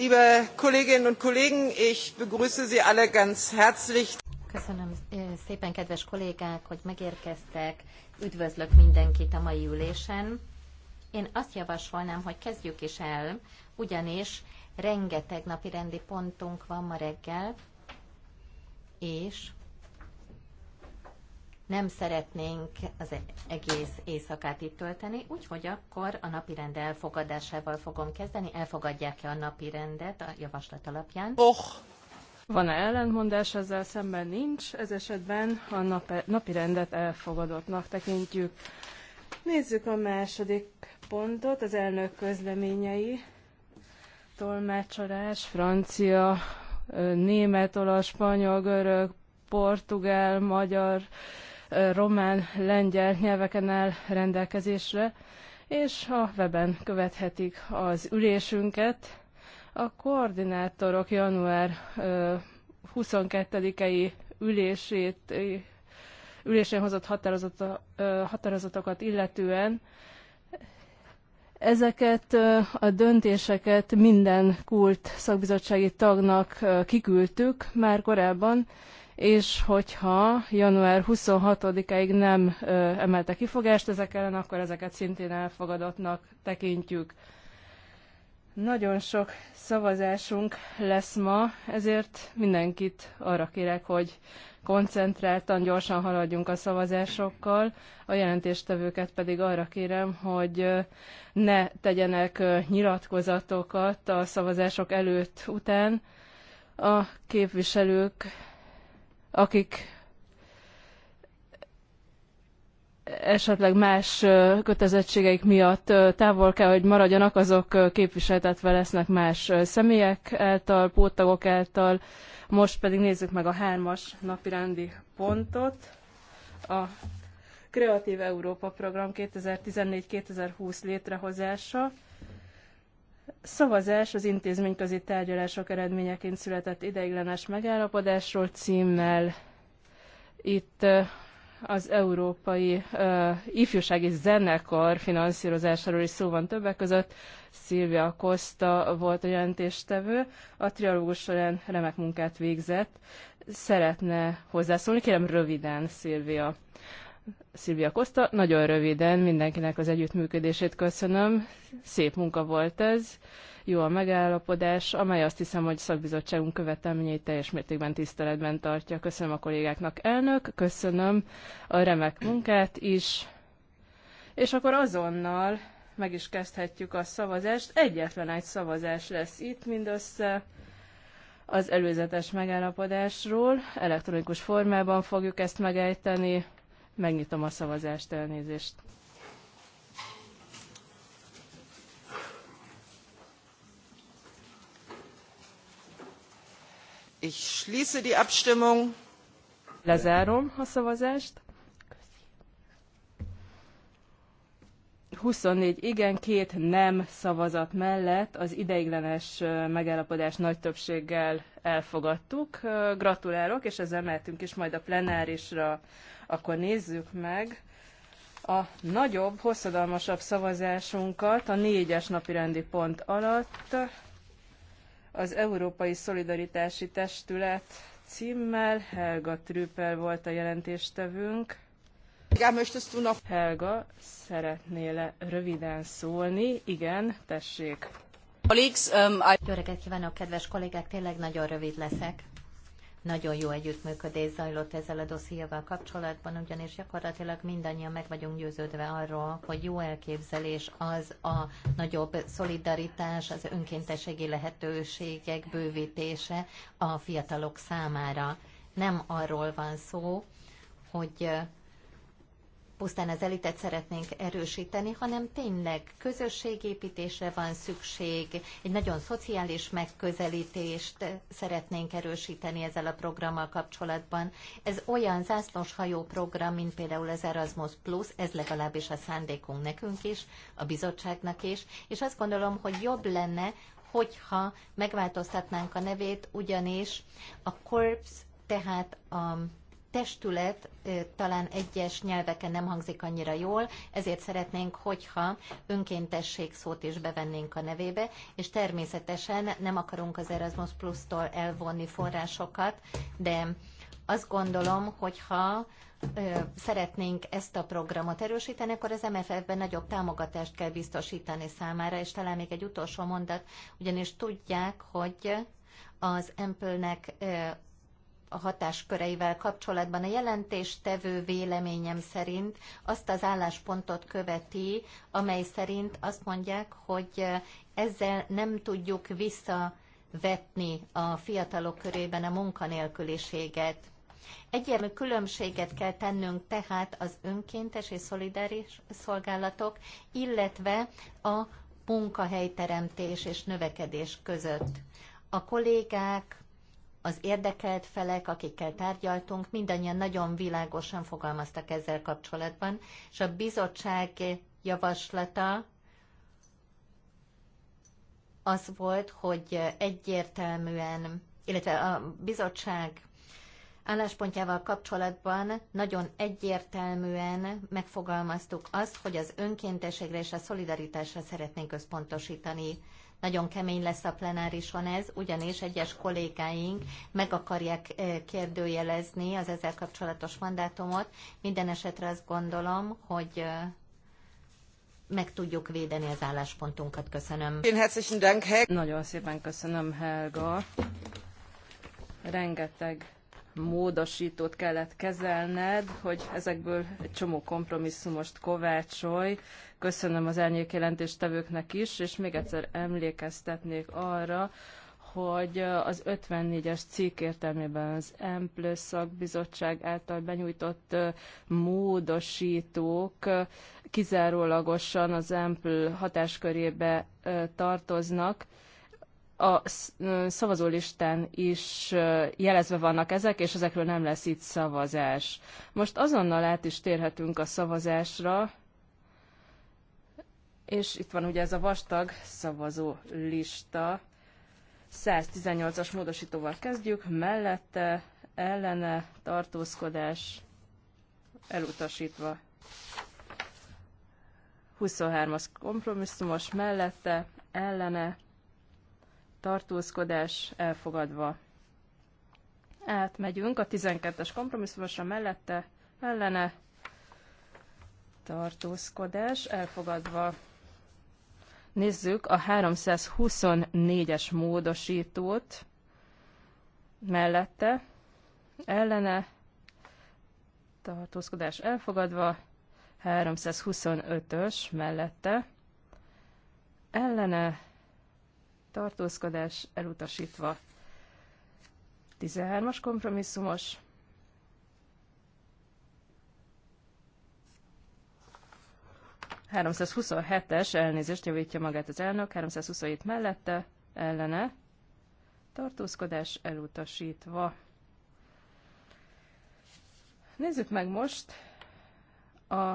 liebe Kolleginnen und Kollegen, ich begrüße Sie alle ganz herzlich. Köszönöm eh, szépen, kedves kollégák, hogy megérkeztek. Üdvözlök mindenkit a mai ülésen. Én azt javasolnám, hogy kezdjük is el, ugyanis rengeteg napi rendi pontunk van ma reggel, és nem szeretnénk az egész éjszakát itt tölteni, úgyhogy akkor a rend elfogadásával fogom kezdeni. Elfogadják-e a napirendet a javaslat alapján? Oh! Van-e ellentmondás, ezzel szemben nincs, ez esetben a napi napirendet elfogadottnak tekintjük. Nézzük a második pontot, az elnök közleményei. Tolmácsolás, francia, német, olasz, spanyol, görög, portugál, magyar, román, lengyel nyelveken áll rendelkezésre, és ha weben követhetik az ülésünket. A koordinátorok január 22-i ülését, ülésén hozott határozatokat illetően Ezeket a döntéseket minden kult szakbizottsági tagnak kiküldtük már korábban, és hogyha január 26 ig nem ö, emelte kifogást ezek ellen, akkor ezeket szintén elfogadottnak tekintjük. Nagyon sok szavazásunk lesz ma, ezért mindenkit arra kérek, hogy koncentráltan, gyorsan haladjunk a szavazásokkal. A jelentéstevőket pedig arra kérem, hogy ne tegyenek nyilatkozatokat a szavazások előtt, után. A képviselők akik esetleg más kötelezettségeik miatt távol kell, hogy maradjanak, azok képviseltetve lesznek más személyek által, póttagok által. Most pedig nézzük meg a hármas napirendi pontot. A Kreatív Európa Program 2014-2020 létrehozása. Szavazás az intézményközi tárgyalások eredményeként született ideiglenes megállapodásról címmel. Itt az európai uh, ifjúsági zenekar finanszírozásáról is szó van többek között. Szilvia Costa volt a jelentéstevő, a triológus során remek munkát végzett. Szeretne hozzászólni? Kérem röviden, Szilvia. Szilvia Koszta. Nagyon röviden mindenkinek az együttműködését köszönöm. Szép munka volt ez. Jó a megállapodás, amely azt hiszem, hogy szakbizottságunk követelményeit teljes mértékben tiszteletben tartja. Köszönöm a kollégáknak elnök, köszönöm a remek munkát is. És akkor azonnal meg is kezdhetjük a szavazást. Egyetlen egy szavazás lesz itt mindössze az előzetes megállapodásról. Elektronikus formában fogjuk ezt megejteni. Megnyitom a szavazást, elnézést. Ich schließe die Abstimmung. Lezárom a szavazást. 24 igen, két nem szavazat mellett az ideiglenes megállapodás nagy többséggel elfogadtuk. Gratulálok, és ezzel mehetünk is majd a plenárisra akkor nézzük meg a nagyobb, hosszadalmasabb szavazásunkat a négyes napirendi pont alatt az Európai Szolidaritási Testület címmel Helga Trüppel volt a jelentéstevünk. Helga, szeretnél röviden szólni? Igen, tessék. Um, Jó reggelt kívánok, kedves kollégák, tényleg nagyon rövid leszek. Nagyon jó együttműködés zajlott ezzel a dossziéval kapcsolatban, ugyanis gyakorlatilag mindannyian meg vagyunk győződve arról, hogy jó elképzelés az a nagyobb szolidaritás, az önkéntességi lehetőségek bővítése a fiatalok számára. Nem arról van szó, hogy pusztán az elitet szeretnénk erősíteni, hanem tényleg közösségépítésre van szükség, egy nagyon szociális megközelítést szeretnénk erősíteni ezzel a programmal kapcsolatban. Ez olyan zászlós hajó program, mint például az Erasmus Plus, ez legalábbis a szándékunk nekünk is, a bizottságnak is, és azt gondolom, hogy jobb lenne, hogyha megváltoztatnánk a nevét, ugyanis a Corps, tehát a testület talán egyes nyelveken nem hangzik annyira jól, ezért szeretnénk, hogyha önkéntesség szót is bevennénk a nevébe, és természetesen nem akarunk az Erasmus Plus-tól elvonni forrásokat, de azt gondolom, hogyha szeretnénk ezt a programot erősíteni, akkor az MFF-ben nagyobb támogatást kell biztosítani számára, és talán még egy utolsó mondat, ugyanis tudják, hogy az Empelnek a hatásköreivel kapcsolatban. A jelentéstevő véleményem szerint azt az álláspontot követi, amely szerint azt mondják, hogy ezzel nem tudjuk visszavetni a fiatalok körében a munkanélküliséget. Egyértelmű különbséget kell tennünk tehát az önkéntes és szolidáris szolgálatok, illetve a munkahelyteremtés és növekedés között. A kollégák az érdekelt felek, akikkel tárgyaltunk, mindannyian nagyon világosan fogalmaztak ezzel kapcsolatban, és a bizottság javaslata az volt, hogy egyértelműen, illetve a bizottság álláspontjával kapcsolatban nagyon egyértelműen megfogalmaztuk azt, hogy az önkéntességre és a szolidaritásra szeretnénk összpontosítani. Nagyon kemény lesz a plenárison ez, ugyanis egyes kollégáink meg akarják eh, kérdőjelezni az ezzel kapcsolatos mandátumot. Minden esetre azt gondolom, hogy eh, meg tudjuk védeni az álláspontunkat. Köszönöm. Nagyon szépen köszönöm, Helga. Rengeteg módosítót kellett kezelned, hogy ezekből egy csomó kompromisszumost kovácsolj. Köszönöm az elnyék jelentéstevőknek is, és még egyszer emlékeztetnék arra, hogy az 54-es cikk értelmében az M plusz szakbizottság által benyújtott módosítók kizárólagosan az M hatáskörébe tartoznak, a szavazólistán is jelezve vannak ezek, és ezekről nem lesz itt szavazás. Most azonnal át is térhetünk a szavazásra, és itt van ugye ez a vastag szavazó lista. 118-as módosítóval kezdjük, mellette, ellene, tartózkodás, elutasítva. 23-as kompromisszumos mellette, ellene, tartózkodás elfogadva. Átmegyünk a 12-es kompromisszumosra mellette, ellene, tartózkodás elfogadva. Nézzük a 324-es módosítót mellette, ellene, tartózkodás elfogadva, 325-ös mellette, ellene, tartózkodás elutasítva. 13-as kompromisszumos. es elnézést javítja magát az elnök, 327 mellette, ellene, tartózkodás elutasítva. Nézzük meg most a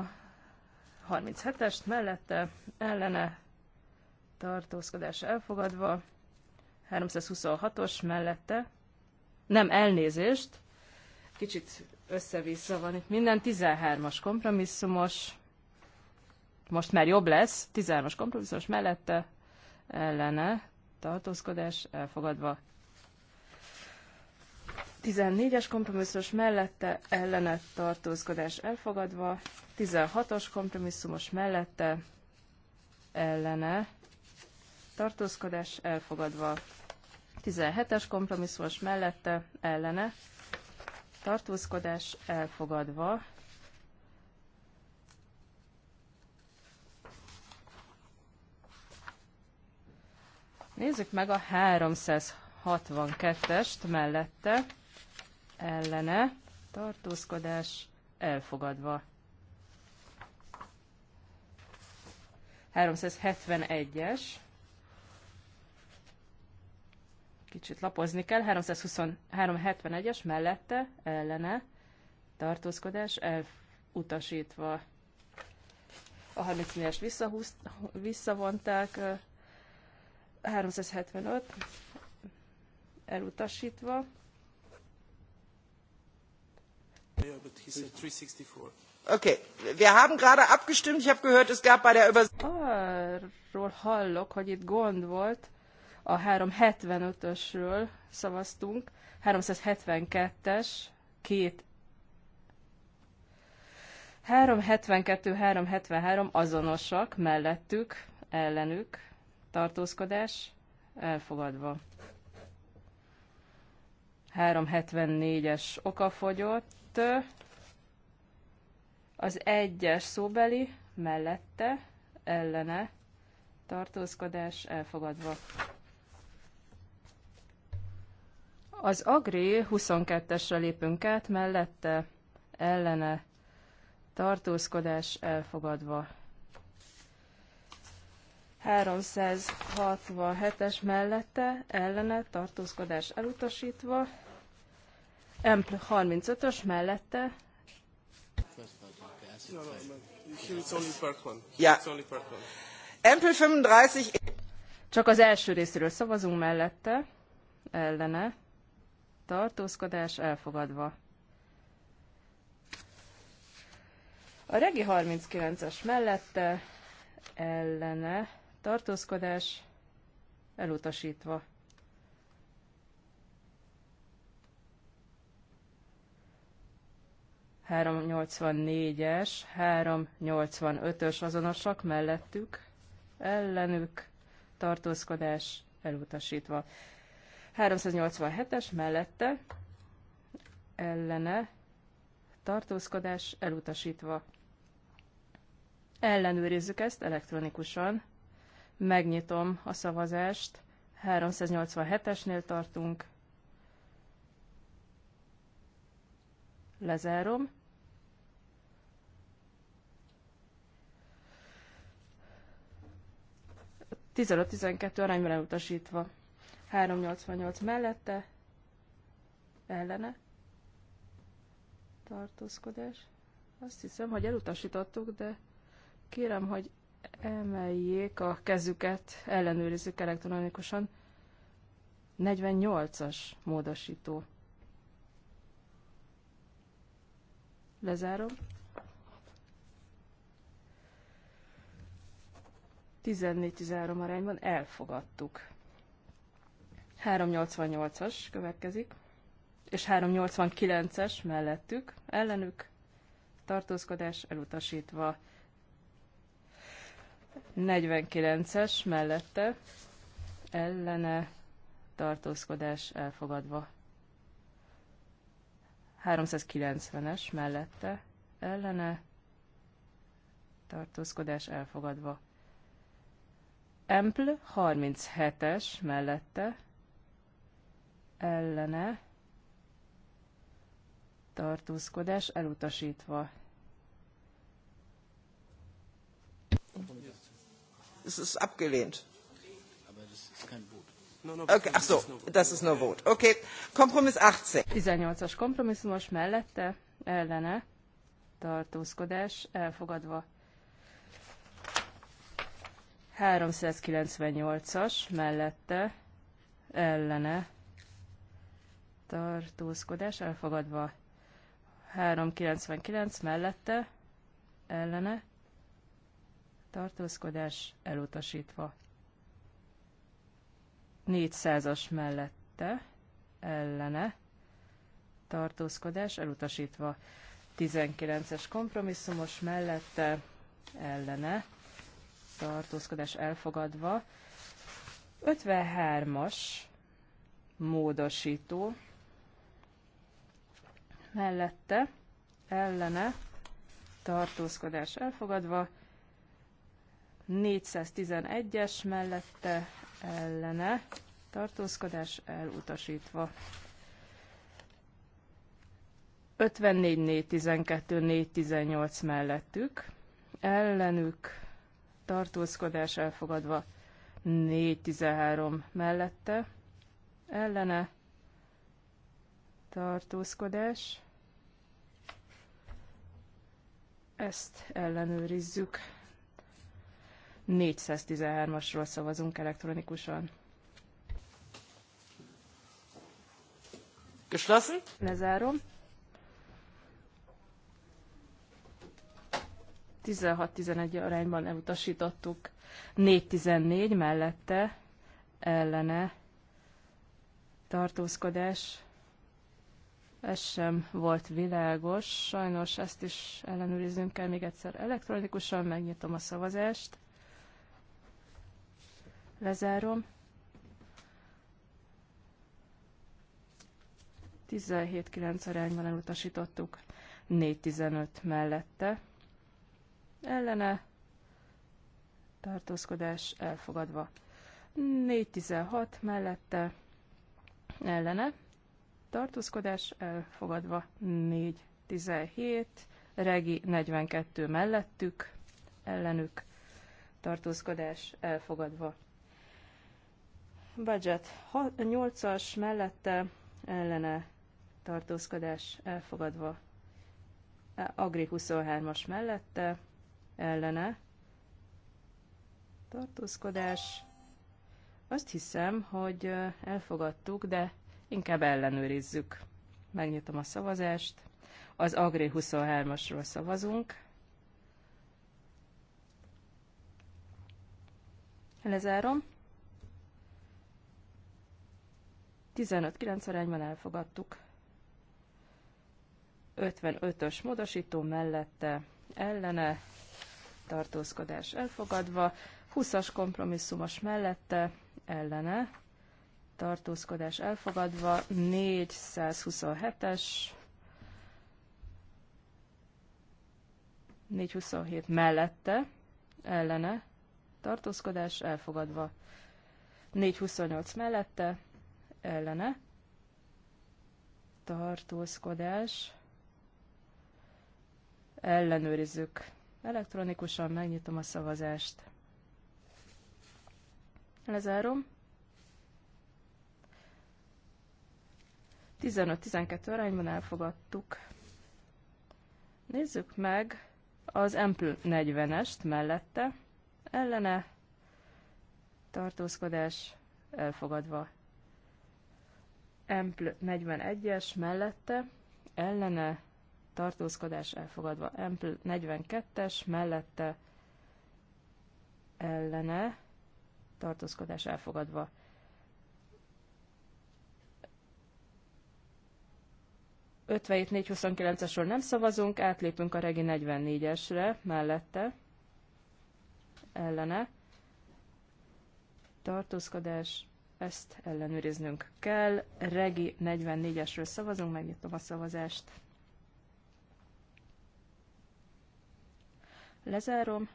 37-est mellette, ellene, tartózkodás elfogadva, 326-os mellette, nem elnézést, kicsit össze-vissza van itt minden, 13-as kompromisszumos, most már jobb lesz, 13-as kompromisszumos mellette, ellene, tartózkodás elfogadva. 14-es kompromisszumos mellette, ellene, tartózkodás elfogadva, 16-os kompromisszumos mellette, ellene, tartózkodás elfogadva. 17-es kompromisszumos mellette ellene tartózkodás elfogadva. Nézzük meg a 362-est mellette ellene tartózkodás elfogadva. 371-es kicsit lapozni kell, 373 es mellette, ellene, tartózkodás elutasítva. A 34-est visszavonták, 375 elutasítva. Yeah, but Okay, wir haben gerade abgestimmt. Ich habe gehört, es gab bei der Übersetzung. Arról hallok, hogy itt gond volt a 375-ösről szavaztunk, 372-es, két 372-373 azonosak, mellettük, ellenük, tartózkodás, elfogadva. 374-es okafogyott, az egyes szóbeli, mellette, ellene, tartózkodás, elfogadva. Az Agri 22-esre lépünk át, mellette ellene tartózkodás elfogadva. 367-es mellette ellene tartózkodás elutasítva, Empl 35-ös mellette. Empl 35. Csak az első részről szavazunk mellette, ellene tartózkodás elfogadva. A regi 39-es mellette ellene tartózkodás elutasítva. Három es három ös azonosak mellettük, ellenük tartózkodás elutasítva. 387-es mellette ellene tartózkodás elutasítva. Ellenőrizzük ezt elektronikusan. Megnyitom a szavazást. 387-esnél tartunk. Lezárom. Tizenöt-tizenkettő arányban elutasítva. 388 mellette, ellene, tartózkodás. Azt hiszem, hogy elutasítottuk, de kérem, hogy emeljék a kezüket, ellenőrizzük elektronikusan. 48-as módosító. Lezárom. 14-13 arányban elfogadtuk. 388-as következik, és 389-es mellettük, ellenük tartózkodás elutasítva. 49-es mellette ellene tartózkodás elfogadva. 390-es mellette ellene tartózkodás elfogadva. Empl 37-es mellette ellene tartózkodás elutasítva. Ez ist abgelehnt. Okay, ach so, das ist no vote. Okay, Kompromiss 18. 18-as kompromisszumos mellette, ellene, tartózkodás, elfogadva. 398-as mellette, ellene, tartózkodás elfogadva. 399 mellette ellene tartózkodás elutasítva. 400-as mellette ellene tartózkodás elutasítva. 19-es kompromisszumos mellette ellene tartózkodás elfogadva. 53-as módosító mellette, ellene, tartózkodás elfogadva, 411-es mellette, ellene, tartózkodás elutasítva. 54-412-418 mellettük, ellenük tartózkodás elfogadva 413 mellette, ellene tartózkodás Ezt ellenőrizzük. 413-asról szavazunk elektronikusan. Geschlossen? Lezárom. 16-11 arányban elutasítottuk. 4-14 mellette ellene tartózkodás ez sem volt világos. Sajnos ezt is ellenőriznünk kell még egyszer elektronikusan. Megnyitom a szavazást. Lezárom. 17-9 arányban elutasítottuk. 4-15 mellette. Ellene tartózkodás elfogadva. 4-16 mellette ellene tartózkodás elfogadva 417, regi 42 mellettük, ellenük tartózkodás elfogadva. Budget 8-as mellette ellene tartózkodás elfogadva. Agri 23-as mellette ellene tartózkodás. Azt hiszem, hogy elfogadtuk, de Inkább ellenőrizzük. Megnyitom a szavazást. Az Agri 23-asról szavazunk. Lezárom. 15-9 arányban elfogadtuk. 55-ös módosító mellette ellene tartózkodás elfogadva, 20-as kompromisszumos mellette ellene tartózkodás elfogadva, 427-es, 427 mellette, ellene, tartózkodás elfogadva, 428 mellette, ellene, tartózkodás, ellenőrizzük. Elektronikusan megnyitom a szavazást. Lezárom. 15-12 arányban elfogadtuk. Nézzük meg az Ample 40-est mellette, ellene tartózkodás elfogadva. Ample 41-es mellette, ellene tartózkodás elfogadva. Ample 42-es mellette, ellene tartózkodás elfogadva. 57-429-esről nem szavazunk, átlépünk a regi 44-esre mellette, ellene. Tartózkodás, ezt ellenőriznünk kell. Regi 44-esről szavazunk, megnyitom a szavazást. Lezárom.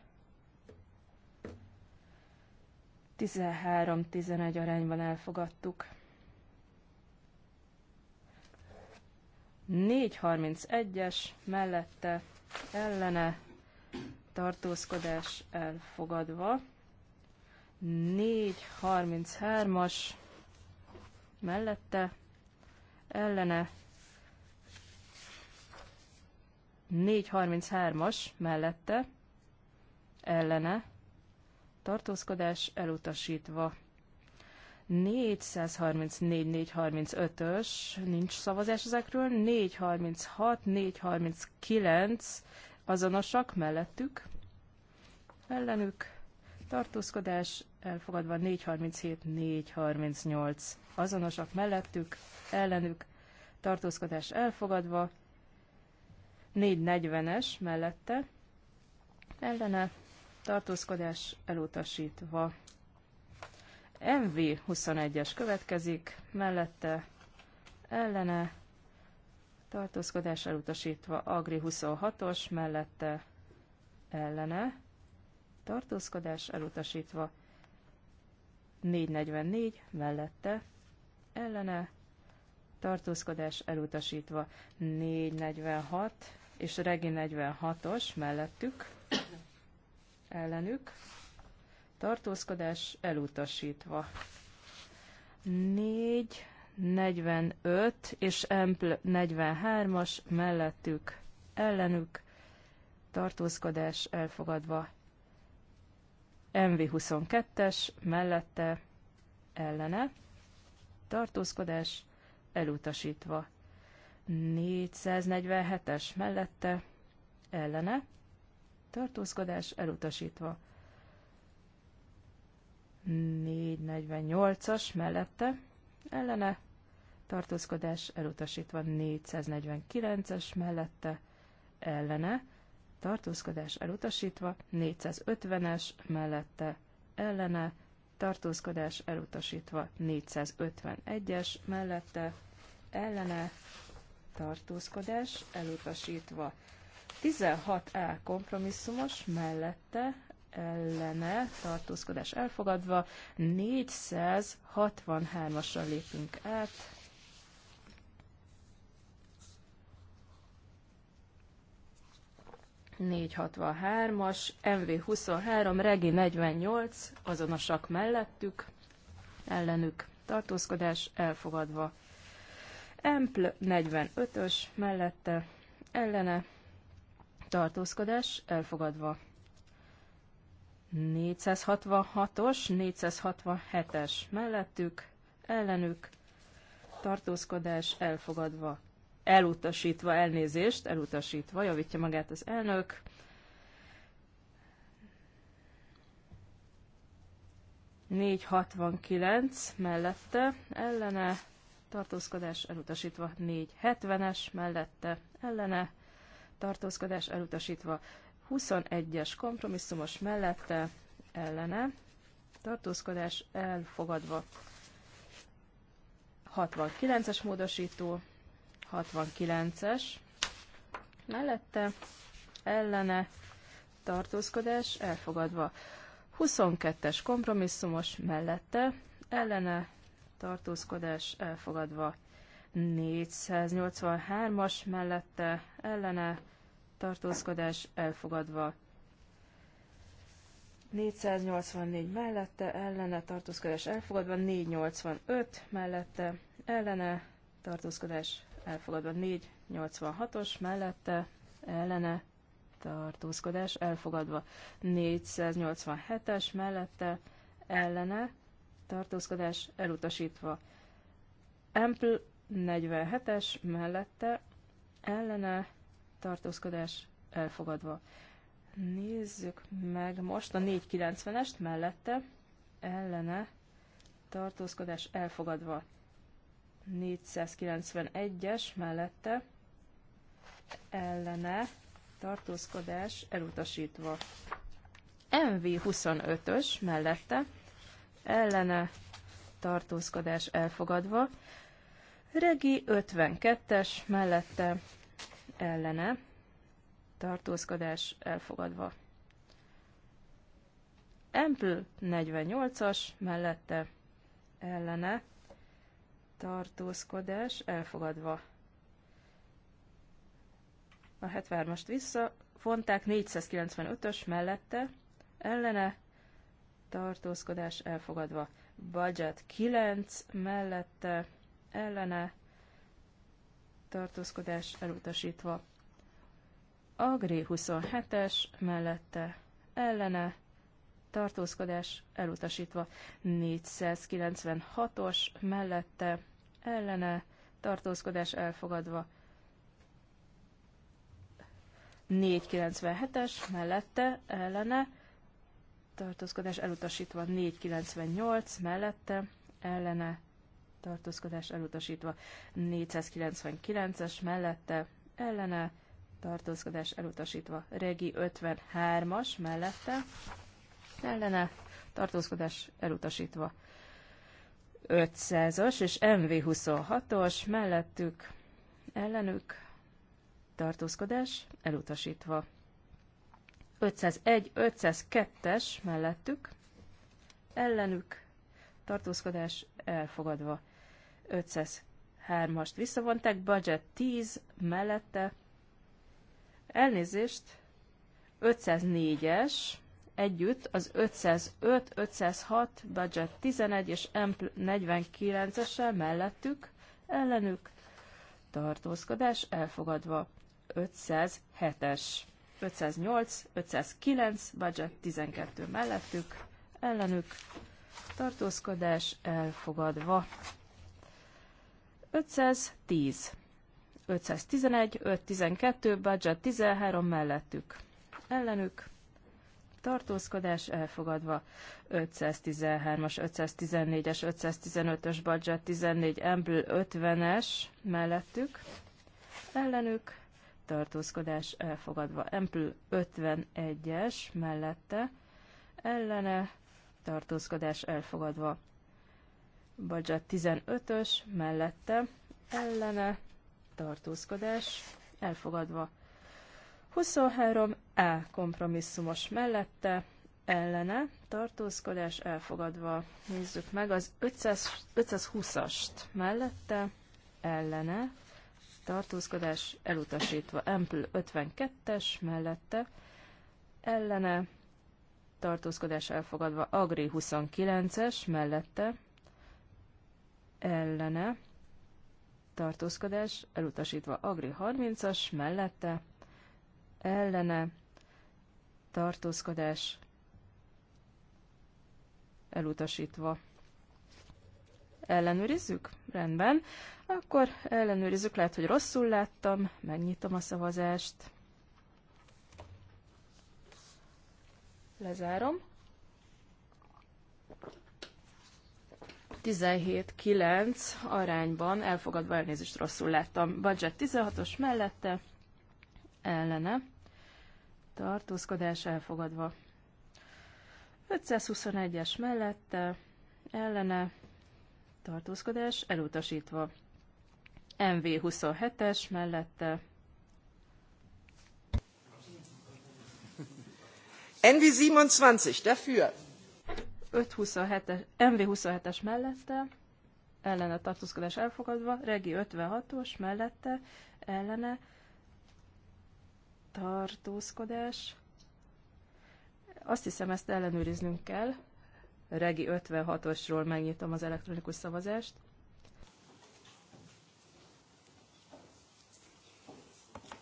13-11 arányban elfogadtuk. 431-es mellette ellene tartózkodás elfogadva. 433-as mellette ellene 433-as mellette ellene tartózkodás elutasítva. 434-435-ös, nincs szavazás ezekről, 436-439 azonosak mellettük, ellenük, tartózkodás elfogadva 437-438 azonosak mellettük, ellenük, tartózkodás elfogadva, 440-es mellette, ellene, tartózkodás elutasítva, MV21-es következik, mellette ellene tartózkodás elutasítva, Agri 26-os, mellette ellene tartózkodás elutasítva, 444 mellette ellene tartózkodás elutasítva, 446 és Regi 46-os mellettük ellenük tartózkodás elutasítva. 4, 45 és Empl 43-as mellettük, ellenük, tartózkodás elfogadva. MV 22-es mellette, ellene, tartózkodás elutasítva. 447-es mellette, ellene, tartózkodás elutasítva. 448-as mellette ellene tartózkodás elutasítva 449-es mellette ellene tartózkodás elutasítva 450-es mellette ellene tartózkodás elutasítva 451-es mellette ellene tartózkodás elutasítva 16A kompromisszumos mellette ellene tartózkodás elfogadva, 463-asra lépünk át. as MV23, Regi 48, azonosak mellettük, ellenük tartózkodás elfogadva. Empl 45-ös mellette, ellene tartózkodás elfogadva. 466-os, 467-es mellettük, ellenük, tartózkodás elfogadva, elutasítva, elnézést, elutasítva, javítja magát az elnök. Négy hatvan kilenc mellette, ellene, tartózkodás elutasítva, négy hetvenes mellette, ellene, tartózkodás elutasítva, 21-es kompromisszumos mellette ellene tartózkodás elfogadva. 69-es módosító, 69-es mellette ellene tartózkodás elfogadva. 22-es kompromisszumos mellette ellene tartózkodás elfogadva. 483-as mellette ellene tartózkodás elfogadva. 484 mellette, ellene tartózkodás elfogadva, 485 mellette, ellene tartózkodás elfogadva, 486-os mellette, ellene tartózkodás elfogadva, 487-es mellette, ellene tartózkodás elutasítva, Ample 47-es mellette, ellene tartózkodás elfogadva. Nézzük meg most a 490-est mellette, ellene, tartózkodás elfogadva. 491-es mellette, ellene, tartózkodás elutasítva. MV25-ös mellette, ellene, tartózkodás elfogadva. Regi 52-es mellette, ellene tartózkodás elfogadva. Ample 48-as mellette ellene tartózkodás elfogadva. A 73-ast visszafonták 495-ös mellette ellene tartózkodás elfogadva. Budget 9 mellette ellene tartózkodás elutasítva. Agri 27-es mellette ellene tartózkodás elutasítva. 496-os mellette ellene tartózkodás elfogadva. 497-es mellette ellene tartózkodás elutasítva. 498 mellette ellene tartózkodás elutasítva 499-es mellette ellene tartózkodás elutasítva regi 53-as mellette ellene tartózkodás elutasítva 500-as és MV26-os mellettük ellenük tartózkodás elutasítva 501-502-es mellettük ellenük tartózkodás elfogadva 503-ast visszavonták, budget 10 mellette, elnézést, 504-es, együtt az 505, 506, budget 11 és M 49-essel mellettük, ellenük tartózkodás elfogadva. 507-es, 508, 509, budget 12 mellettük, ellenük tartózkodás elfogadva. 510, 511, 512, budget 13 mellettük. Ellenük tartózkodás elfogadva 513-as, 514-es, 515-ös, budget 14, Embl 50-es mellettük. Ellenük tartózkodás elfogadva. Empl 51-es mellette ellene tartózkodás elfogadva budget 15-ös mellette ellene tartózkodás elfogadva. 23E kompromisszumos mellette ellene tartózkodás elfogadva. Nézzük meg az 520-ast mellette ellene tartózkodás elutasítva. Empl 52-es mellette ellene tartózkodás elfogadva. Agri 29-es mellette ellene, tartózkodás, elutasítva Agri 30-as, mellette, ellene, tartózkodás, elutasítva. Ellenőrizzük? Rendben. Akkor ellenőrizzük, lehet, hogy rosszul láttam, megnyitom a szavazást. Lezárom. 17-9 arányban elfogadva elnézést rosszul láttam. Budget 16-os mellette, ellene, tartózkodás elfogadva. 521-es mellette, ellene, tartózkodás elutasítva. MV27-es mellette. NV27 dafür. 527-es, MV27-es mellette, ellene tartózkodás elfogadva, Regi 56-os mellette, ellene tartózkodás. Azt hiszem, ezt ellenőriznünk kell. Regi 56-osról megnyitom az elektronikus szavazást.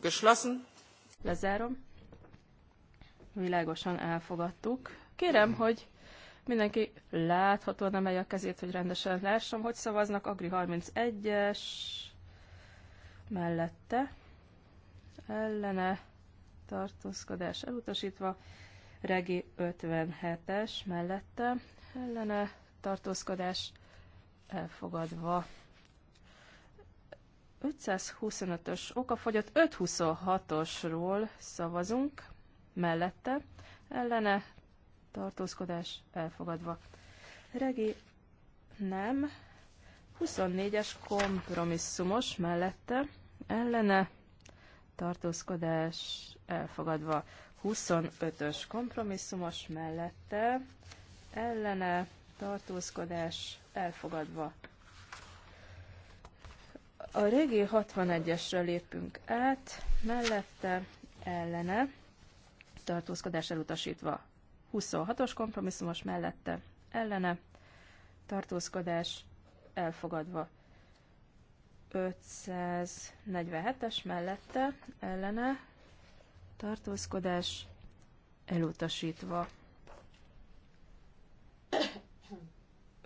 Geschlossen. Lezárom. Világosan elfogadtuk. Kérem, hogy Mindenki láthatóan emelje a kezét, hogy rendesen lássam, hogy szavaznak. Agri 31-es mellette ellene tartózkodás elutasítva. Regi 57-es mellette ellene tartózkodás elfogadva. 525-ös okafogyott 526-osról szavazunk mellette, ellene tartózkodás elfogadva. Regi nem. 24-es kompromisszumos mellette ellene tartózkodás elfogadva. 25-ös kompromisszumos mellette ellene tartózkodás elfogadva. A régi 61-esre lépünk át, mellette ellene tartózkodás elutasítva. 26-os kompromisszumos mellette ellene tartózkodás elfogadva. 547-es mellette ellene tartózkodás elutasítva.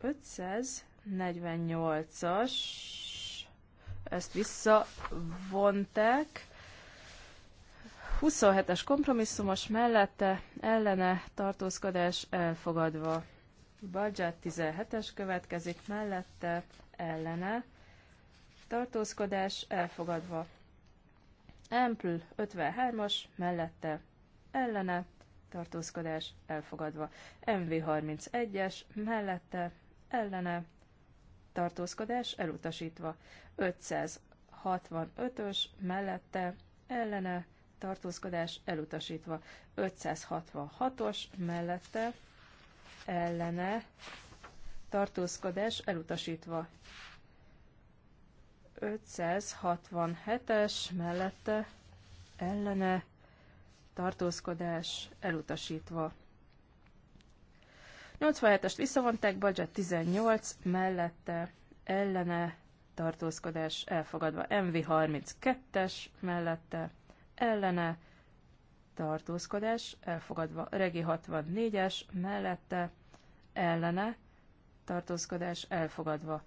548-as ezt visszavonták, 27-es kompromisszumos mellette ellene tartózkodás elfogadva. Budget 17-es következik mellette ellene tartózkodás elfogadva. Ample 53-as mellette ellene tartózkodás elfogadva. MV31-es mellette ellene tartózkodás elutasítva. 565-ös mellette ellene tartózkodás elutasítva. 566-os mellette ellene tartózkodás elutasítva. 567-es mellette ellene tartózkodás elutasítva. 87-est visszavonták, budget 18 mellette ellene tartózkodás elfogadva. MV32-es mellette ellene tartózkodás elfogadva. Regi 64-es mellette ellene tartózkodás elfogadva.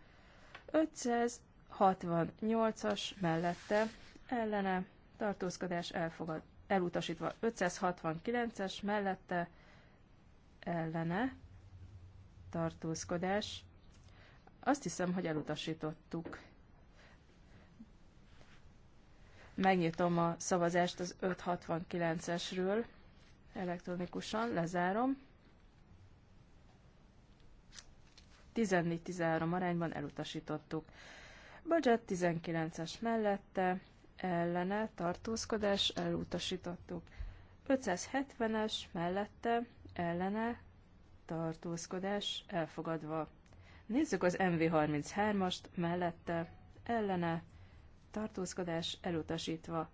568-as mellette ellene tartózkodás elfogad, elutasítva. 569-es mellette ellene tartózkodás. Azt hiszem, hogy elutasítottuk. Megnyitom a szavazást az 569-esről elektronikusan, lezárom. 14-13 arányban elutasítottuk. Budget 19-es mellette, ellene tartózkodás elutasítottuk. 570-es mellette, ellene tartózkodás elfogadva. Nézzük az MV33-ast mellette, ellene tartózkodás elutasítva.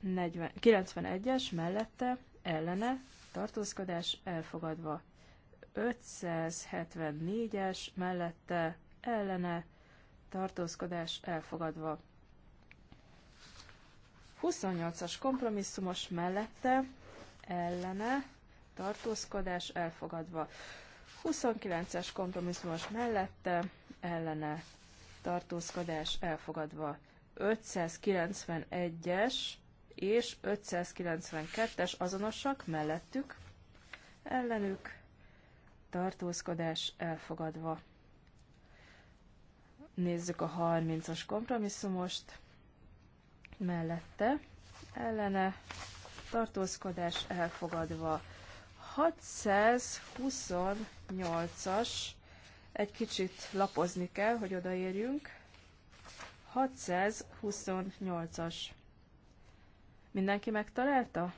40, 91-es mellette ellene tartózkodás elfogadva. 574-es mellette ellene tartózkodás elfogadva. 28-as kompromisszumos mellette ellene tartózkodás elfogadva. 29-es kompromisszumos mellette ellene tartózkodás elfogadva. 591-es és 592-es azonosak mellettük, ellenük tartózkodás elfogadva. Nézzük a 30-as kompromisszumost, mellette ellene tartózkodás elfogadva. 628-as egy kicsit lapozni kell, hogy odaérjünk. 628-as. Mindenki megtalálta?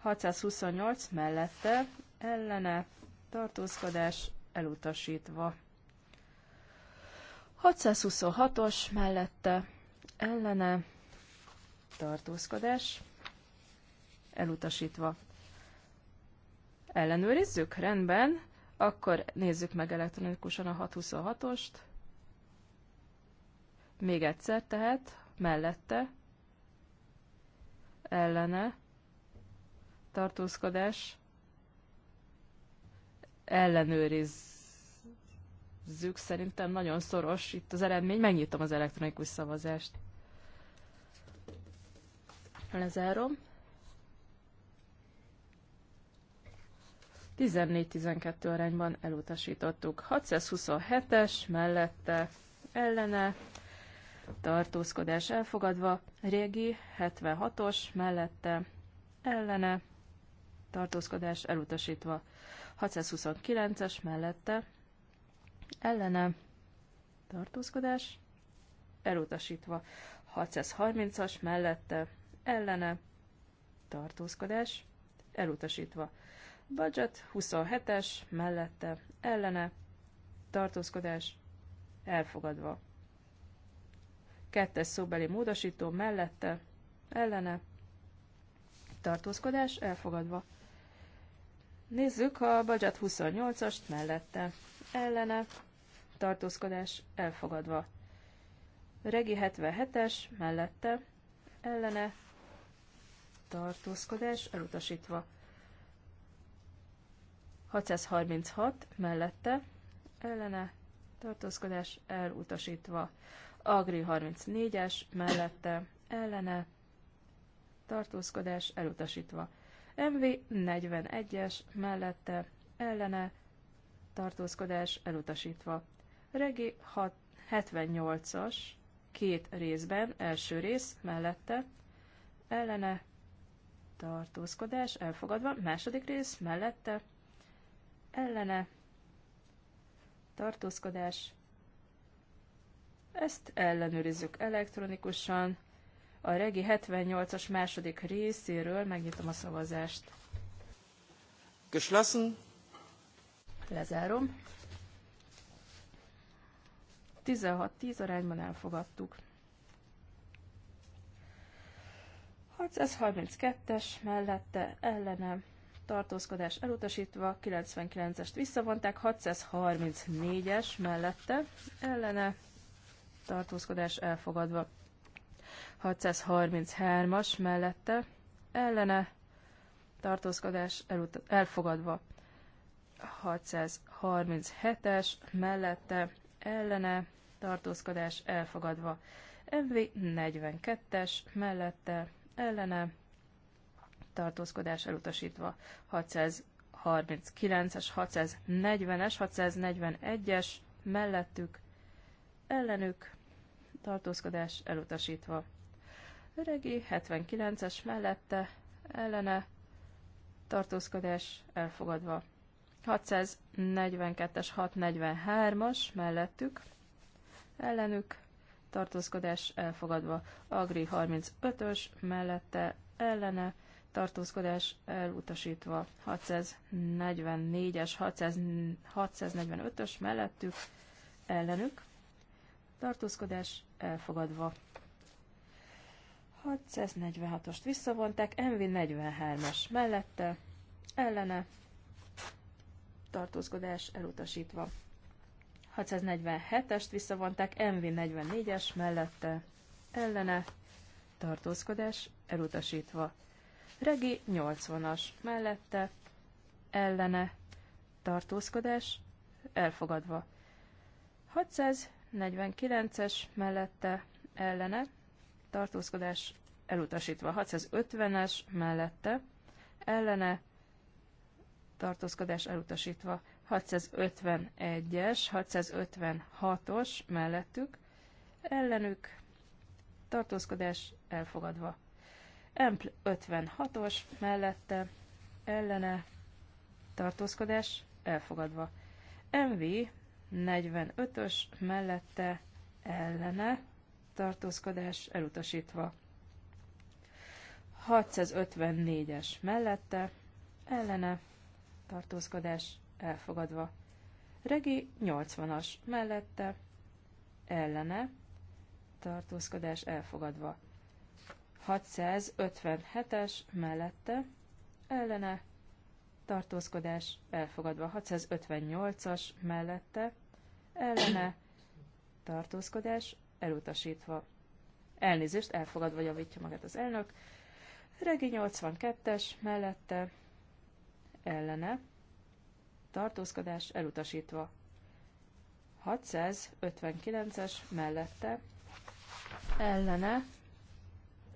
628 mellette ellene tartózkodás elutasítva. 626-os mellette ellene tartózkodás elutasítva. Ellenőrizzük? Rendben. Akkor nézzük meg elektronikusan a 626-ost. Még egyszer tehát, mellette, ellene, tartózkodás, ellenőrizzük, szerintem nagyon szoros itt az eredmény, megnyitom az elektronikus szavazást. Lezárom. 14-12 arányban elutasítottuk. 627-es mellette ellene tartózkodás elfogadva, régi 76-os mellette ellene tartózkodás elutasítva, 629-es mellette ellene tartózkodás elutasítva, 630-as mellette ellene tartózkodás elutasítva. Budget 27-es, mellette, ellene, tartózkodás, elfogadva. Kettes szóbeli módosító, mellette, ellene, tartózkodás, elfogadva. Nézzük a budget 28-ast mellette. Ellene, tartózkodás, elfogadva. Regi 77-es, mellette, ellene, tartózkodás, elutasítva. 636 mellette ellene tartózkodás elutasítva. Agri 34-es mellette ellene tartózkodás elutasítva. MV 41-es mellette ellene tartózkodás elutasítva. Regi 78-as két részben, első rész mellette ellene tartózkodás elfogadva, második rész mellette ellene tartózkodás. Ezt ellenőrizzük elektronikusan. A regi 78-as második részéről megnyitom a szavazást. Geschlossen. Lezárom. 16-10 arányban elfogadtuk. 632-es mellette ellenem tartózkodás elutasítva, 99-est visszavonták, 634-es mellette, ellene tartózkodás elfogadva, 633-as mellette, ellene tartózkodás elfogadva, 637-es mellette, ellene tartózkodás elfogadva, MV 42-es mellette, ellene tartózkodás elutasítva 639-es, 640-es, 641-es mellettük, ellenük tartózkodás elutasítva. Öregi 79-es mellette, ellene tartózkodás elfogadva. 642-es, 643-as mellettük, ellenük tartózkodás elfogadva. Agri 35-ös mellette, ellene tartózkodás elutasítva 644-es, 645-ös mellettük ellenük, tartózkodás elfogadva. 646-ost visszavonták, MV 43-as mellette, ellene, tartózkodás elutasítva. 647-est visszavonták, MV 44-es mellette, ellene, tartózkodás elutasítva. Regi 80-as mellette, ellene, tartózkodás, elfogadva. 649-es mellette, ellene, tartózkodás, elutasítva. 650-es mellette, ellene, tartózkodás elutasítva. 651-es, 656-os mellettük, ellenük tartózkodás elfogadva. Empl 56-os mellette ellene tartózkodás elfogadva. MV 45-ös mellette ellene tartózkodás elutasítva. 654-es mellette ellene tartózkodás elfogadva. Regi 80-as mellette ellene tartózkodás elfogadva. 657-es mellette ellene tartózkodás elfogadva. 658-as mellette ellene tartózkodás elutasítva. Elnézést, elfogadva javítja magát az elnök. Regi 82-es mellette ellene tartózkodás elutasítva. 659-es mellette ellene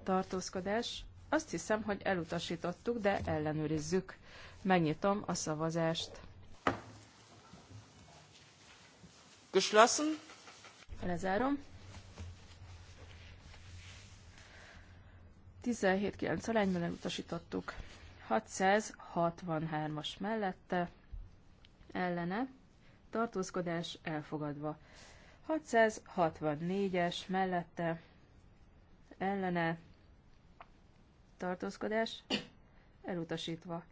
tartózkodás. Azt hiszem, hogy elutasítottuk, de ellenőrizzük. Megnyitom a szavazást. Geschlossen. Lezárom. 17-9 arányban elutasítottuk. 663-as mellette, ellene, tartózkodás elfogadva. 664-es mellette, ellene, tartózkodás elutasítva.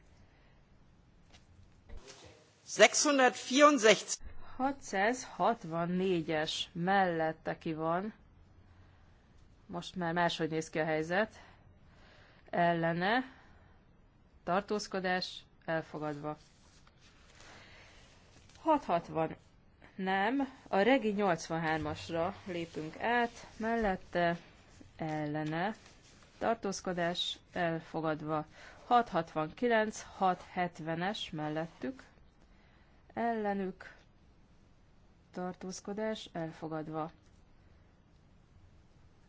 664. 664-es mellette ki van. Most már máshogy néz ki a helyzet. Ellene tartózkodás elfogadva. 660 nem. A regi 83-asra lépünk át, mellette ellene tartózkodás elfogadva. 669, 670-es mellettük, ellenük tartózkodás elfogadva.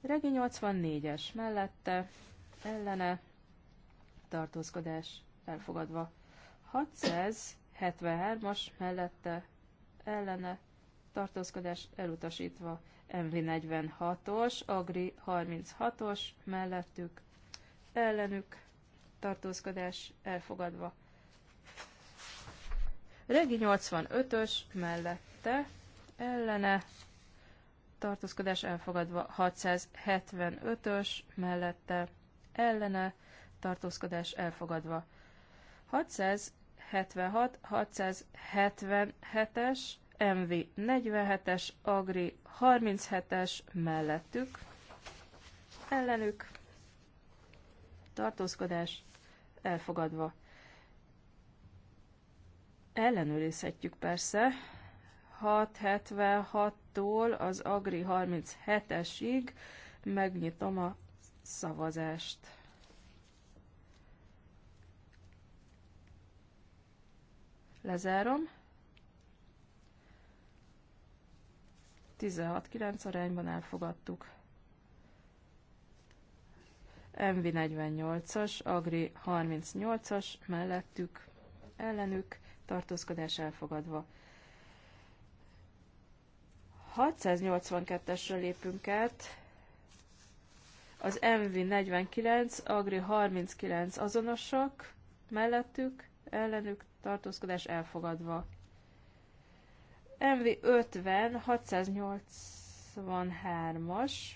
Regi 84-es mellette, ellene tartózkodás elfogadva. 673-as mellette, ellene tartózkodás elutasítva. MV46-os, Agri 36-os, mellettük, ellenük, tartózkodás elfogadva. Regi 85-ös, mellette, ellene, tartózkodás elfogadva 675-ös, mellette, ellene, tartózkodás elfogadva. 676, 677-es MV 47-es, Agri 37-es mellettük, ellenük, tartózkodás elfogadva. Ellenőrizhetjük persze, 676-tól az Agri 37-esig megnyitom a szavazást. Lezárom. 16-9 arányban elfogadtuk. MV 48-as, Agri 38-as, mellettük, ellenük, tartózkodás elfogadva. 682-esre lépünk át, az MV 49, Agri 39 azonosak, mellettük, ellenük, tartózkodás elfogadva. MV50 683-as,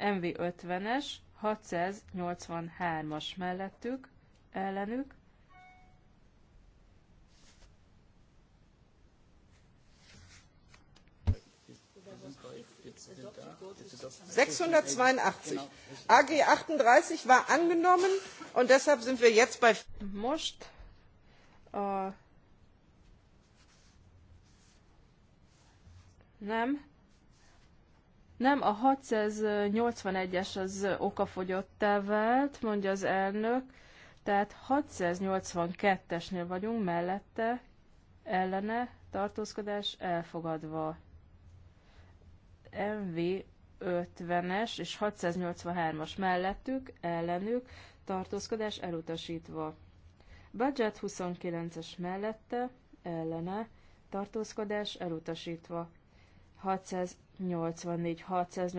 MV50-es 683-as mellettük, ellenük, ag 38. war angenommen und deshalb sind wir jetzt bei most a Nem. Nem, a 681-es az okafogyottá vált, mondja az elnök. Tehát 682-esnél vagyunk, mellette, ellene, tartózkodás elfogadva. MV 50-es és 683-as mellettük, ellenük, tartózkodás elutasítva. Budget 29-es mellette, ellene, tartózkodás elutasítva. 684, 685,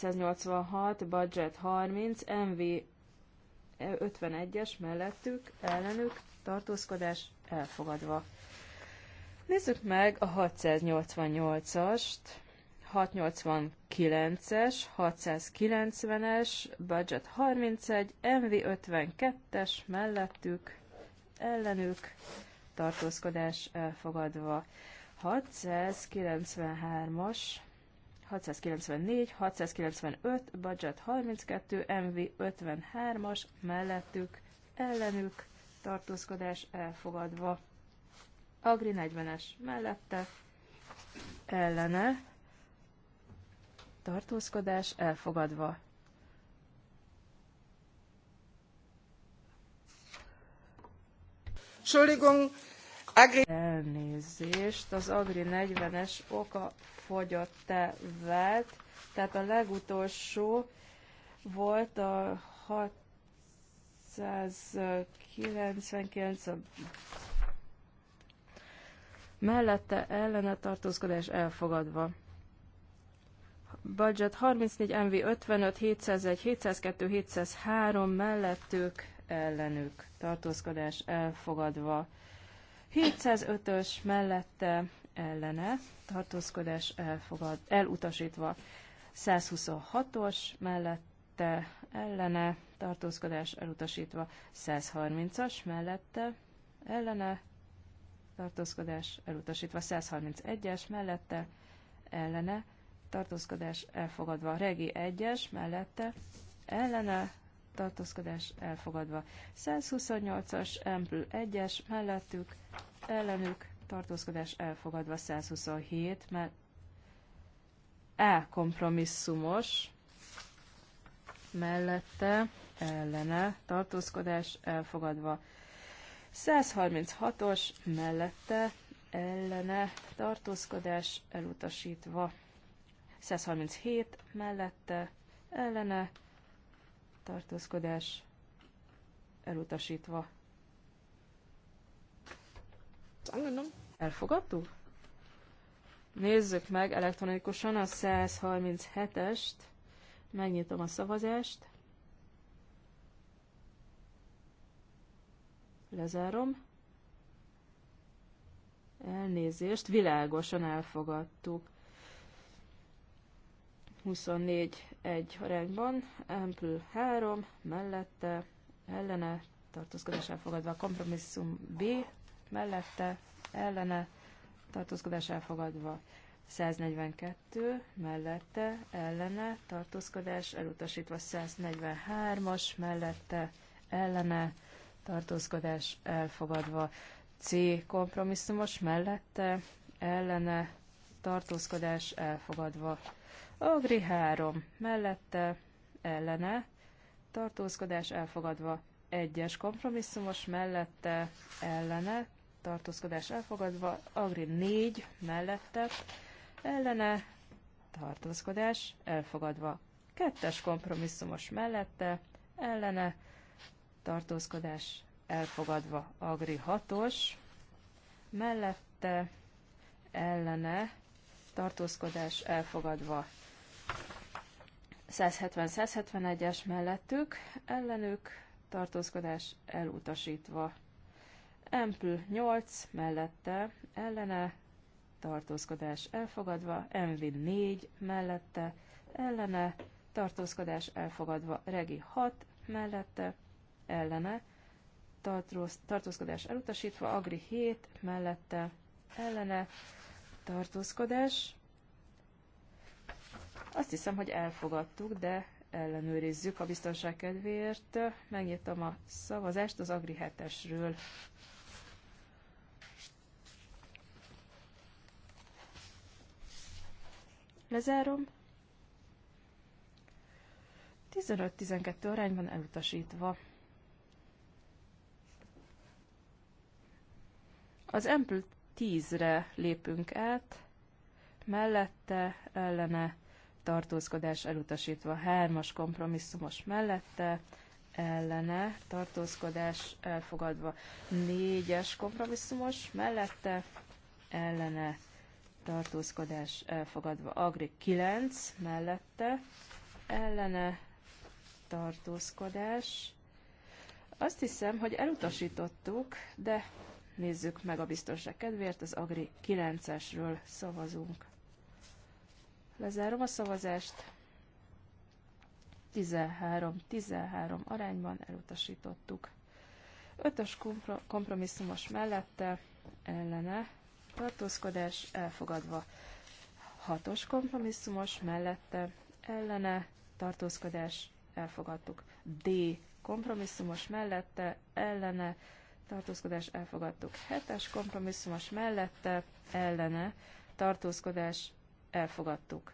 686, budget 30, MV 51-es mellettük, ellenük, tartózkodás elfogadva. Nézzük meg a 688-ast, 689-es, 690-es, budget 31, MV 52-es mellettük, ellenük, tartózkodás elfogadva. 693-as, 694, 695, budget 32, MV 53-as, mellettük, ellenük, tartózkodás elfogadva. Agri 40-es mellette, ellene, tartózkodás elfogadva. Entschuldigung, Agri... Elnézést, az Agri 40-es oka fogyottá vált, tehát a legutolsó volt a 699 a mellette ellene tartózkodás elfogadva. Budget 34, MV 55, 701, 702, 703 mellettük ellenük tartózkodás elfogadva. 705-ös mellette ellene tartózkodás elfogad, elutasítva. 126-os mellette ellene tartózkodás elutasítva. 130-as mellette ellene tartózkodás elutasítva. 131-es mellette ellene tartózkodás elfogadva. Regi 1-es mellette ellene tartózkodás elfogadva. 128-as, Ample 1-es, mellettük, ellenük, tartózkodás elfogadva. 127, mert E kompromisszumos, mellette, ellene, tartózkodás elfogadva. 136-os, mellette, ellene, tartózkodás elutasítva. 137 mellette, ellene, tartózkodás elutasítva. Elfogadtuk? Nézzük meg elektronikusan a 137-est. Megnyitom a szavazást. Lezárom. Elnézést, világosan elfogadtuk. 24 egy arányban, Ample 3, mellette, ellene, tartózkodás elfogadva, kompromisszum B, mellette, ellene, tartózkodás elfogadva, 142, mellette, ellene, tartózkodás elutasítva, 143-as, mellette, ellene, tartózkodás elfogadva, C kompromisszumos, mellette, ellene, tartózkodás elfogadva. Agri 3 mellette ellene tartózkodás elfogadva. Egyes kompromisszumos mellette ellene tartózkodás elfogadva. Agri 4 mellette ellene tartózkodás elfogadva. Kettes kompromisszumos mellette ellene tartózkodás elfogadva. Agri 6-os mellette ellene tartózkodás elfogadva 170-171-es mellettük, ellenük tartózkodás elutasítva. Empl 8 mellette, ellene tartózkodás elfogadva, Envin 4 mellette, ellene tartózkodás elfogadva, Regi 6 mellette, ellene tartóz, tartózkodás elutasítva, Agri 7 mellette, ellene tartózkodás azt hiszem, hogy elfogadtuk, de ellenőrizzük a biztonság kedvéért. Megnyitom a szavazást az Agri 7-esről. Lezárom. 15-12 arányban elutasítva. Az Ample 10-re lépünk át, mellette, ellene tartózkodás elutasítva. Hármas kompromisszumos mellette, ellene, tartózkodás elfogadva. Négyes kompromisszumos mellette, ellene, tartózkodás elfogadva. Agri 9 mellette, ellene, tartózkodás. Azt hiszem, hogy elutasítottuk, de nézzük meg a biztonság kedvéért, az Agri 9-esről szavazunk. Lezárom a szavazást. 13-13 arányban elutasítottuk. Ötös kompromisszumos mellette ellene tartózkodás elfogadva. Hatos kompromisszumos mellette ellene tartózkodás elfogadtuk. D kompromisszumos mellette ellene tartózkodás elfogadtuk. Hetes kompromisszumos mellette ellene tartózkodás elfogadtuk.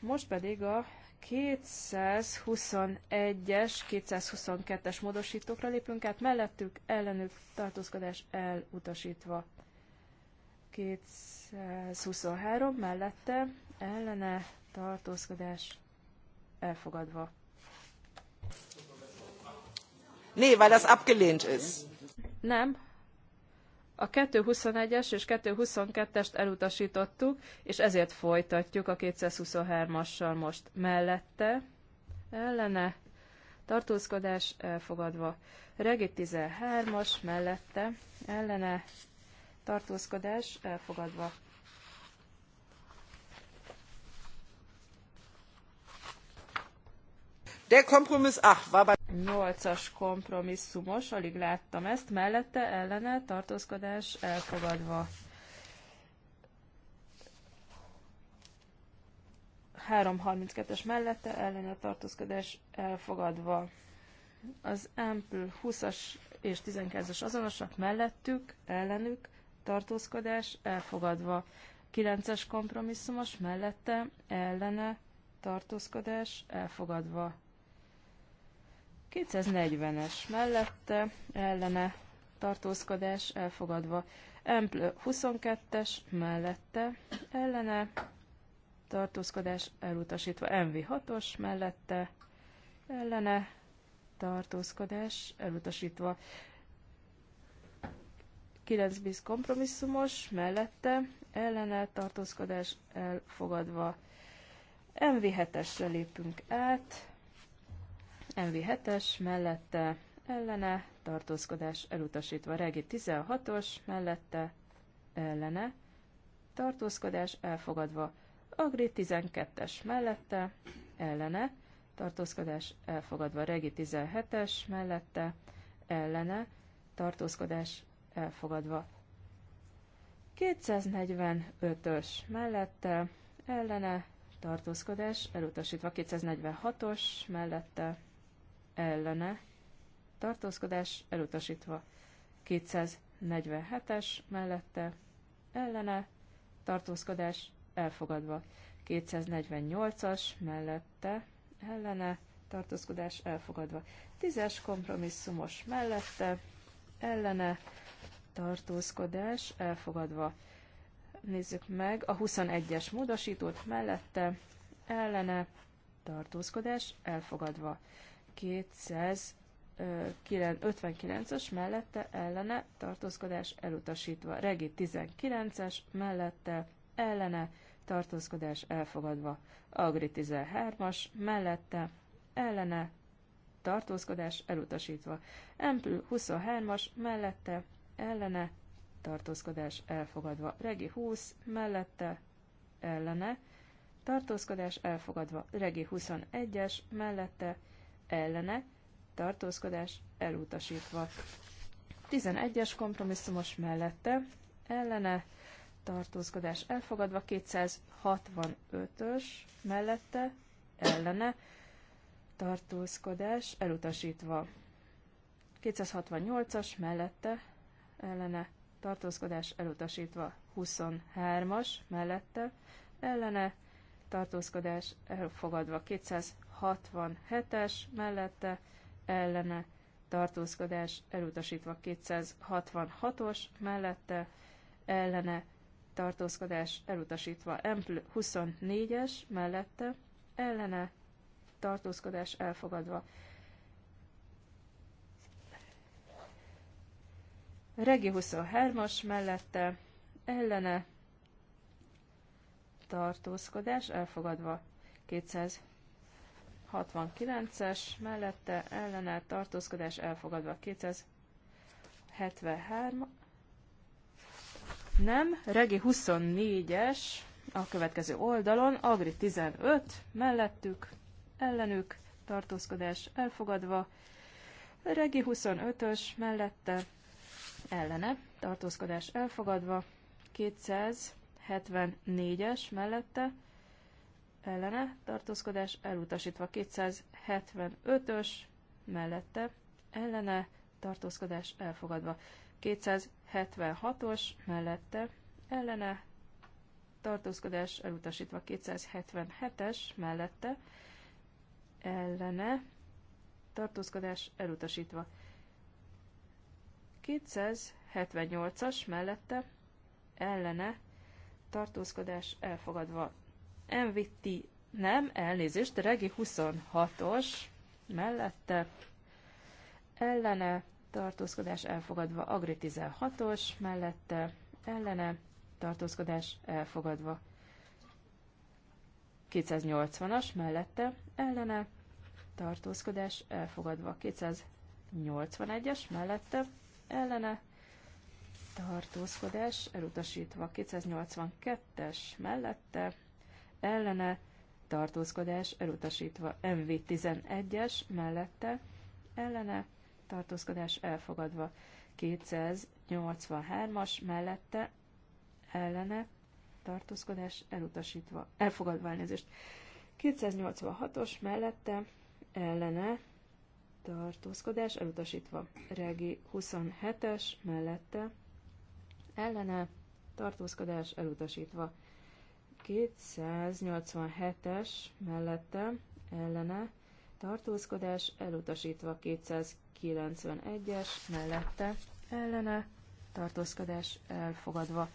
Most pedig a 221-es, 222-es módosítókra lépünk át, mellettük ellenük tartózkodás elutasítva. 223 mellette ellene tartózkodás elfogadva. Nee, weil das abgelehnt ist. Nem, a 221-es és 222-est elutasítottuk, és ezért folytatjuk a 223-assal most mellette. Ellene tartózkodás elfogadva. Regi 13-as mellette ellene tartózkodás elfogadva. Der Kompromiss 8 war bei 8-as kompromisszumos, alig láttam ezt, mellette ellene tartózkodás elfogadva. három es mellette ellene tartózkodás elfogadva. Az ámpül 20-as és 19-es azonosak mellettük, ellenük tartózkodás elfogadva. 9-es kompromisszumos mellette ellene tartózkodás elfogadva. 240-es mellette ellene tartózkodás elfogadva. Empl 22-es mellette ellene tartózkodás elutasítva. MV 6-os mellette ellene tartózkodás elutasítva. 9 bis kompromisszumos mellette ellene tartózkodás elfogadva. MV 7-esre lépünk át MV7-es mellette ellene, tartózkodás elutasítva. Regi 16-os mellette ellene, tartózkodás elfogadva. Agri 12-es mellette ellene, tartózkodás elfogadva. Regi 17-es mellette ellene, tartózkodás elfogadva. 245-ös mellette ellene, tartózkodás elutasítva. 246-os mellette ellene, tartózkodás elutasítva. 247-es mellette, ellene, tartózkodás elfogadva. 248-as mellette, ellene, tartózkodás elfogadva. 10-es kompromisszumos mellette, ellene, tartózkodás elfogadva. Nézzük meg a 21-es módosítót mellette, ellene, tartózkodás elfogadva. 259-ös mellette ellene tartózkodás elutasítva. Regi 19-es mellette ellene tartózkodás elfogadva. Agri 13-as mellette ellene tartózkodás elutasítva. Empl 23-as mellette ellene tartózkodás elfogadva. Regi 20 mellette ellene tartózkodás elfogadva. Regi 21-es mellette ellene, tartózkodás elutasítva. 11-es kompromisszumos mellette, ellene, tartózkodás elfogadva, 265-ös mellette, ellene, tartózkodás elutasítva. 268-as mellette, ellene, tartózkodás elutasítva. 23-as mellette, ellene, tartózkodás elfogadva. 67-es mellette ellene tartózkodás elutasítva 266-os mellette ellene tartózkodás elutasítva M 24-es mellette ellene tartózkodás elfogadva. Regi 23-as mellette ellene tartózkodás elfogadva 200 69-es, mellette ellene tartózkodás elfogadva 273. Nem, Regi 24-es a következő oldalon, Agri 15, mellettük, ellenük, tartózkodás elfogadva, Regi 25-ös, mellette, ellene, tartózkodás elfogadva, 274-es, mellette, ellene tartózkodás elutasítva 275-ös mellette ellene tartózkodás elfogadva 276-os mellette ellene tartózkodás elutasítva 277-es mellette ellene tartózkodás elutasítva 278-as mellette ellene tartózkodás elfogadva MVT nem, elnézést, de Regi 26-os mellette ellene tartózkodás elfogadva, Agri 16-os mellette ellene tartózkodás elfogadva, 280-as mellette ellene tartózkodás elfogadva, 281-es mellette ellene tartózkodás elutasítva, 282-es mellette ellene, tartózkodás elutasítva. MV11-es mellette, ellene, tartózkodás elfogadva. 283-as mellette, ellene, tartózkodás elutasítva, elfogadva elnézést. 286-os mellette, ellene, tartózkodás elutasítva. Regi 27-es mellette, ellene, tartózkodás elutasítva. 287-es mellette ellene tartózkodás, elutasítva 291-es mellette ellene tartózkodás elfogadva.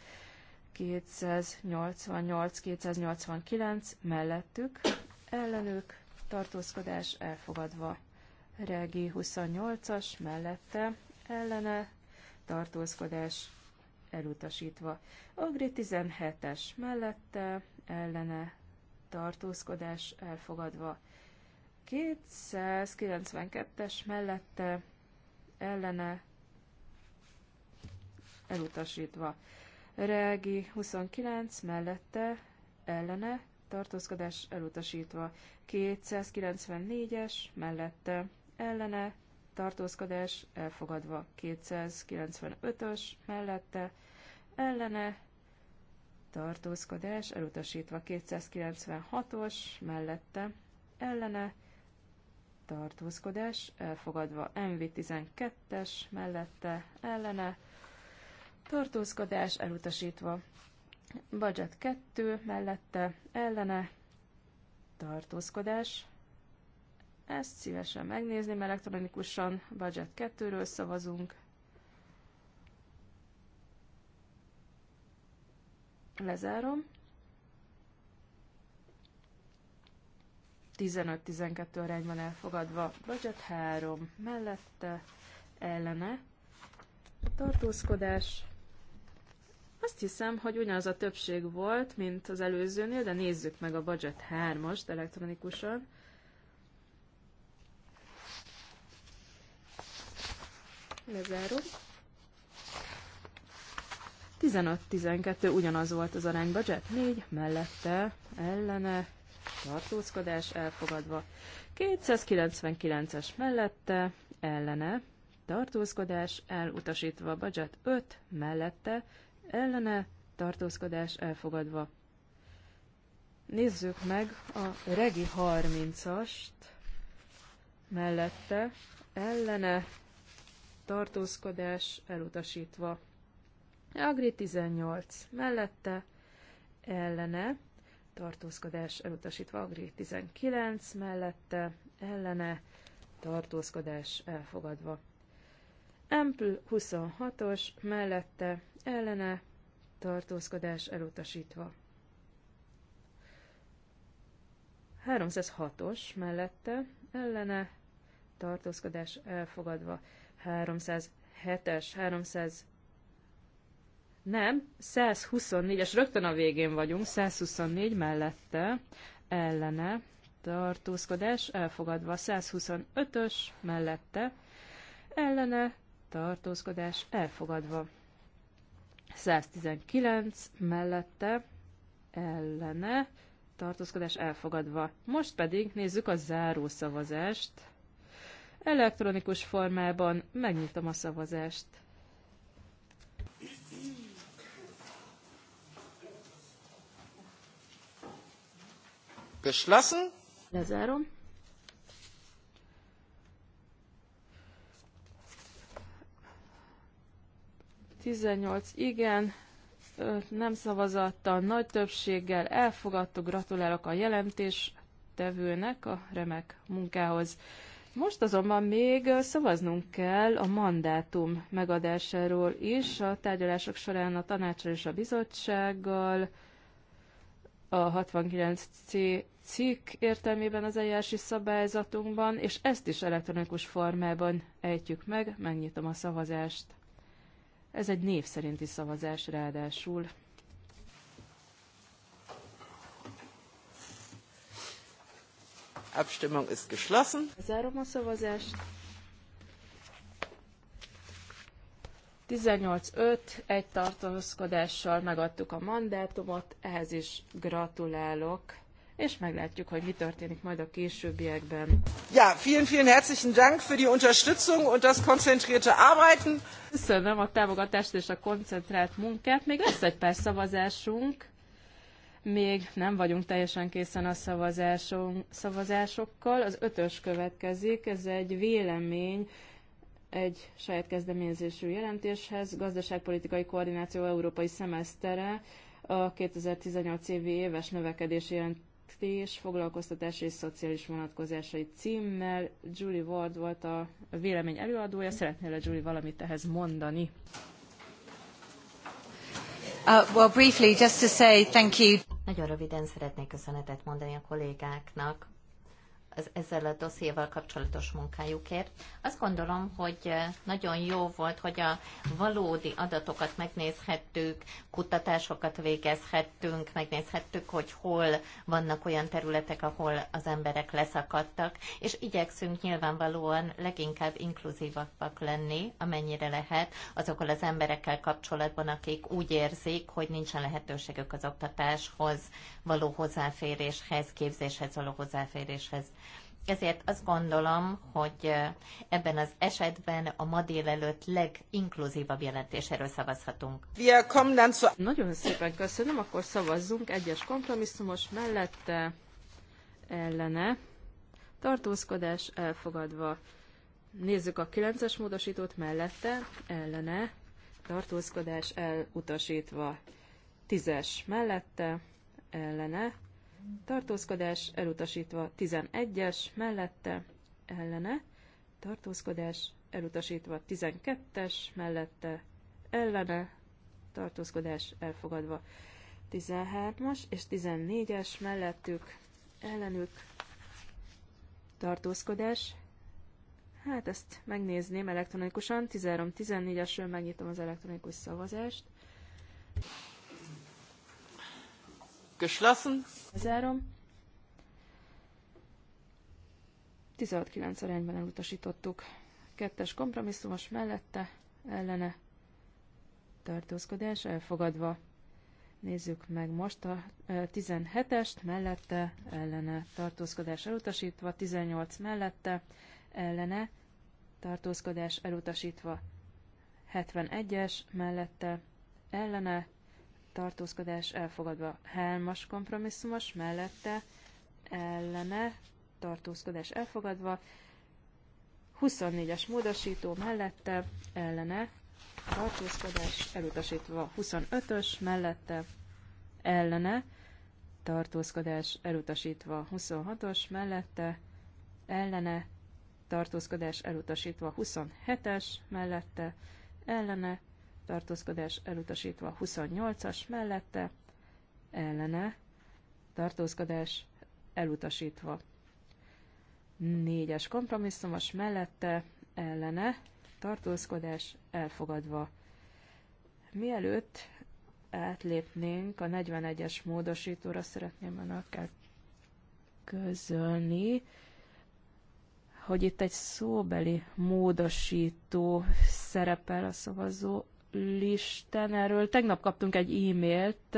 288-289 mellettük, ellenük tartózkodás elfogadva. Regi 28-as mellette, ellene tartózkodás elutasítva. Agri 17-es mellette, ellene tartózkodás elfogadva. 292-es mellette, ellene elutasítva. Regi 29 mellette, ellene tartózkodás elutasítva. 294-es mellette, ellene tartózkodás elfogadva. 295-ös mellette ellene tartózkodás elutasítva. 296-os mellette ellene tartózkodás elfogadva. MV12-es mellette ellene tartózkodás elutasítva. Budget 2 mellette ellene tartózkodás ezt szívesen megnézném elektronikusan. Budget 2-ről szavazunk. Lezárom. 15-12 arányban elfogadva. Budget 3 mellette, ellene. Tartózkodás. Azt hiszem, hogy ugyanaz a többség volt, mint az előzőnél, de nézzük meg a budget 3-ast elektronikusan. Lezárom. 15-12 ugyanaz volt az arány budget, 4 mellette, ellene, tartózkodás elfogadva. 299-es mellette, ellene, tartózkodás elutasítva, budget 5 mellette, ellene, tartózkodás elfogadva. Nézzük meg a regi 30-ast mellette, ellene, tartózkodás elutasítva. Agri 18 mellette, ellene, tartózkodás elutasítva. Agri 19 mellette, ellene, tartózkodás elfogadva. Empl 26-os mellette, ellene, tartózkodás elutasítva. 306-os mellette, ellene, tartózkodás elfogadva. 307-es, 300 nem, 124-es, rögtön a végén vagyunk, 124 mellette, ellene, tartózkodás, elfogadva, 125-ös mellette, ellene, tartózkodás, elfogadva, 119 mellette, ellene, tartózkodás, elfogadva. Most pedig nézzük a záró szavazást. Elektronikus formában megnyitom a szavazást. Geschlossen? Lezárom. Tizennyolc igen, nem szavazattal, nagy többséggel elfogadtuk, gratulálok a jelentés tevőnek a remek munkához. Most azonban még szavaznunk kell a mandátum megadásáról is, a tárgyalások során a tanácsal és a bizottsággal, a 69C cikk értelmében az eljárási szabályzatunkban, és ezt is elektronikus formában ejtjük meg, megnyitom a szavazást. Ez egy név szerinti szavazás ráadásul. Abstimmung ist geschlossen. szavazást. 5 egy megadtuk a mandátumot, ehhez is gratulálok, és meglátjuk, hogy mi történik majd a későbbiekben. Ja, vielen, vielen herzlichen Dank für die Unterstützung und das konzentrierte Arbeiten. Köszönöm a támogatást és a koncentrált munkát. Még lesz egy pár szavazásunk. Még nem vagyunk teljesen készen a szavazásokkal. Az ötös következik, ez egy vélemény, egy saját kezdeményezésű jelentéshez, gazdaságpolitikai koordináció európai szemesztere, a 2018 évi éves növekedési jelentés foglalkoztatás és szociális vonatkozásai címmel. Julie Ward volt a vélemény előadója. Szeretnél-e Julie valamit ehhez mondani? Uh, well, briefly, just to say thank you. Nagyon röviden szeretnék köszönetet mondani a kollégáknak az ezzel a dossziéval kapcsolatos munkájukért. Azt gondolom, hogy eh, nagyon jó volt, hogy a valódi adatokat megnézhettük, kutatásokat végezhettünk, megnézhettük, hogy hol vannak olyan területek, ahol az emberek leszakadtak, és igyekszünk nyilvánvalóan leginkább inkluzívabbak lenni, amennyire lehet, azokkal az emberekkel kapcsolatban, akik úgy érzik, hogy nincsen lehetőségük az oktatáshoz való hozzáféréshez, képzéshez való hozzáféréshez. Ezért azt gondolom, hogy ebben az esetben a ma délelőtt leginkluzívabb jelentéséről szavazhatunk. Nagyon szépen köszönöm, akkor szavazzunk egyes kompromisszumos mellette ellene. Tartózkodás elfogadva. Nézzük a 9-es módosítót mellette, ellene, tartózkodás elutasítva. 10-es mellette, ellene, tartózkodás elutasítva 11-es, mellette ellene, tartózkodás elutasítva 12-es, mellette ellene, tartózkodás elfogadva 13-as és 14-es, mellettük ellenük tartózkodás. Hát ezt megnézném elektronikusan, 13-14-esről megnyitom az elektronikus szavazást. Geschlossen. Zárom. 16-9 arányban elutasítottuk. Kettes kompromisszumos mellette, ellene tartózkodás elfogadva. Nézzük meg most a 17-est, mellette, ellene tartózkodás elutasítva, 18 mellette, ellene tartózkodás elutasítva, 71-es mellette, ellene tartózkodás elfogadva. Hármas kompromisszumos mellette ellene tartózkodás elfogadva. 24-es módosító mellette ellene tartózkodás elutasítva. 25-ös mellette ellene tartózkodás elutasítva. 26-os mellette ellene tartózkodás elutasítva. 27-es mellette ellene tartózkodás elutasítva 28-as mellette, ellene, tartózkodás elutasítva. 4-es kompromisszumos mellette, ellene, tartózkodás elfogadva. Mielőtt átlépnénk a 41-es módosítóra, szeretném önökkel közölni, hogy itt egy szóbeli módosító szerepel a szavazó listán. Erről tegnap kaptunk egy e-mailt,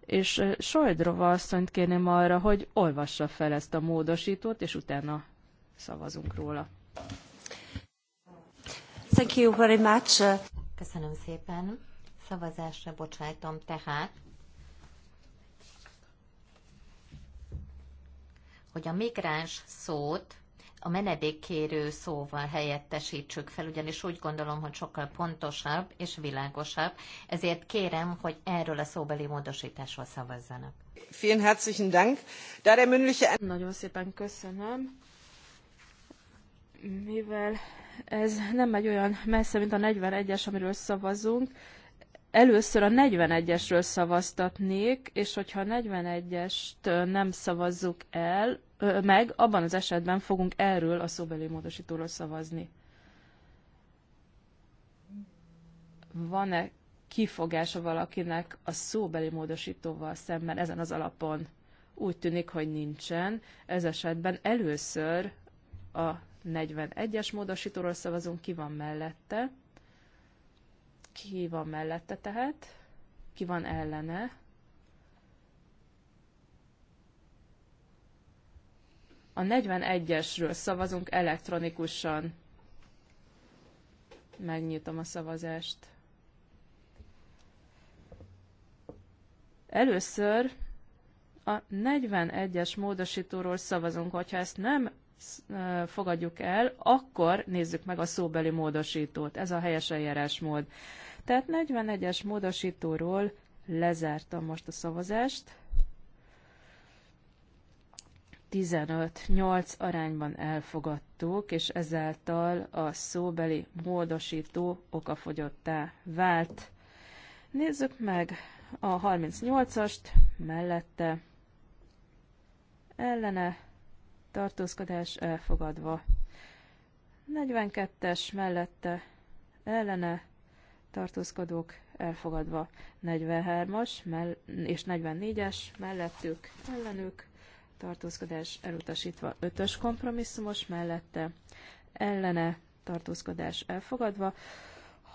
és Sojdrova asszonyt kérném arra, hogy olvassa fel ezt a módosítót, és utána szavazunk róla. Thank you very much. Köszönöm szépen. Szavazásra bocsájtom tehát, hogy a migráns szót a menedékkérő szóval helyettesítsük fel, ugyanis úgy gondolom, hogy sokkal pontosabb és világosabb, ezért kérem, hogy erről a szóbeli módosításról szavazzanak. Vielen herzlichen Dank. Nagyon szépen köszönöm. Mivel ez nem megy olyan messze, mint a 41-es, amiről szavazunk, először a 41-esről szavaztatnék, és hogyha a 41-est nem szavazzuk el, meg, abban az esetben fogunk erről a szóbeli módosítóról szavazni. Van-e kifogása valakinek a szóbeli módosítóval szemben ezen az alapon? Úgy tűnik, hogy nincsen. Ez esetben először a 41-es módosítóról szavazunk, ki van mellette. Ki van mellette tehát? Ki van ellene? A 41-esről szavazunk elektronikusan. Megnyitom a szavazást. Először a 41-es módosítóról szavazunk, hogyha ezt nem fogadjuk el, akkor nézzük meg a szóbeli módosítót. Ez a helyes eljárásmód. Tehát 41-es módosítóról lezártam most a szavazást. 15-8 arányban elfogadtuk, és ezáltal a szóbeli módosító okafogyottá vált. Nézzük meg a 38-ast mellette. Ellene tartózkodás elfogadva. 42-es mellette ellene tartózkodók elfogadva. 43-as és 44-es mellettük ellenük tartózkodás elutasítva, ötös kompromisszumos mellette, ellene tartózkodás elfogadva,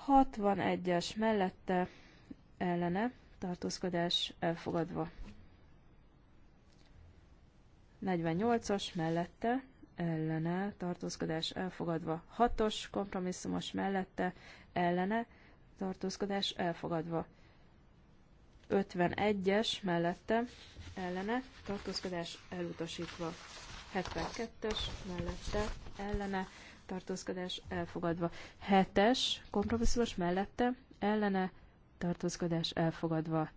61-es mellette, ellene tartózkodás elfogadva. 48-as mellette, ellene tartózkodás elfogadva, 6-os kompromisszumos mellette, ellene tartózkodás elfogadva. 51-es mellette ellene, tartózkodás elutasítva. 72-es mellette, ellene, tartózkodás elfogadva. 7-es kompromisszumos mellette, ellene, tartózkodás elfogadva.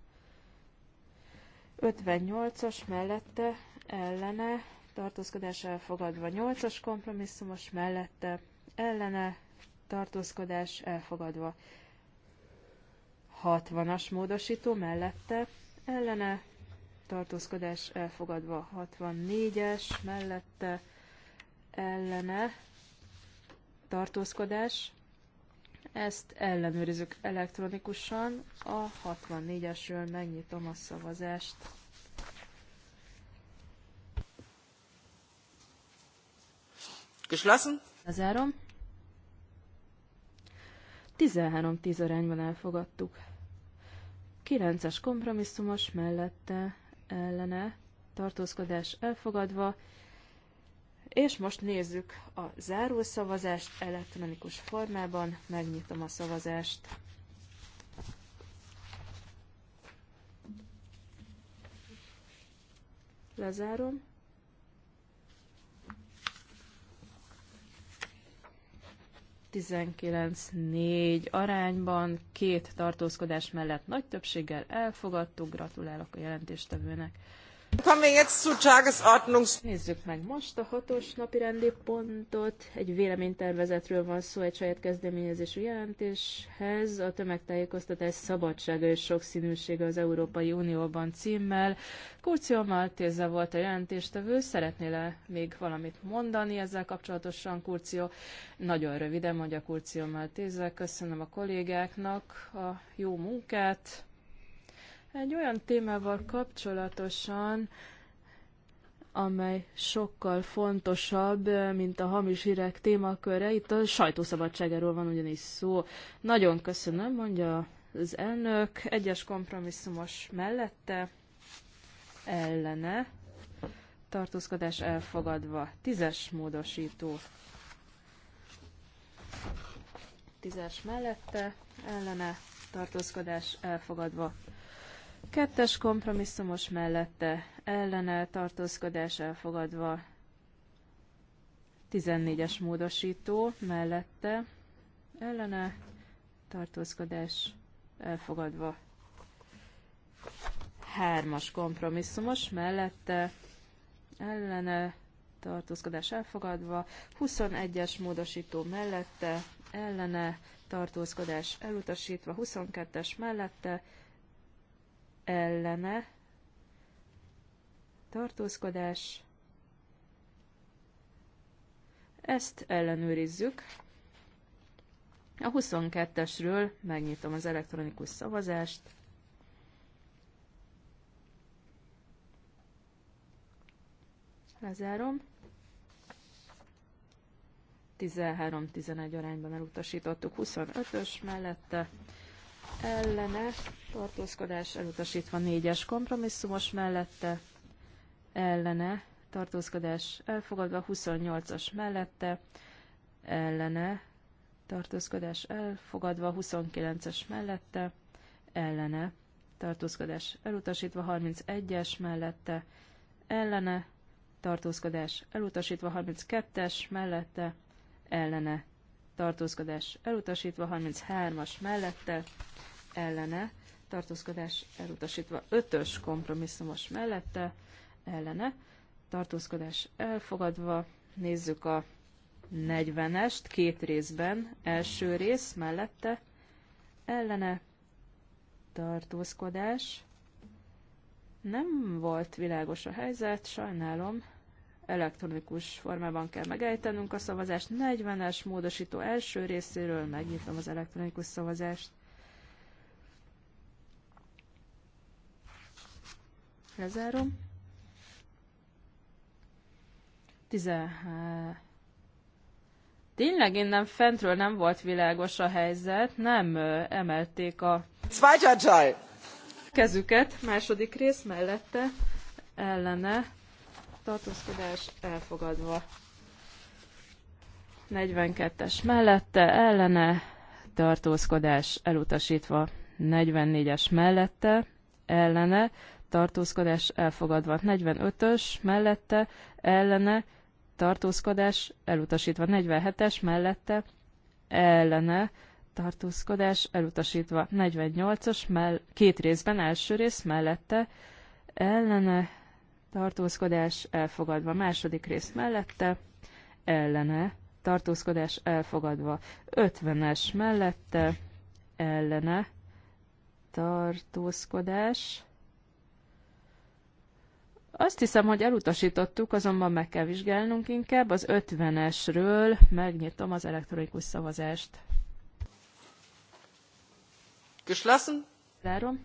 58-as mellette, ellene, tartózkodás elfogadva. 8-as kompromisszumos mellette, ellene, tartózkodás elfogadva. 60-as módosító mellette, ellene, tartózkodás elfogadva 64-es, mellette ellene tartózkodás. Ezt ellenőrizzük elektronikusan. A 64-esről megnyitom a szavazást. Geschlossen. Lezárom. 13-10 arányban elfogadtuk. 9-es kompromisszumos mellette ellene tartózkodás elfogadva, és most nézzük a zárószavazást elektronikus formában, megnyitom a szavazást. Lezárom. 19-4 arányban két tartózkodás mellett nagy többséggel elfogadtuk. Gratulálok a jelentéstevőnek. Nézzük meg most a hatos napi rendi pontot. Egy véleménytervezetről van szó egy saját kezdeményezésű jelentéshez. A tömegtájékoztatás szabadsága és sokszínűsége az Európai Unióban címmel. Kurcio Maltéza volt a jelentéstevő. Szeretnél -e még valamit mondani ezzel kapcsolatosan, Kurcio? Nagyon röviden mondja Kurcio Maltéza. Köszönöm a kollégáknak a jó munkát egy olyan témával kapcsolatosan, amely sokkal fontosabb, mint a hamis hírek témaköre. Itt a sajtószabadságáról van ugyanis szó. Nagyon köszönöm, mondja az elnök. Egyes kompromisszumos mellette, ellene, tartózkodás elfogadva. Tízes módosító. Tízes mellette, ellene, tartózkodás elfogadva. Kettes kompromisszumos mellette ellene tartózkodás elfogadva. 14-es módosító mellette ellene tartózkodás elfogadva. 3-as kompromisszumos mellette ellene tartózkodás elfogadva, 21-es módosító mellette ellene tartózkodás elutasítva, 22-es mellette ellene tartózkodás. Ezt ellenőrizzük. A 22-esről megnyitom az elektronikus szavazást. Lezárom. 13-11 arányban elutasítottuk 25-ös mellette ellene tartózkodás elutasítva négyes kompromisszumos mellette ellene tartózkodás elfogadva 28-as mellette ellene tartózkodás elfogadva 29-es mellette ellene tartózkodás elutasítva 31-es mellette ellene tartózkodás elutasítva 32-es mellette ellene tartózkodás elutasítva, 33-as mellette ellene, tartózkodás elutasítva, 5-ös kompromisszumos mellette ellene, tartózkodás elfogadva, nézzük a 40-est két részben, első rész mellette ellene, tartózkodás, nem volt világos a helyzet, sajnálom, Elektronikus formában kell megejtenünk a szavazást. 40-es módosító első részéről megnyitom az elektronikus szavazást. Lezárom. 13. Tényleg innen fentről nem volt világos a helyzet, nem emelték a Zweiter Teil. kezüket, második rész mellette, ellene tartózkodás elfogadva. 42-es mellette, ellene, tartózkodás elutasítva. 44-es mellette, ellene, tartózkodás elfogadva. 45-ös mellette, ellene, tartózkodás elutasítva. 47-es mellette, ellene, tartózkodás elutasítva. 48 os mell- két részben, első rész mellette, ellene, tartózkodás elfogadva. Második rész mellette, ellene, tartózkodás elfogadva. ötvenes mellette, ellene, tartózkodás. Azt hiszem, hogy elutasítottuk, azonban meg kell vizsgálnunk inkább. Az ötvenesről. megnyitom az elektronikus szavazást. Geschlossen? Zárom.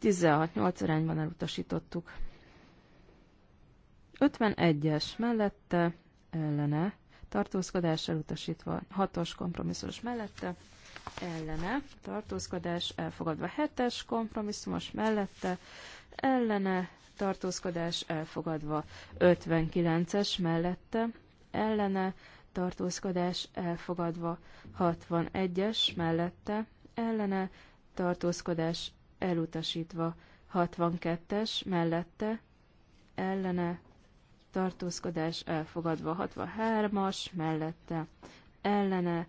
16-8 arányban elutasítottuk. 51-es mellette, ellene, tartózkodás elutasítva, 6-os kompromisszus mellette, ellene, tartózkodás elfogadva, 7-es kompromisszumos mellette, ellene, tartózkodás elfogadva, 59-es mellette, ellene, tartózkodás elfogadva, 61-es mellette, ellene, tartózkodás elutasítva. 62-es mellette ellene tartózkodás elfogadva. 63-as mellette ellene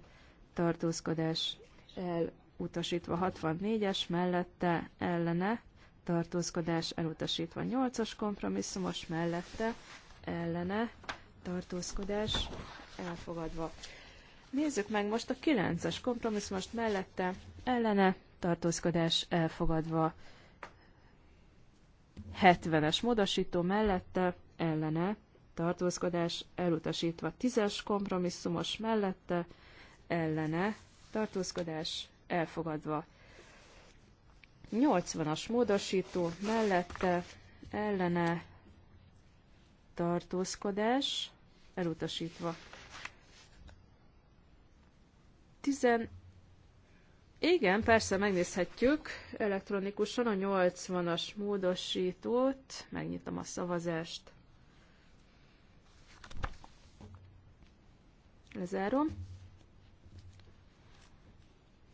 tartózkodás elutasítva. 64-es mellette ellene tartózkodás elutasítva. 8-as kompromisszumos mellette ellene tartózkodás elfogadva. Nézzük meg most a 9-es kompromisszumost mellette ellene tartózkodás elfogadva. 70-es módosító mellette ellene tartózkodás elutasítva. 10-es kompromisszumos mellette ellene tartózkodás elfogadva. 80-as módosító mellette ellene tartózkodás elutasítva. Igen, persze megnézhetjük elektronikusan a 80-as módosítót. Megnyitom a szavazást. Lezárom.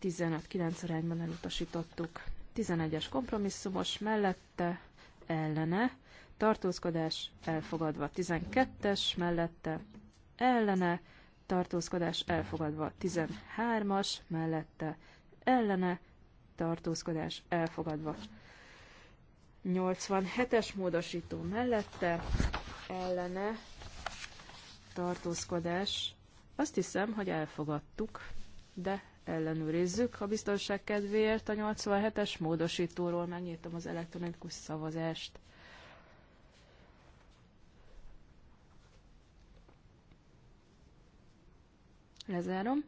15-9 arányban elutasítottuk. 11-es kompromisszumos mellette, ellene, tartózkodás elfogadva. 12-es mellette, ellene, tartózkodás elfogadva. 13-as mellette, ellene tartózkodás elfogadva. 87-es módosító mellette ellene tartózkodás. Azt hiszem, hogy elfogadtuk, de ellenőrizzük a biztonság kedvéért a 87-es módosítóról. Megnyitom az elektronikus szavazást. Lezárom.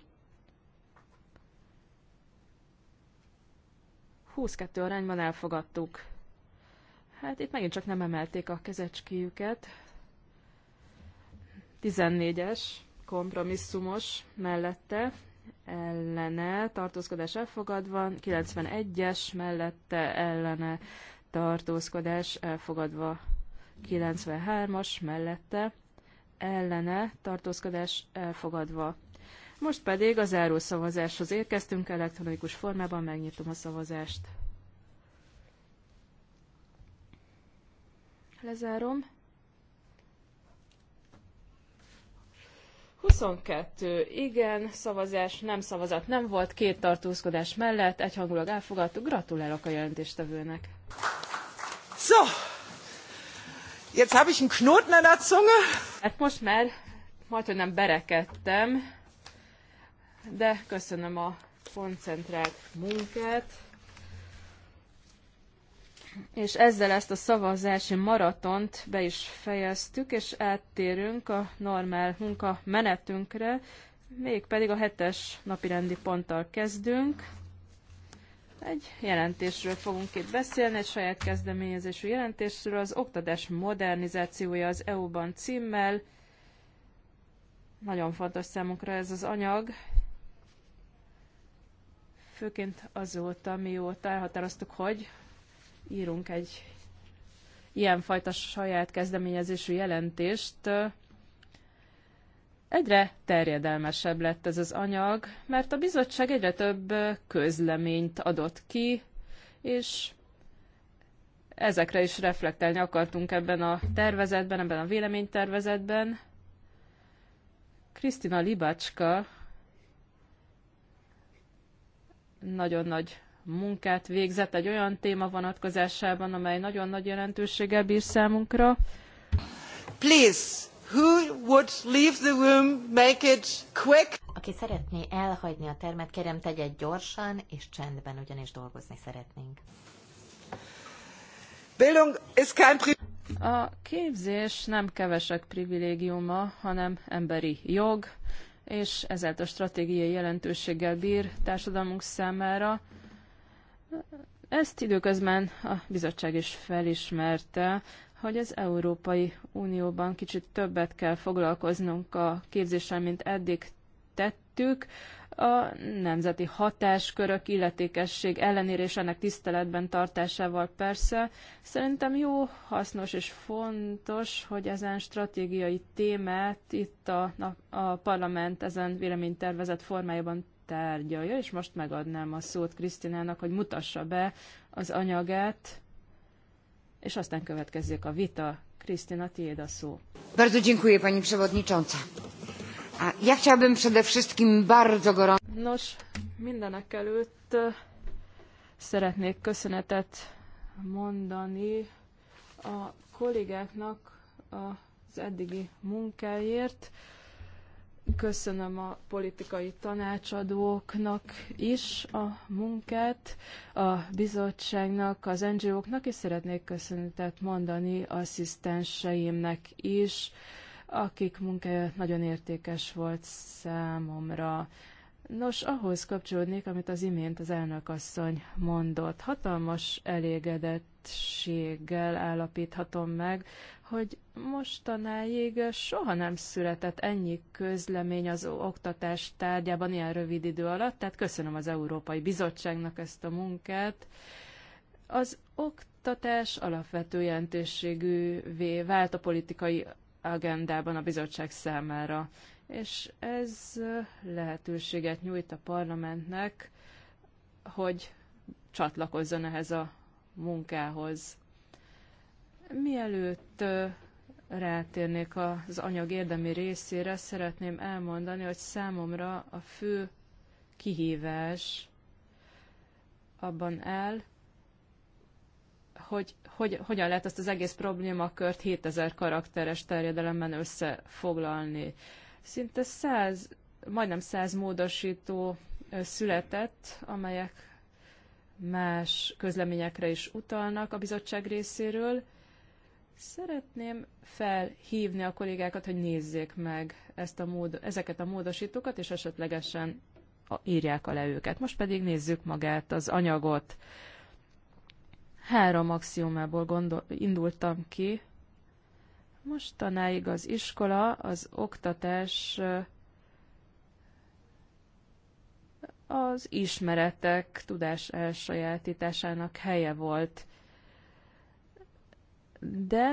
22 arányban elfogadtuk. Hát itt megint csak nem emelték a kezecskéjüket. 14-es, kompromisszumos mellette, ellene, tartózkodás elfogadva, 91-es mellette, ellene, tartózkodás elfogadva, 93-as mellette, ellene, tartózkodás elfogadva. Most pedig az záró szavazáshoz érkeztünk elektronikus formában, megnyitom a szavazást. Lezárom. 22 igen, szavazás nem szavazat nem volt, két tartózkodás mellett, egyhangulag elfogadtuk. Gratulálok a jelentéstevőnek. So, jetzt habe ich einen Knoten an der Zunge. Hát most már hogy nem berekedtem de köszönöm a koncentrált munkát. És ezzel ezt a szavazási maratont be is fejeztük, és áttérünk a normál munka menetünkre, mégpedig a hetes napirendi ponttal kezdünk. Egy jelentésről fogunk itt beszélni, egy saját kezdeményezésű jelentésről, az oktatás modernizációja az EU-ban címmel. Nagyon fontos számunkra ez az anyag, főként azóta, mióta elhatároztuk, hogy írunk egy ilyenfajta saját kezdeményezésű jelentést, egyre terjedelmesebb lett ez az anyag, mert a bizottság egyre több közleményt adott ki, és ezekre is reflektálni akartunk ebben a tervezetben, ebben a véleménytervezetben. Krisztina Libacska, nagyon nagy munkát végzett egy olyan téma vonatkozásában, amely nagyon nagy jelentőséggel bír számunkra. Please, who would leave the room, make it quick? Aki szeretné elhagyni a termet, kérem tegye gyorsan és csendben, ugyanis dolgozni szeretnénk. Bildung ist kein a képzés nem kevesek privilégiuma, hanem emberi jog, és ezáltal stratégiai jelentőséggel bír társadalmunk számára. Ezt időközben a bizottság is felismerte, hogy az Európai Unióban kicsit többet kell foglalkoznunk a képzéssel, mint eddig tettük a nemzeti hatáskörök, illetékesség ellenére és ennek tiszteletben tartásával persze. Szerintem jó, hasznos és fontos, hogy ezen stratégiai témát itt a, a, a parlament ezen véleménytervezet formájában tárgyalja, és most megadnám a szót Krisztinának, hogy mutassa be az anyagát, és aztán következzék a vita. Krisztina, tiéd a szó. Bardzo dziękuję, pani przewodnicząca. Ja chciałabym przede wszystkim bardzo gorąco... Nos, mindenek előtt szeretnék köszönetet mondani a kollégáknak az eddigi munkáért. Köszönöm a politikai tanácsadóknak is a munkát, a bizottságnak, az NGO-knak, és szeretnék köszönetet mondani asszisztenseimnek is, akik munkája nagyon értékes volt számomra. Nos, ahhoz kapcsolódnék, amit az imént az elnökasszony mondott. Hatalmas elégedettséggel állapíthatom meg, hogy mostanáig soha nem született ennyi közlemény az oktatás tárgyában ilyen rövid idő alatt, tehát köszönöm az Európai Bizottságnak ezt a munkát. Az oktatás alapvető jelentőségűvé vált a politikai agendában a bizottság számára. És ez lehetőséget nyújt a parlamentnek, hogy csatlakozzon ehhez a munkához. Mielőtt rátérnék az anyag érdemi részére, szeretném elmondani, hogy számomra a fő kihívás abban áll, hogy, hogy hogyan lehet ezt az egész problémakört 7000 karakteres terjedelemben összefoglalni. Szinte 100, majdnem 100 módosító született, amelyek más közleményekre is utalnak a bizottság részéről. Szeretném felhívni a kollégákat, hogy nézzék meg ezt a mód, ezeket a módosítókat, és esetlegesen írják alá őket. Most pedig nézzük magát az anyagot. Három axiomából gondol, indultam ki. Mostanáig az iskola, az oktatás, az ismeretek, tudás elsajátításának helye volt. De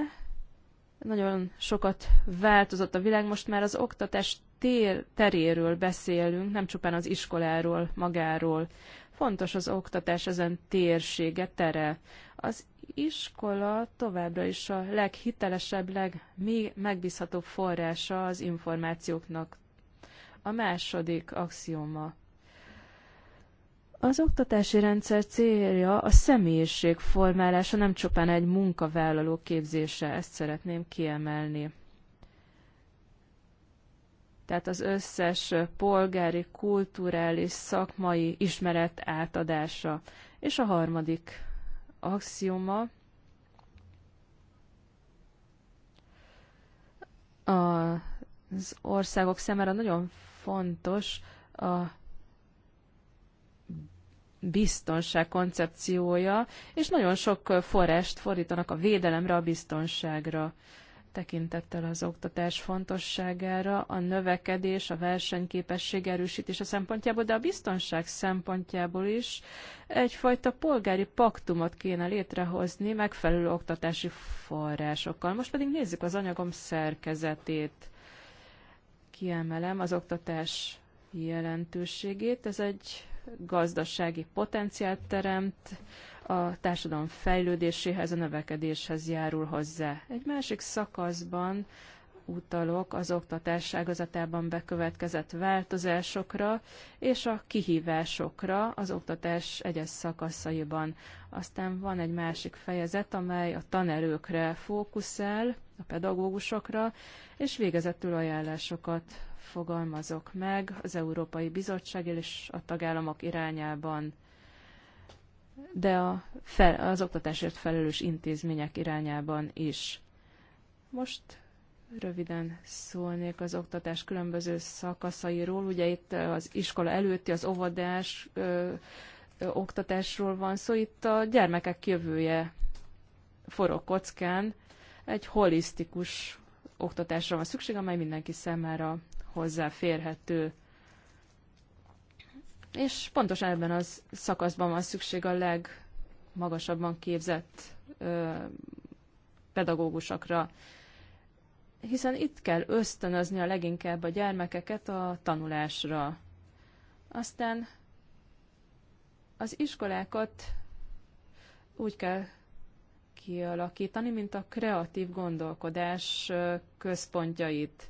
nagyon sokat változott a világ, most már az oktatás tér, teréről beszélünk, nem csupán az iskoláról, magáról. Fontos az oktatás ezen térsége, tere. Az iskola továbbra is a leghitelesebb, legmegbízhatóbb forrása az információknak. A második axioma. Az oktatási rendszer célja a személyiség formálása, nem csupán egy munkavállaló képzése, ezt szeretném kiemelni tehát az összes polgári, kulturális, szakmai ismeret átadása. És a harmadik axioma az országok számára nagyon fontos a biztonság koncepciója, és nagyon sok forrást fordítanak a védelemre, a biztonságra tekintettel az oktatás fontosságára, a növekedés, a versenyképesség erősítése szempontjából, de a biztonság szempontjából is egyfajta polgári paktumot kéne létrehozni megfelelő oktatási forrásokkal. Most pedig nézzük az anyagom szerkezetét. Kiemelem az oktatás jelentőségét. Ez egy gazdasági potenciált teremt, a társadalom fejlődéséhez, a növekedéshez járul hozzá. Egy másik szakaszban utalok az oktatás ágazatában bekövetkezett változásokra és a kihívásokra az oktatás egyes szakaszaiban. Aztán van egy másik fejezet, amely a tanerőkre fókuszál, a pedagógusokra, és végezetül ajánlásokat fogalmazok meg az Európai Bizottság és a tagállamok irányában de a fel, az oktatásért felelős intézmények irányában is. Most röviden szólnék az oktatás különböző szakaszairól. Ugye itt az iskola előtti, az óvodás ö, ö, oktatásról van szó, itt a gyermekek jövője forog kockán. Egy holisztikus oktatásra van szükség, amely mindenki számára hozzáférhető és pontosan ebben az szakaszban van szükség a legmagasabban képzett ö, pedagógusokra, hiszen itt kell ösztönözni a leginkább a gyermekeket a tanulásra. Aztán az iskolákat úgy kell kialakítani, mint a kreatív gondolkodás központjait.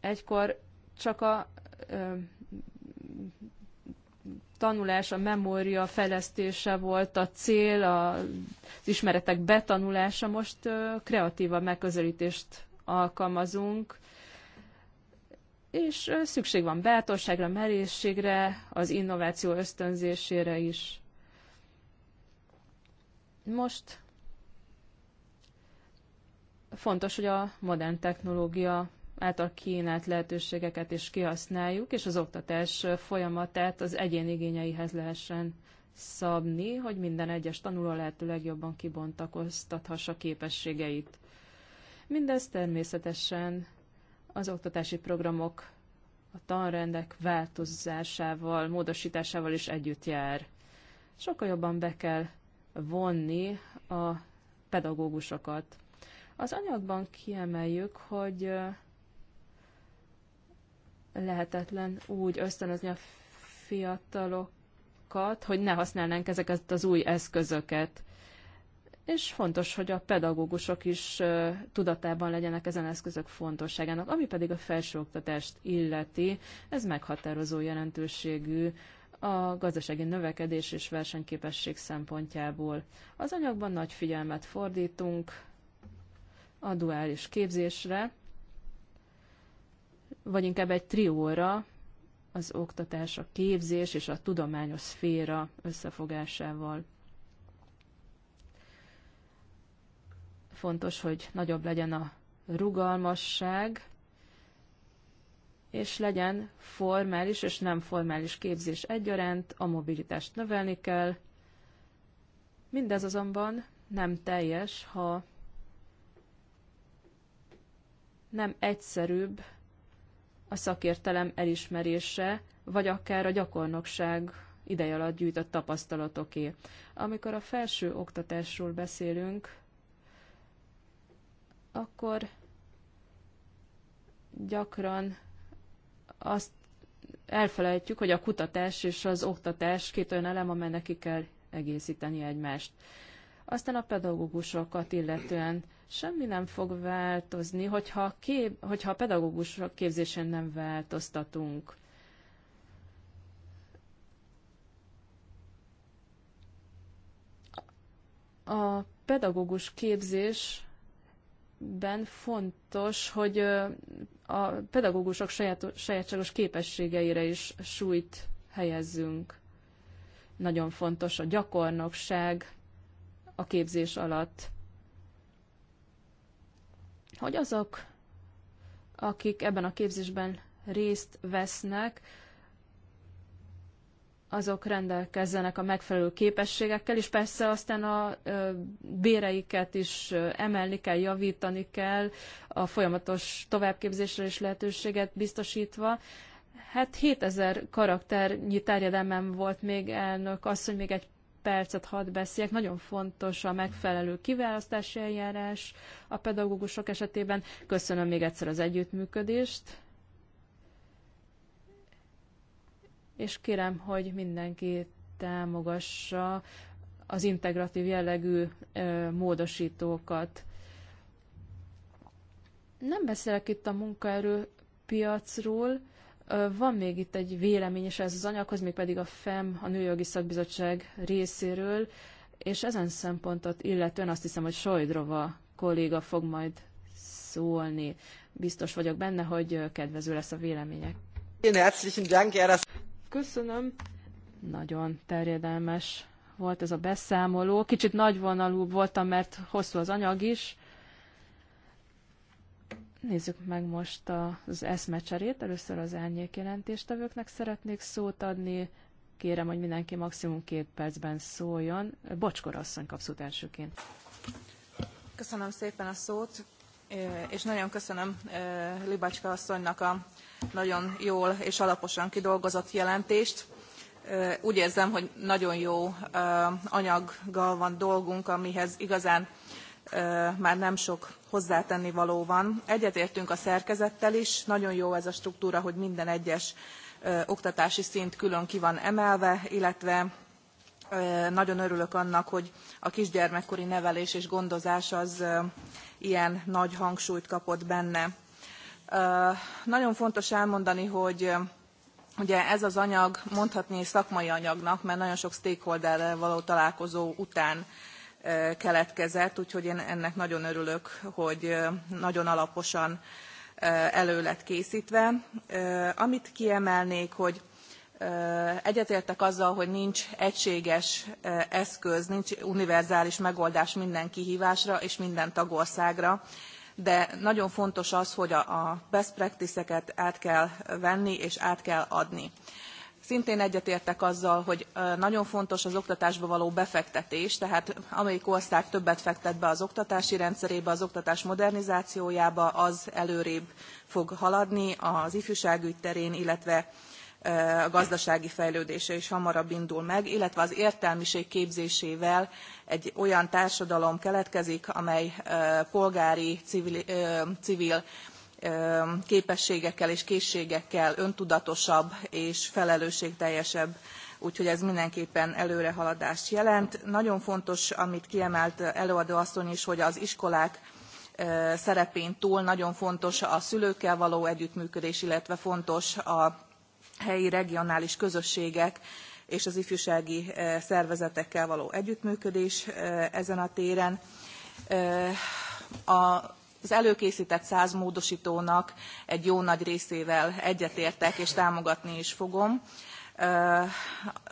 Egykor csak a ö, tanulás, a memória fejlesztése volt a cél, a, az ismeretek betanulása, most ö, kreatívabb megközelítést alkalmazunk, és ö, szükség van bátorságra, merészségre, az innováció ösztönzésére is. Most fontos, hogy a modern technológia által kínált lehetőségeket is kihasználjuk, és az oktatás folyamatát az egyén igényeihez lehessen szabni, hogy minden egyes tanuló lehető legjobban kibontakoztathassa képességeit. Mindez természetesen az oktatási programok a tanrendek változásával, módosításával is együtt jár. Sokkal jobban be kell vonni a pedagógusokat. Az anyagban kiemeljük, hogy lehetetlen úgy ösztönözni a fiatalokat, hogy ne használnánk ezeket az új eszközöket. És fontos, hogy a pedagógusok is tudatában legyenek ezen eszközök fontosságának, ami pedig a felsőoktatást illeti, ez meghatározó jelentőségű a gazdasági növekedés és versenyképesség szempontjából. Az anyagban nagy figyelmet fordítunk a duális képzésre, vagy inkább egy trióra, az oktatás, a képzés és a tudományos szféra összefogásával. Fontos, hogy nagyobb legyen a rugalmasság, és legyen formális és nem formális képzés egyaránt, a mobilitást növelni kell. Mindez azonban nem teljes, ha nem egyszerűbb a szakértelem elismerése, vagy akár a gyakornokság ideje alatt gyűjtött tapasztalatoké. Amikor a felső oktatásról beszélünk, akkor gyakran azt elfelejtjük, hogy a kutatás és az oktatás két olyan elem, amelynek ki kell egészíteni egymást. Aztán a pedagógusokat illetően semmi nem fog változni, hogyha, kép, hogyha a pedagógusok képzésén nem változtatunk. A pedagógus képzésben fontos, hogy a pedagógusok saját, sajátságos képességeire is súlyt helyezzünk. Nagyon fontos a gyakornokság, a képzés alatt. Hogy azok, akik ebben a képzésben részt vesznek, azok rendelkezzenek a megfelelő képességekkel, és persze aztán a béreiket is emelni kell, javítani kell, a folyamatos továbbképzésre is lehetőséget biztosítva. Hát 7000 karakternyi terjedelmem volt még elnök, az, hogy még egy percet hadd beszéljek. Nagyon fontos a megfelelő kiválasztási eljárás a pedagógusok esetében. Köszönöm még egyszer az együttműködést. És kérem, hogy mindenki támogassa az integratív jellegű ö, módosítókat. Nem beszélek itt a munkaerő piacról, van még itt egy vélemény is ez az anyaghoz, még pedig a FEM, a Nőjogi Szakbizottság részéről, és ezen szempontot illetően azt hiszem, hogy Sojdrova kolléga fog majd szólni. Biztos vagyok benne, hogy kedvező lesz a vélemények. Köszönöm. Nagyon terjedelmes volt ez a beszámoló. Kicsit nagyvonalú voltam, mert hosszú az anyag is. Nézzük meg most az eszmecserét. Először az elnyék jelentéstevőknek szeretnék szót adni. Kérem, hogy mindenki maximum két percben szóljon. Bocskor asszony kapszót elsőként. Köszönöm szépen a szót, és nagyon köszönöm Libacska asszonynak a nagyon jól és alaposan kidolgozott jelentést. Úgy érzem, hogy nagyon jó anyaggal van dolgunk, amihez igazán már nem sok hozzátenni való van. Egyetértünk a szerkezettel is, nagyon jó ez a struktúra, hogy minden egyes oktatási szint külön ki van emelve, illetve nagyon örülök annak, hogy a kisgyermekkori nevelés és gondozás az ilyen nagy hangsúlyt kapott benne. Nagyon fontos elmondani, hogy ugye ez az anyag mondhatni szakmai anyagnak, mert nagyon sok stakeholderrel való találkozó után Eh, keletkezett, úgyhogy én ennek nagyon örülök, hogy eh, nagyon alaposan eh, elő lett készítve. Amit kiemelnék, hogy egyetértek azzal, hogy nincs egységes eszköz, nincs univerzális megoldás minden kihívásra és minden tagországra, de nagyon fontos az, hogy a best practice-eket át kell venni és át kell adni. Szintén egyetértek azzal, hogy nagyon fontos az oktatásba való befektetés, tehát amelyik ország többet fektet be az oktatási rendszerébe, az oktatás modernizációjába, az előrébb fog haladni az ifjúságügy terén, illetve a gazdasági fejlődése is hamarabb indul meg, illetve az értelmiség képzésével egy olyan társadalom keletkezik, amely polgári, civil, civil képességekkel és készségekkel öntudatosabb és felelősségteljesebb úgyhogy ez mindenképpen előrehaladást jelent. Nagyon fontos, amit kiemelt előadó asszony is, hogy az iskolák szerepén túl nagyon fontos a szülőkkel való együttműködés, illetve fontos a helyi regionális közösségek és az ifjúsági szervezetekkel való együttműködés ezen a téren. A az előkészített száz módosítónak egy jó nagy részével egyetértek, és támogatni is fogom.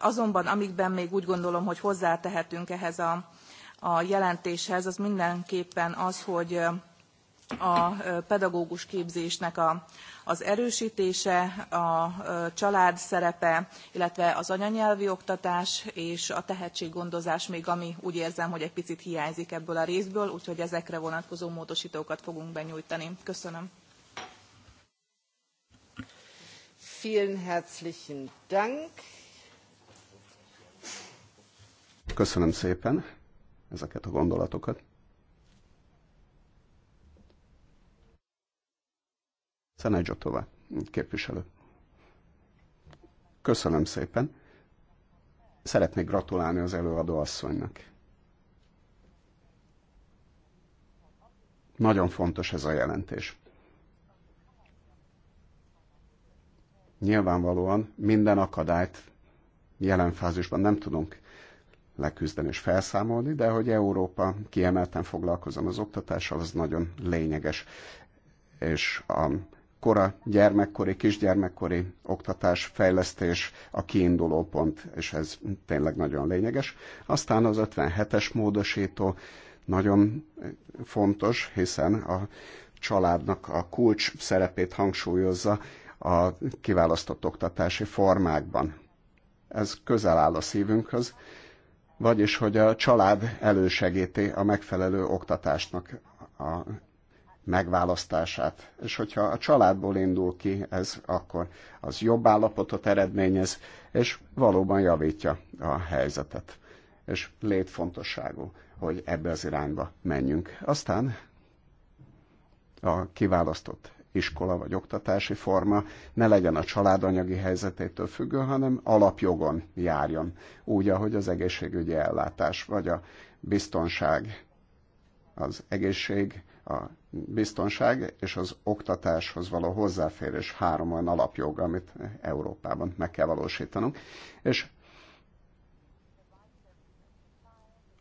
Azonban amikben még úgy gondolom, hogy hozzátehetünk ehhez a, a jelentéshez, az mindenképpen az, hogy a pedagógus képzésnek a, az erősítése, a család szerepe, illetve az anyanyelvi oktatás és a tehetséggondozás még, ami úgy érzem, hogy egy picit hiányzik ebből a részből, úgyhogy ezekre vonatkozó módosítókat fogunk benyújtani. Köszönöm. Vielen herzlichen Dank. Köszönöm szépen ezeket a gondolatokat. Szenágyzsotova képviselő. Köszönöm szépen. Szeretnék gratulálni az előadó asszonynak. Nagyon fontos ez a jelentés. Nyilvánvalóan minden akadályt jelen fázisban nem tudunk leküzdeni és felszámolni, de hogy Európa kiemelten foglalkozom az oktatással, az nagyon lényeges. És a kora gyermekkori, kisgyermekkori oktatás, fejlesztés a kiinduló pont, és ez tényleg nagyon lényeges. Aztán az 57-es módosító nagyon fontos, hiszen a családnak a kulcs szerepét hangsúlyozza a kiválasztott oktatási formákban. Ez közel áll a szívünkhöz, vagyis hogy a család elősegíti a megfelelő oktatásnak a megválasztását. És hogyha a családból indul ki ez, akkor az jobb állapotot eredményez, és valóban javítja a helyzetet. És létfontosságú, hogy ebbe az irányba menjünk. Aztán a kiválasztott iskola vagy oktatási forma ne legyen a család anyagi helyzetétől függő, hanem alapjogon járjon, úgy, ahogy az egészségügyi ellátás, vagy a biztonság, az egészség, a biztonság és az oktatáshoz való hozzáférés három olyan alapjog, amit Európában meg kell valósítanunk. És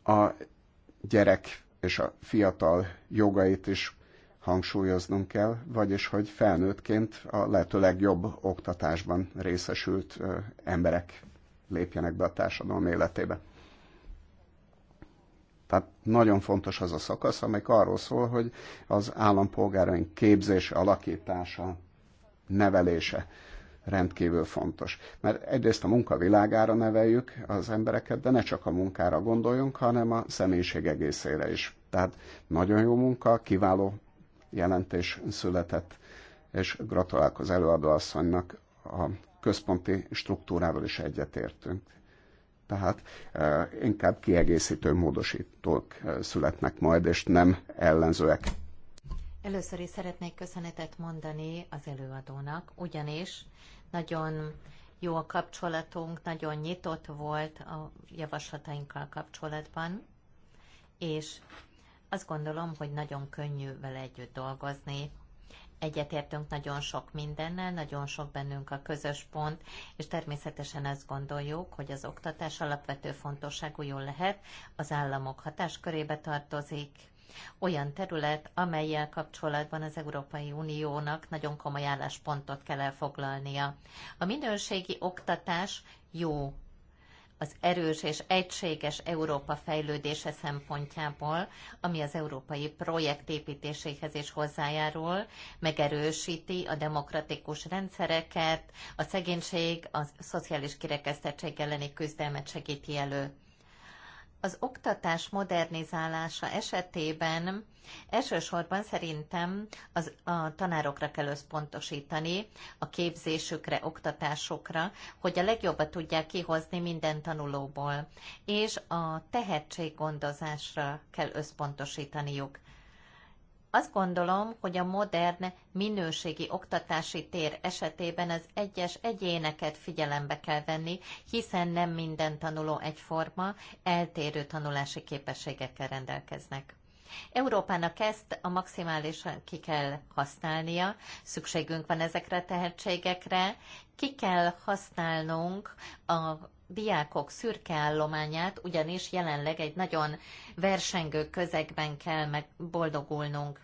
a gyerek és a fiatal jogait is hangsúlyoznunk kell, vagyis hogy felnőttként a lehető legjobb oktatásban részesült emberek lépjenek be a társadalom életébe. Tehát nagyon fontos az a szakasz, amely arról szól, hogy az állampolgáraink képzése, alakítása, nevelése rendkívül fontos. Mert egyrészt a munka világára neveljük az embereket, de ne csak a munkára gondoljunk, hanem a személyiség egészére is. Tehát nagyon jó munka, kiváló jelentés született, és gratulálok az előadóasszonynak a központi struktúrával is egyetértünk. Tehát e, inkább kiegészítő módosítók e, születnek majd, és nem ellenzőek. Először is szeretnék köszönetet mondani az előadónak, ugyanis nagyon jó a kapcsolatunk, nagyon nyitott volt a javaslatainkkal kapcsolatban, és azt gondolom, hogy nagyon könnyű vele együtt dolgozni, egyetértünk nagyon sok mindennel, nagyon sok bennünk a közös pont, és természetesen azt gondoljuk, hogy az oktatás alapvető fontosságú jól lehet, az államok hatáskörébe tartozik, olyan terület, amelyel kapcsolatban az Európai Uniónak nagyon komoly álláspontot kell elfoglalnia. A minőségi oktatás jó az erős és egységes Európa fejlődése szempontjából, ami az európai projekt építéséhez is hozzájárul, megerősíti a demokratikus rendszereket, a szegénység, a szociális kirekesztettség elleni küzdelmet segíti elő az oktatás modernizálása esetében elsősorban szerintem az, a tanárokra kell összpontosítani, a képzésükre, oktatásukra, hogy a legjobbat tudják kihozni minden tanulóból, és a tehetséggondozásra kell összpontosítaniuk. Azt gondolom, hogy a modern minőségi oktatási tér esetében az egyes egyéneket figyelembe kell venni, hiszen nem minden tanuló egyforma, eltérő tanulási képességekkel rendelkeznek. Európának ezt a maximálisan ki kell használnia, szükségünk van ezekre a tehetségekre, ki kell használnunk a diákok szürke állományát, ugyanis jelenleg egy nagyon versengő közegben kell megboldogulnunk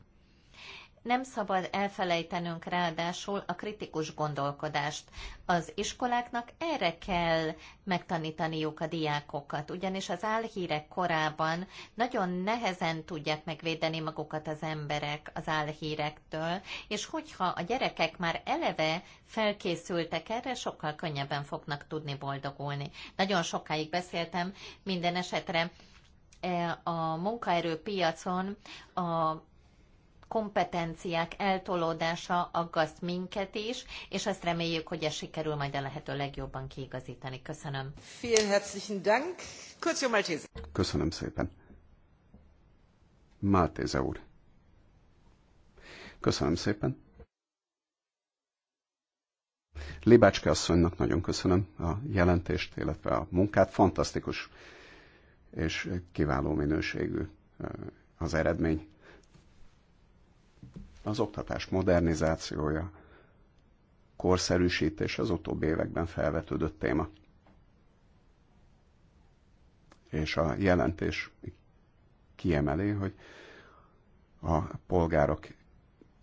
nem szabad elfelejtenünk ráadásul a kritikus gondolkodást. Az iskoláknak erre kell megtanítaniuk a diákokat, ugyanis az álhírek korában nagyon nehezen tudják megvédeni magukat az emberek az álhírektől, és hogyha a gyerekek már eleve felkészültek erre, sokkal könnyebben fognak tudni boldogulni. Nagyon sokáig beszéltem minden esetre eh, a munkaerőpiacon a kompetenciák eltolódása aggaszt minket is, és azt reméljük, hogy ez sikerül majd a lehető legjobban kiigazítani. Köszönöm. Vielen herzlichen Dank. Kurz Maltese. Köszönöm szépen. Maltese úr. Köszönöm szépen. Libácske asszonynak nagyon köszönöm a jelentést, illetve a munkát. Fantasztikus és kiváló minőségű az eredmény az oktatás modernizációja, korszerűsítés az utóbbi években felvetődött téma. És a jelentés kiemeli, hogy a polgárok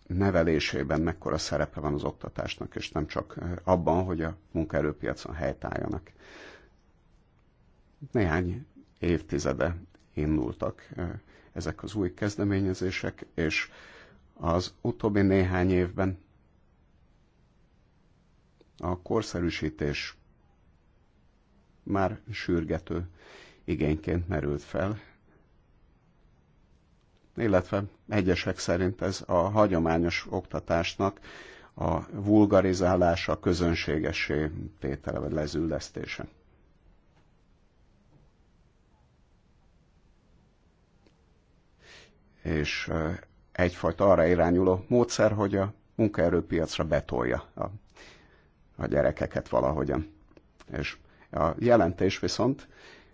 nevelésében mekkora szerepe van az oktatásnak, és nem csak abban, hogy a munkaerőpiacon helytálljanak. Néhány évtizede indultak eh, ezek az új kezdeményezések, és az utóbbi néhány évben a korszerűsítés már sürgető igényként merült fel, illetve egyesek szerint ez a hagyományos oktatásnak a vulgarizálása, közönségesé tétele vagy lezüllesztése. És egyfajta arra irányuló módszer, hogy a munkaerőpiacra betolja a, a gyerekeket valahogyan. És a jelentés viszont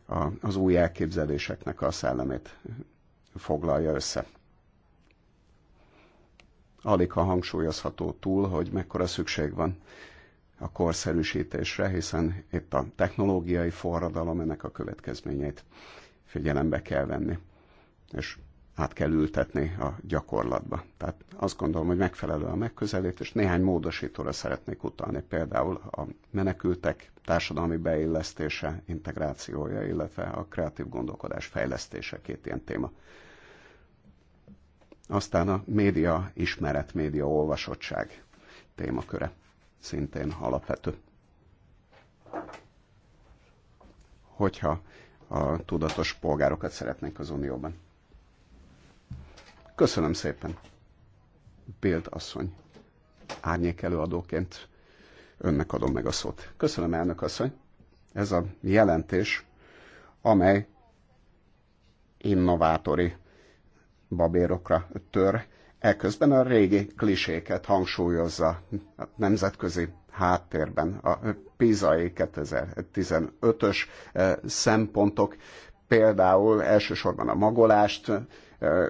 a, az új elképzeléseknek a szellemét foglalja össze. Alig a hangsúlyozható túl, hogy mekkora szükség van a korszerűsítésre, hiszen itt a technológiai forradalom ennek a következményeit figyelembe kell venni. És át kell ültetni a gyakorlatba. Tehát azt gondolom, hogy megfelelő a megközelítés. Néhány módosítóra szeretnék utalni, például a menekültek társadalmi beillesztése, integrációja, illetve a kreatív gondolkodás fejlesztése két ilyen téma. Aztán a média ismeret, média olvasottság témaköre szintén alapvető. Hogyha a tudatos polgárokat szeretnénk az Unióban Köszönöm szépen. Bild asszony, árnyék előadóként önnek adom meg a szót. Köszönöm, elnök asszony. Ez a jelentés, amely innovátori babérokra tör, elközben a régi kliséket hangsúlyozza a nemzetközi háttérben. A PISA 2015-ös eh, szempontok például elsősorban a magolást eh,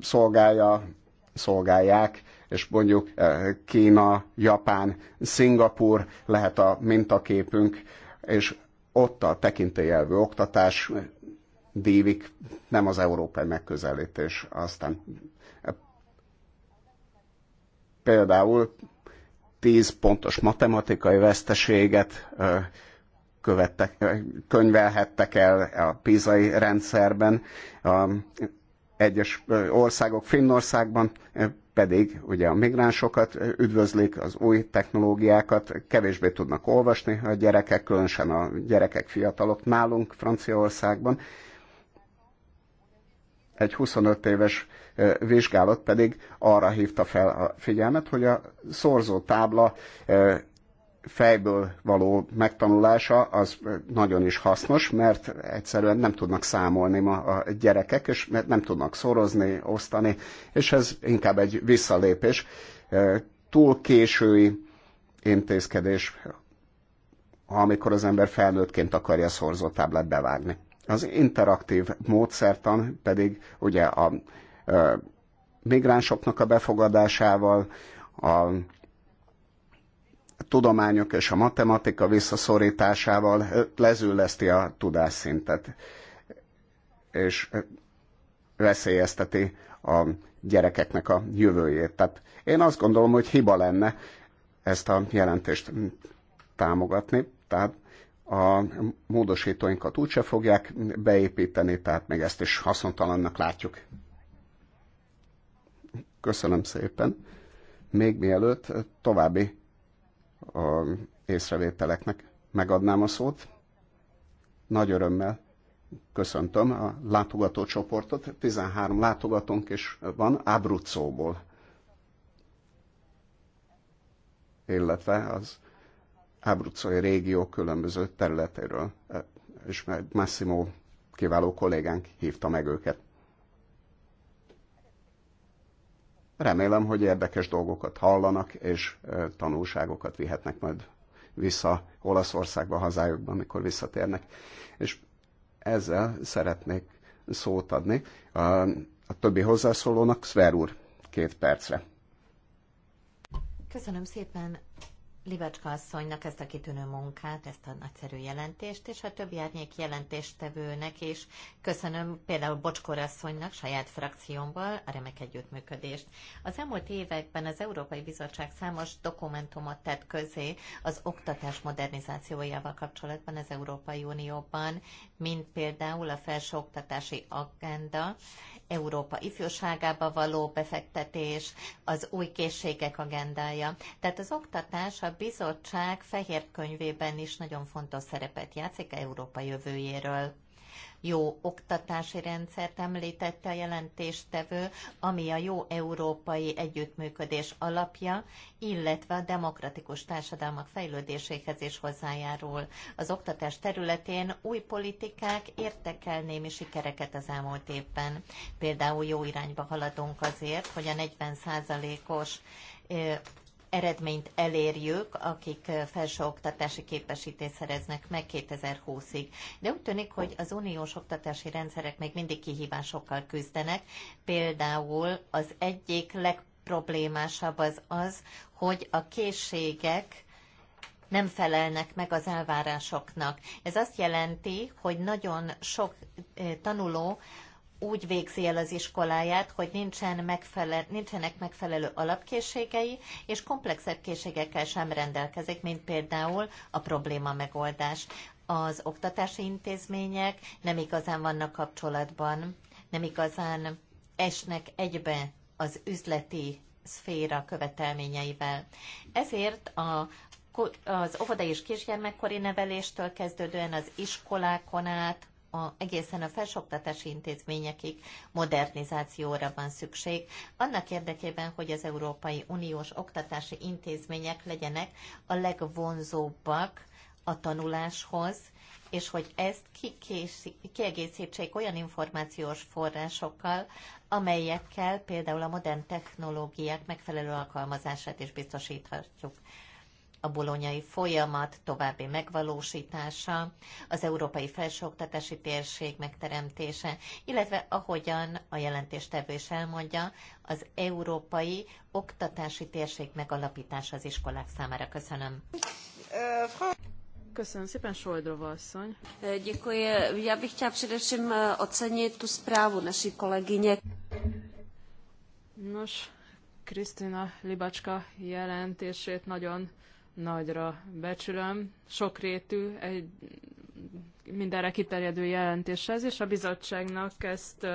szolgálja, szolgálják, és mondjuk eh, Kína, Japán, Szingapur lehet a mintaképünk, és ott a tekintélyelvű oktatás dívik, nem az európai megközelítés. Aztán eh, például 10 pontos matematikai veszteséget eh, követtek, könyvelhettek el a pizai rendszerben egyes országok, Finnországban pedig ugye a migránsokat üdvözlik, az új technológiákat kevésbé tudnak olvasni a gyerekek, különösen a gyerekek, fiatalok nálunk Franciaországban. Egy 25 éves vizsgálat pedig arra hívta fel a figyelmet, hogy a szorzó tábla fejből való megtanulása az nagyon is hasznos, mert egyszerűen nem tudnak számolni ma a gyerekek, és mert nem tudnak szorozni, osztani, és ez inkább egy visszalépés. Túl késői intézkedés, amikor az ember felnőttként akarja szorzótáblát bevágni. Az interaktív módszertan pedig ugye a migránsoknak a befogadásával, a tudományok és a matematika visszaszorításával lezülleszti a tudásszintet, és veszélyezteti a gyerekeknek a jövőjét. Tehát én azt gondolom, hogy hiba lenne ezt a jelentést támogatni, tehát a módosítóinkat úgyse fogják beépíteni, tehát még ezt is haszontalannak látjuk. Köszönöm szépen. Még mielőtt további a észrevételeknek megadnám a szót. Nagy örömmel köszöntöm a látogatócsoportot. 13 látogatónk is van Ábrucóból, illetve az Ábrucói régió különböző területéről, és Massimo kiváló kollégánk hívta meg őket. Remélem, hogy érdekes dolgokat hallanak, és tanulságokat vihetnek majd vissza Olaszországba, hazájukba, amikor visszatérnek. És ezzel szeretnék szót adni a, a többi hozzászólónak, Szver úr, két percre. Köszönöm szépen, Libacska asszonynak ezt a kitűnő munkát, ezt a nagyszerű jelentést, és a többi árnyék jelentéstevőnek is köszönöm például Bocskor asszonynak saját frakciómból a remek együttműködést. Az elmúlt években az Európai Bizottság számos dokumentumot tett közé az oktatás modernizációjával kapcsolatban az Európai Unióban, mint például a felsőoktatási agenda, Európa ifjúságába való befektetés, az új készségek agendája. Tehát az oktatás a bizottság fehér könyvében is nagyon fontos szerepet játszik Európa jövőjéről jó oktatási rendszert említette a jelentéstevő, ami a jó európai együttműködés alapja, illetve a demokratikus társadalmak fejlődéséhez is hozzájárul. Az oktatás területén új politikák értek el némi sikereket az elmúlt évben. Például jó irányba haladunk azért, hogy a 40 os eredményt elérjük, akik eh, felsőoktatási képesítést szereznek meg 2020-ig. De úgy tűnik, hogy az uniós oktatási rendszerek még mindig kihívásokkal küzdenek. Például az egyik legproblémásabb az az, hogy a készségek nem felelnek meg az elvárásoknak. Ez azt jelenti, hogy nagyon sok eh, tanuló úgy végzi el az iskoláját, hogy nincsen megfele- nincsenek megfelelő alapkészségei, és komplexebb készségekkel sem rendelkezik, mint például a probléma megoldás. Az oktatási intézmények nem igazán vannak kapcsolatban, nem igazán esnek egybe az üzleti szféra követelményeivel. Ezért a az óvodai és kisgyermekkori neveléstől kezdődően az iskolákon át a, egészen a felsoktatási intézményekig modernizációra van szükség, annak érdekében, hogy az Európai Uniós oktatási intézmények legyenek a legvonzóbbak a tanuláshoz, és hogy ezt kiegészítsék olyan információs forrásokkal, amelyekkel például a modern technológiák megfelelő alkalmazását is biztosíthatjuk a bolonyai folyamat további megvalósítása, az európai felsőoktatási térség megteremtése, illetve ahogyan a jelentéstevő is elmondja, az európai oktatási térség megalapítása az iskolák számára. Köszönöm. Köszönöm szépen, Soldrova asszony. Eh, děkuji. Já bych chtěla především eh, ocenit tu zprávu naší kolegyně. Nos, Krisztina Libacska jelentését nagyon nagyra becsülöm, sokrétű, egy mindenre kiterjedő jelentés ez, és a bizottságnak ezt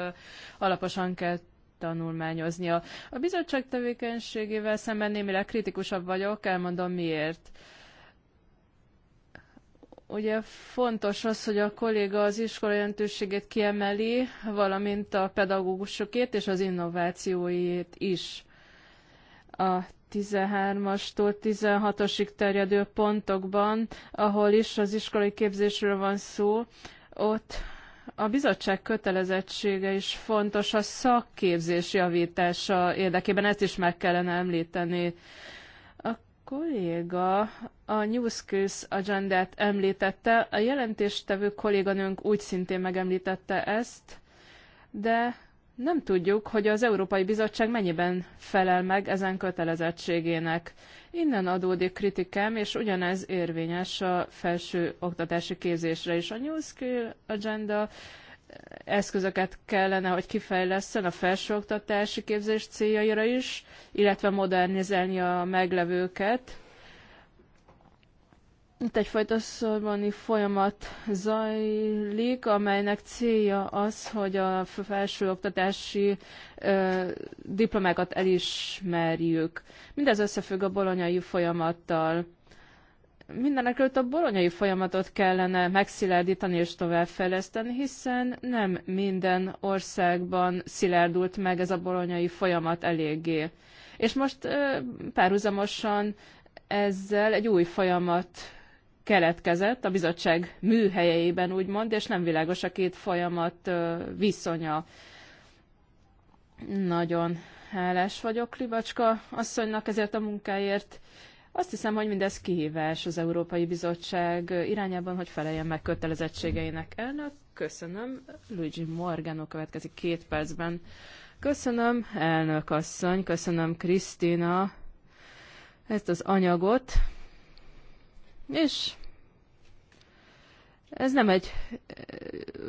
alaposan kell tanulmányoznia. A bizottság tevékenységével szemben némileg kritikusabb vagyok, elmondom miért ugye fontos az, hogy a kolléga az iskola jelentőségét kiemeli, valamint a pedagógusokét és az innovációit is. A 13-astól 16-asig terjedő pontokban, ahol is az iskolai képzésről van szó, ott a bizottság kötelezettsége is fontos a szakképzés javítása érdekében, ezt is meg kellene említeni. A kolléga a New Skills agendát említette, a jelentéstevő kolléganőnk úgy szintén megemlítette ezt, de nem tudjuk, hogy az Európai Bizottság mennyiben felel meg ezen kötelezettségének. Innen adódik kritikám, és ugyanez érvényes a felső oktatási képzésre is. A New Skill Agenda eszközöket kellene, hogy kifejleszten a felsőoktatási képzés céljaira is, illetve modernizálni a meglevőket itt egyfajta szorbani folyamat zajlik, amelynek célja az, hogy a felsőoktatási ö, diplomákat elismerjük. Mindez összefügg a bolonyai folyamattal. Mindenek előtt a bolonyai folyamatot kellene megszilárdítani és továbbfejleszteni, hiszen nem minden országban szilárdult meg ez a bolonyai folyamat eléggé. És most ö, párhuzamosan ezzel egy új folyamat keletkezett a bizottság műhelyeiben, úgymond, és nem világos a két folyamat viszonya. Nagyon hálás vagyok Libacska asszonynak ezért a munkáért. Azt hiszem, hogy mindez kihívás az Európai Bizottság irányában, hogy feleljen meg kötelezettségeinek. Elnök, köszönöm. Luigi Morgano következik két percben. Köszönöm, elnök asszony, köszönöm Krisztina ezt az anyagot, és ez nem egy eh,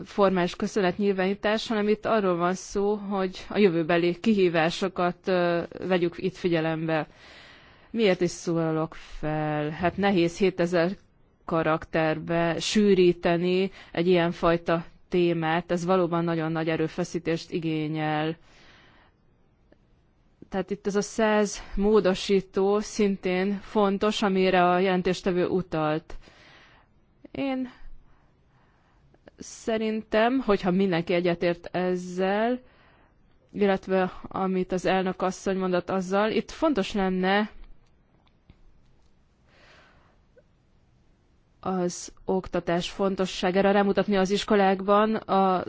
formális köszönet nyilvánítás, hanem itt arról van szó, hogy a jövőbeli kihívásokat eh, vegyük itt figyelembe. Miért is szólalok fel? Hát nehéz 7000 karakterbe sűríteni egy ilyenfajta témát, ez valóban nagyon nagy erőfeszítést igényel. Tehát itt ez a száz módosító szintén fontos, amire a jelentéstevő utalt. Én szerintem, hogyha mindenki egyetért ezzel, illetve amit az elnök asszony mondott azzal, itt fontos lenne az oktatás fontosságára rámutatni az iskolákban a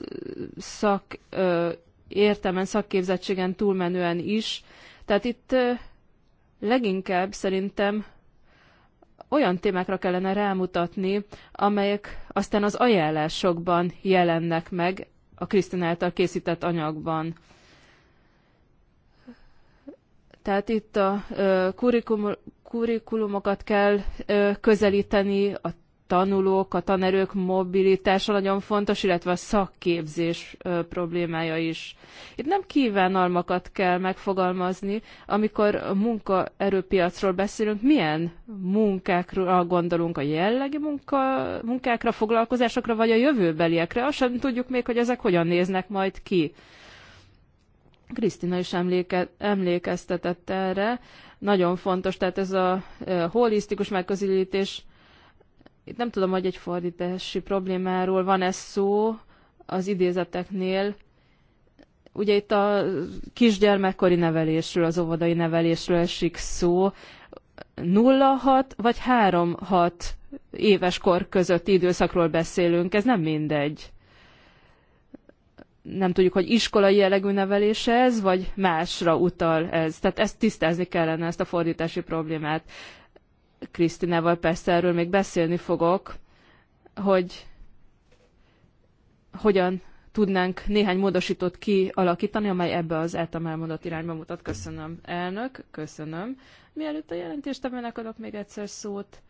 szak ö, értelmen szakképzettségen túlmenően is. Tehát itt leginkább szerintem olyan témákra kellene rámutatni, amelyek aztán az ajánlásokban jelennek meg a Krisztin által készített anyagban. Tehát itt a kurikulumokat kell közelíteni, a tanulók, a tanerők mobilitása nagyon fontos, illetve a szakképzés problémája is. Itt nem kívánalmakat kell megfogalmazni, amikor a munkaerőpiacról beszélünk, milyen munkákra gondolunk a jellegi munka, munkákra, foglalkozásokra, vagy a jövőbeliekre, azt sem tudjuk még, hogy ezek hogyan néznek majd ki. Krisztina is emléke, emlékeztetett erre. Nagyon fontos, tehát ez a holisztikus megközelítés itt nem tudom, hogy egy fordítási problémáról van ez szó az idézeteknél. Ugye itt a kisgyermekkori nevelésről, az óvodai nevelésről esik szó. 06 vagy 36 éves kor közötti időszakról beszélünk, ez nem mindegy. Nem tudjuk, hogy iskolai jellegű nevelése ez, vagy másra utal ez. Tehát ezt tisztázni kellene, ezt a fordítási problémát. Krisztinával persze erről még beszélni fogok, hogy hogyan tudnánk néhány módosítót kialakítani, amely ebbe az általam elmondott irányba mutat. Köszönöm, elnök, köszönöm. Mielőtt a jelentést emelnek, adok még egyszer szót,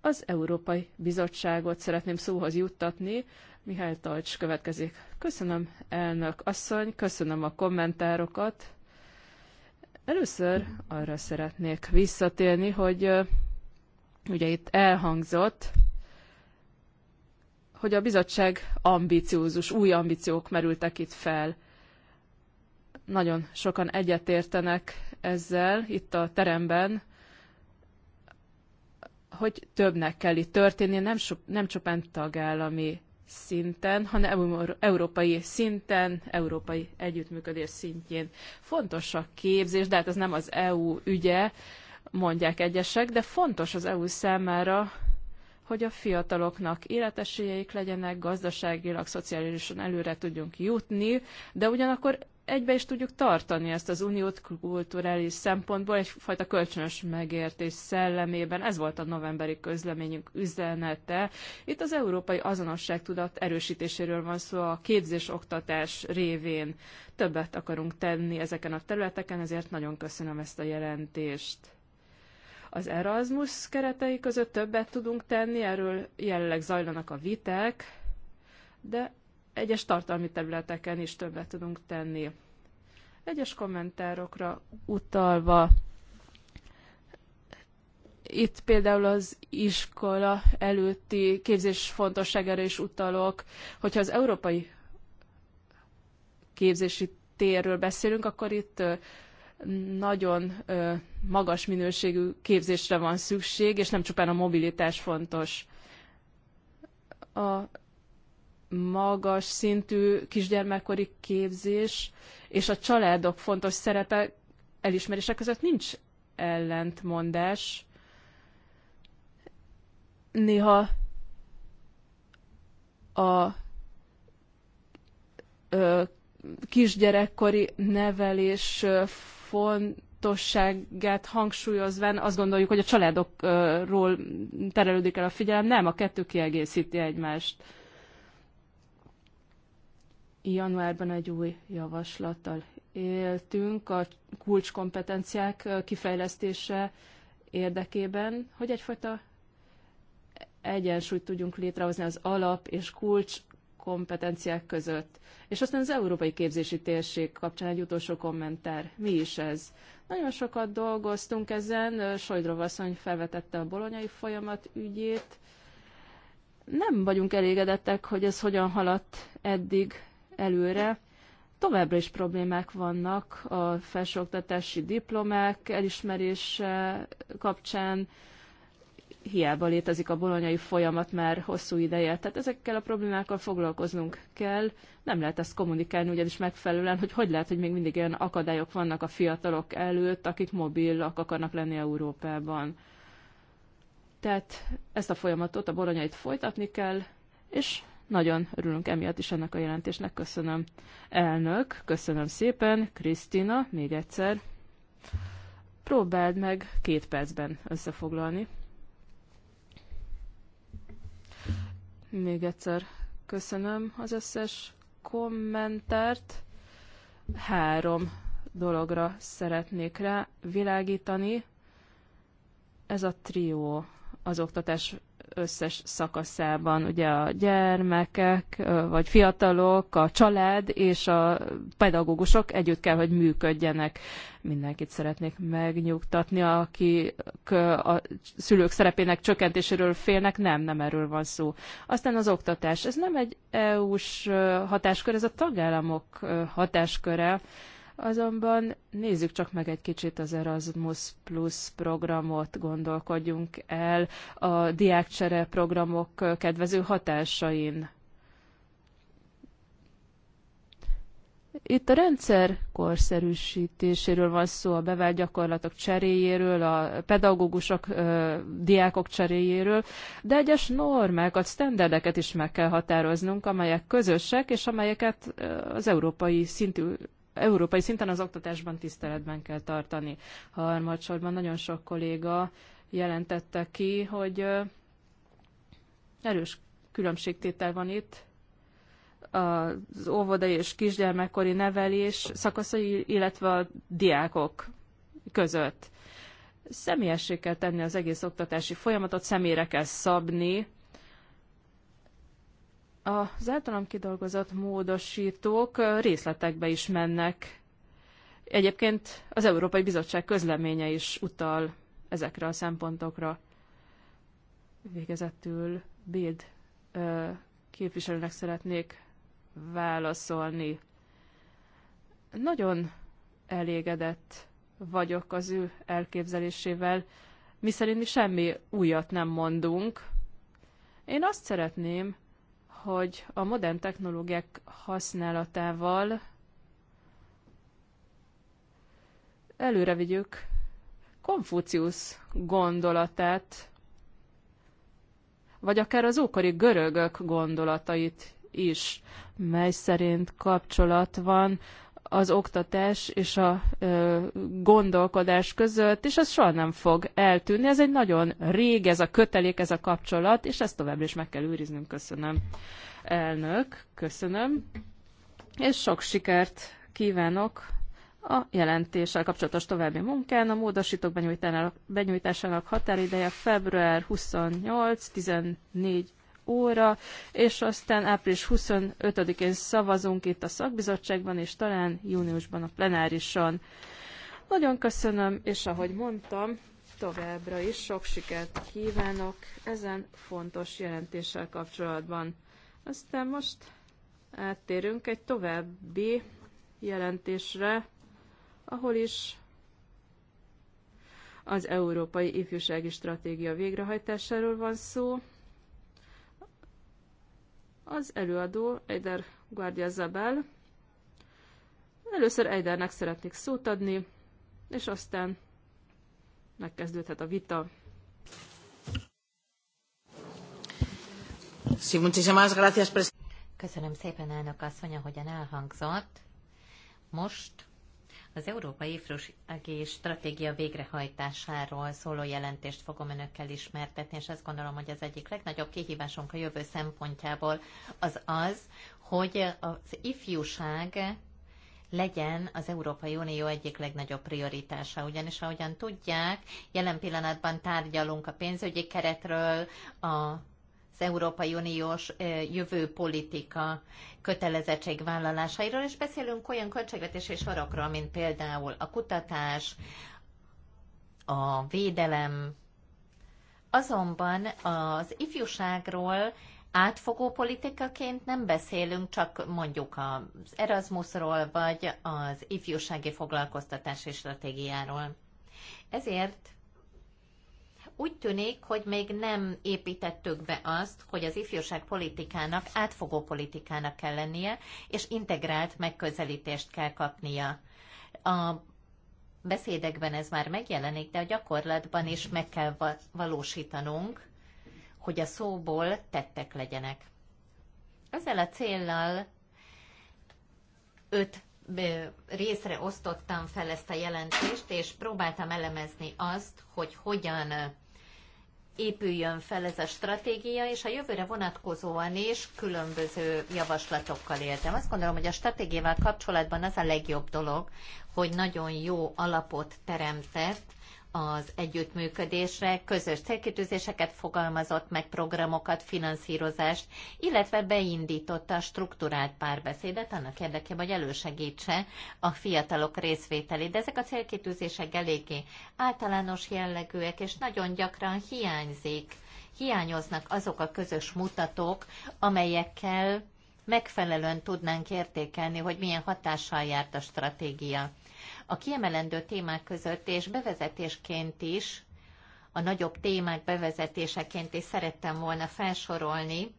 az Európai Bizottságot szeretném szóhoz juttatni. Mihály Talcs következik. Köszönöm, elnök asszony, köszönöm a kommentárokat. Először arra szeretnék visszatérni, hogy ugye itt elhangzott, hogy a bizottság ambiciózus, új ambíciók merültek itt fel. Nagyon sokan egyetértenek ezzel itt a teremben, hogy többnek kell itt történni, nem, so, nem csupán tagállami szinten, hanem európai szinten, európai együttműködés szintjén. Fontos a képzés, de hát ez nem az EU ügye, mondják egyesek, de fontos az EU számára, hogy a fiataloknak életesélyeik legyenek, gazdaságilag, szociálisan előre tudjunk jutni, de ugyanakkor egybe is tudjuk tartani ezt az uniót kulturális szempontból, egyfajta kölcsönös megértés szellemében. Ez volt a novemberi közleményünk üzenete. Itt az európai azonosságtudat erősítéséről van szó a képzés-oktatás révén. Többet akarunk tenni ezeken a területeken, ezért nagyon köszönöm ezt a jelentést az Erasmus keretei között többet tudunk tenni, erről jelenleg zajlanak a viták, de egyes tartalmi területeken is többet tudunk tenni. Egyes kommentárokra utalva, itt például az iskola előtti képzés fontosságára is utalok, hogyha az európai képzési térről beszélünk, akkor itt nagyon magas minőségű képzésre van szükség, és nem csupán a mobilitás fontos. A magas szintű kisgyermekkori képzés és a családok fontos szerepe elismerése között nincs ellentmondás. Néha a ö, kisgyerekkori nevelés fontosságát hangsúlyozván azt gondoljuk, hogy a családokról terelődik el a figyelem, nem, a kettő kiegészíti egymást januárban egy új javaslattal éltünk a kulcskompetenciák kifejlesztése érdekében, hogy egyfajta egyensúlyt tudjunk létrehozni az alap és kulcs kompetenciák között. És aztán az európai képzési térség kapcsán egy utolsó kommentár. Mi is ez? Nagyon sokat dolgoztunk ezen, Sajdrov asszony felvetette a bolonyai folyamat ügyét. Nem vagyunk elégedettek, hogy ez hogyan haladt eddig, előre. Továbbra is problémák vannak a felsőoktatási diplomák elismerése kapcsán, hiába létezik a bolonyai folyamat már hosszú ideje. Tehát ezekkel a problémákkal foglalkoznunk kell. Nem lehet ezt kommunikálni ugyanis megfelelően, hogy hogy lehet, hogy még mindig ilyen akadályok vannak a fiatalok előtt, akik mobilak akarnak lenni Európában. Tehát ezt a folyamatot, a bolonyait folytatni kell, és nagyon örülünk emiatt is ennek a jelentésnek. Köszönöm, elnök. Köszönöm szépen, Krisztina, még egyszer. Próbáld meg két percben összefoglalni. Még egyszer köszönöm az összes kommentárt. Három dologra szeretnék rá világítani. Ez a trió az oktatás összes szakaszában, ugye a gyermekek vagy fiatalok, a család és a pedagógusok együtt kell, hogy működjenek. Mindenkit szeretnék megnyugtatni, akik a szülők szerepének csökkentéséről félnek, nem, nem erről van szó. Aztán az oktatás, ez nem egy EU-s hatáskör, ez a tagállamok hatásköre Azonban nézzük csak meg egy kicsit az Erasmus Plus programot, gondolkodjunk el a diákcsere programok kedvező hatásain. Itt a rendszer korszerűsítéséről van szó, a bevált gyakorlatok cseréjéről, a pedagógusok, diákok cseréjéről, de egyes normákat, sztenderdeket is meg kell határoznunk, amelyek közösek, és amelyeket az európai szintű európai szinten az oktatásban tiszteletben kell tartani. Harmadsorban nagyon sok kolléga jelentette ki, hogy erős különbségtétel van itt az óvodai és kisgyermekkori nevelés szakaszai, illetve a diákok között. Személyessé kell tenni az egész oktatási folyamatot, személyre kell szabni, az általam kidolgozott módosítók részletekbe is mennek. Egyébként az Európai Bizottság közleménye is utal ezekre a szempontokra. Végezetül Bild képviselőnek szeretnék válaszolni. Nagyon elégedett vagyok az ő elképzelésével, miszerint mi semmi újat nem mondunk. Én azt szeretném, hogy a modern technológiák használatával előre vigyük Konfucius gondolatát, vagy akár az ókori görögök gondolatait is, mely szerint kapcsolat van az oktatás és a ö, gondolkodás között, és ez soha nem fog eltűnni. Ez egy nagyon rég, ez a kötelék, ez a kapcsolat, és ezt tovább is meg kell őriznünk. Köszönöm, elnök, köszönöm, és sok sikert kívánok a jelentéssel kapcsolatos további munkán. A módosítók benyújtásának határideje február 28, 14 óra, és aztán április 25-én szavazunk itt a szakbizottságban, és talán júniusban a plenárison. Nagyon köszönöm, és ahogy mondtam, továbbra is sok sikert kívánok ezen fontos jelentéssel kapcsolatban. Aztán most áttérünk egy további jelentésre, ahol is az Európai Ifjúsági Stratégia végrehajtásáról van szó. Az előadó Eider Guardia Zabel. Először Eidernek szeretnék szót adni, és aztán megkezdődhet a vita. gracias, Köszönöm szépen, elnök asszony, ahogyan elhangzott. Most az Európai Ifjúsági Stratégia végrehajtásáról szóló jelentést fogom önökkel ismertetni, és azt gondolom, hogy az egyik legnagyobb kihívásunk a jövő szempontjából az az, hogy az ifjúság legyen az Európai Unió egyik legnagyobb prioritása. Ugyanis, ahogyan tudják, jelen pillanatban tárgyalunk a pénzügyi keretről, a az Európai Uniós jövőpolitika kötelezettségvállalásairól, és beszélünk olyan költségvetési sorokról, mint például a kutatás, a védelem, azonban az ifjúságról átfogó politikaként nem beszélünk, csak mondjuk az Erasmusról, vagy az ifjúsági foglalkoztatási stratégiáról. Ezért úgy tűnik, hogy még nem építettük be azt, hogy az ifjúság politikának átfogó politikának kell lennie, és integrált megközelítést kell kapnia. A beszédekben ez már megjelenik, de a gyakorlatban is meg kell valósítanunk, hogy a szóból tettek legyenek. Ezzel a céllal öt részre osztottam fel ezt a jelentést, és próbáltam elemezni azt, hogy hogyan épüljön fel ez a stratégia, és a jövőre vonatkozóan is különböző javaslatokkal éltem. Azt gondolom, hogy a stratégiával kapcsolatban az a legjobb dolog, hogy nagyon jó alapot teremtett az együttműködésre, közös célkitűzéseket fogalmazott meg, programokat, finanszírozást, illetve beindította a struktúrált párbeszédet annak érdekében, hogy elősegítse a fiatalok részvételét. De ezek a célkitűzések eléggé általános jellegűek, és nagyon gyakran hiányzik, hiányoznak azok a közös mutatók, amelyekkel megfelelően tudnánk értékelni, hogy milyen hatással járt a stratégia a kiemelendő témák között és bevezetésként is, a nagyobb témák bevezetéseként is szerettem volna felsorolni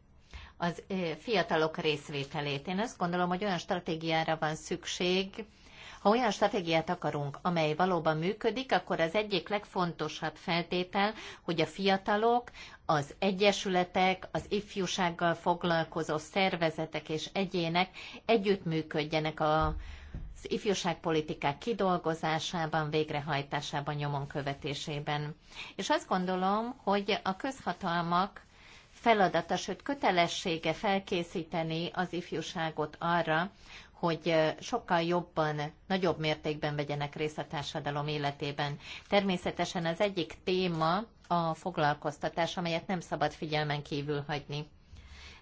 az fiatalok részvételét. Én azt gondolom, hogy olyan stratégiára van szükség, ha olyan stratégiát akarunk, amely valóban működik, akkor az egyik legfontosabb feltétel, hogy a fiatalok, az egyesületek, az ifjúsággal foglalkozó szervezetek és egyének együttműködjenek a ifjúságpolitikák kidolgozásában, végrehajtásában, nyomon követésében. És azt gondolom, hogy a közhatalmak feladata, sőt kötelessége felkészíteni az ifjúságot arra, hogy sokkal jobban, nagyobb mértékben vegyenek részt a társadalom életében. Természetesen az egyik téma a foglalkoztatás, amelyet nem szabad figyelmen kívül hagyni.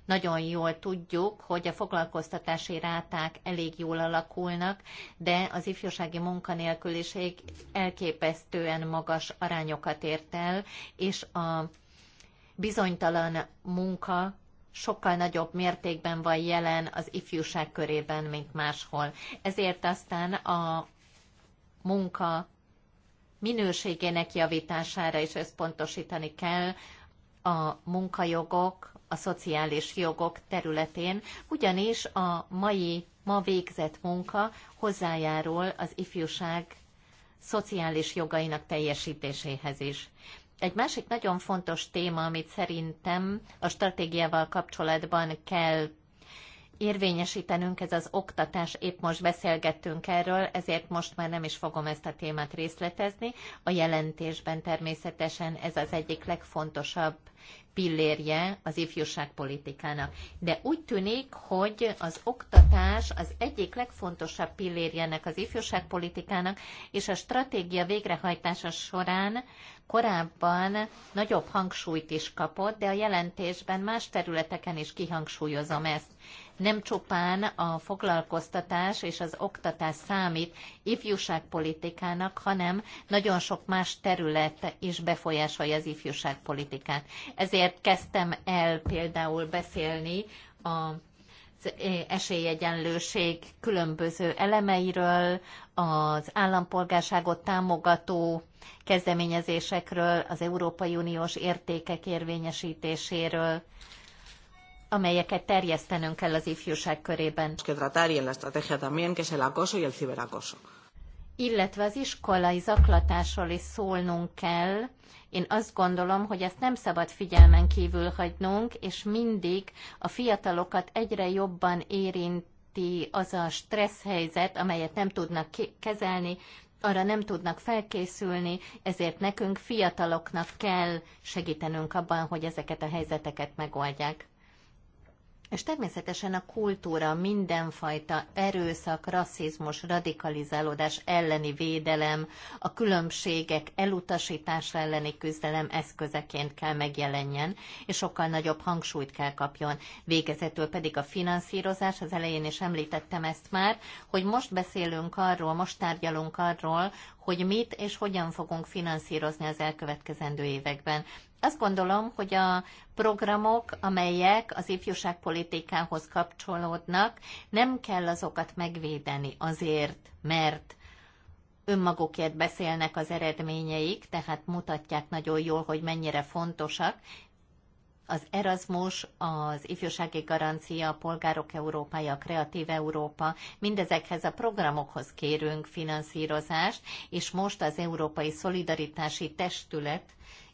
Nagyon jól tudjuk, hogy a foglalkoztatási ráták elég jól alakulnak, de az ifjúsági munkanélküliség elképesztően magas arányokat ért el, és a bizonytalan munka sokkal nagyobb mértékben van jelen az ifjúság körében, mint máshol. Ezért aztán a munka minőségének javítására is összpontosítani kell a munkajogok a szociális jogok területén, ugyanis a mai, ma végzett munka hozzájárul az ifjúság szociális jogainak teljesítéséhez is. Egy másik nagyon fontos téma, amit szerintem a stratégiával kapcsolatban kell érvényesítenünk, ez az oktatás, épp most beszélgettünk erről, ezért most már nem is fogom ezt a témát részletezni. A jelentésben természetesen ez az egyik legfontosabb pillérje az ifjúságpolitikának. De úgy tűnik, hogy az oktatás az egyik legfontosabb pillérjenek az ifjúságpolitikának, és a stratégia végrehajtása során korábban nagyobb hangsúlyt is kapott, de a jelentésben más területeken is kihangsúlyozom ezt nem csupán a foglalkoztatás és az oktatás számít ifjúságpolitikának, hanem nagyon sok más terület is befolyásolja az ifjúságpolitikát. Ezért kezdtem el például beszélni a esélyegyenlőség különböző elemeiről, az állampolgárságot támogató kezdeményezésekről, az Európai Uniós értékek érvényesítéséről, amelyeket terjesztenünk kell az ifjúság körében. Illetve az iskolai zaklatásról is szólnunk kell. Én azt gondolom, hogy ezt nem szabad figyelmen kívül hagynunk, és mindig a fiatalokat egyre jobban érinti az a stressz helyzet, amelyet nem tudnak kezelni, arra nem tudnak felkészülni, ezért nekünk fiataloknak kell segítenünk abban, hogy ezeket a helyzeteket megoldják. És természetesen a kultúra mindenfajta erőszak, rasszizmus, radikalizálódás elleni védelem, a különbségek elutasítása elleni küzdelem eszközeként kell megjelenjen, és sokkal nagyobb hangsúlyt kell kapjon. Végezetül pedig a finanszírozás, az elején is említettem ezt már, hogy most beszélünk arról, most tárgyalunk arról, hogy mit és hogyan fogunk finanszírozni az elkövetkezendő években. Azt gondolom, hogy a programok, amelyek az ifjúságpolitikához kapcsolódnak, nem kell azokat megvédeni azért, mert önmagukért beszélnek az eredményeik, tehát mutatják nagyon jól, hogy mennyire fontosak. Az Erasmus, az Ifjúsági Garancia, a Polgárok Európája, a Kreatív Európa, mindezekhez a programokhoz kérünk finanszírozást, és most az Európai Szolidaritási Testület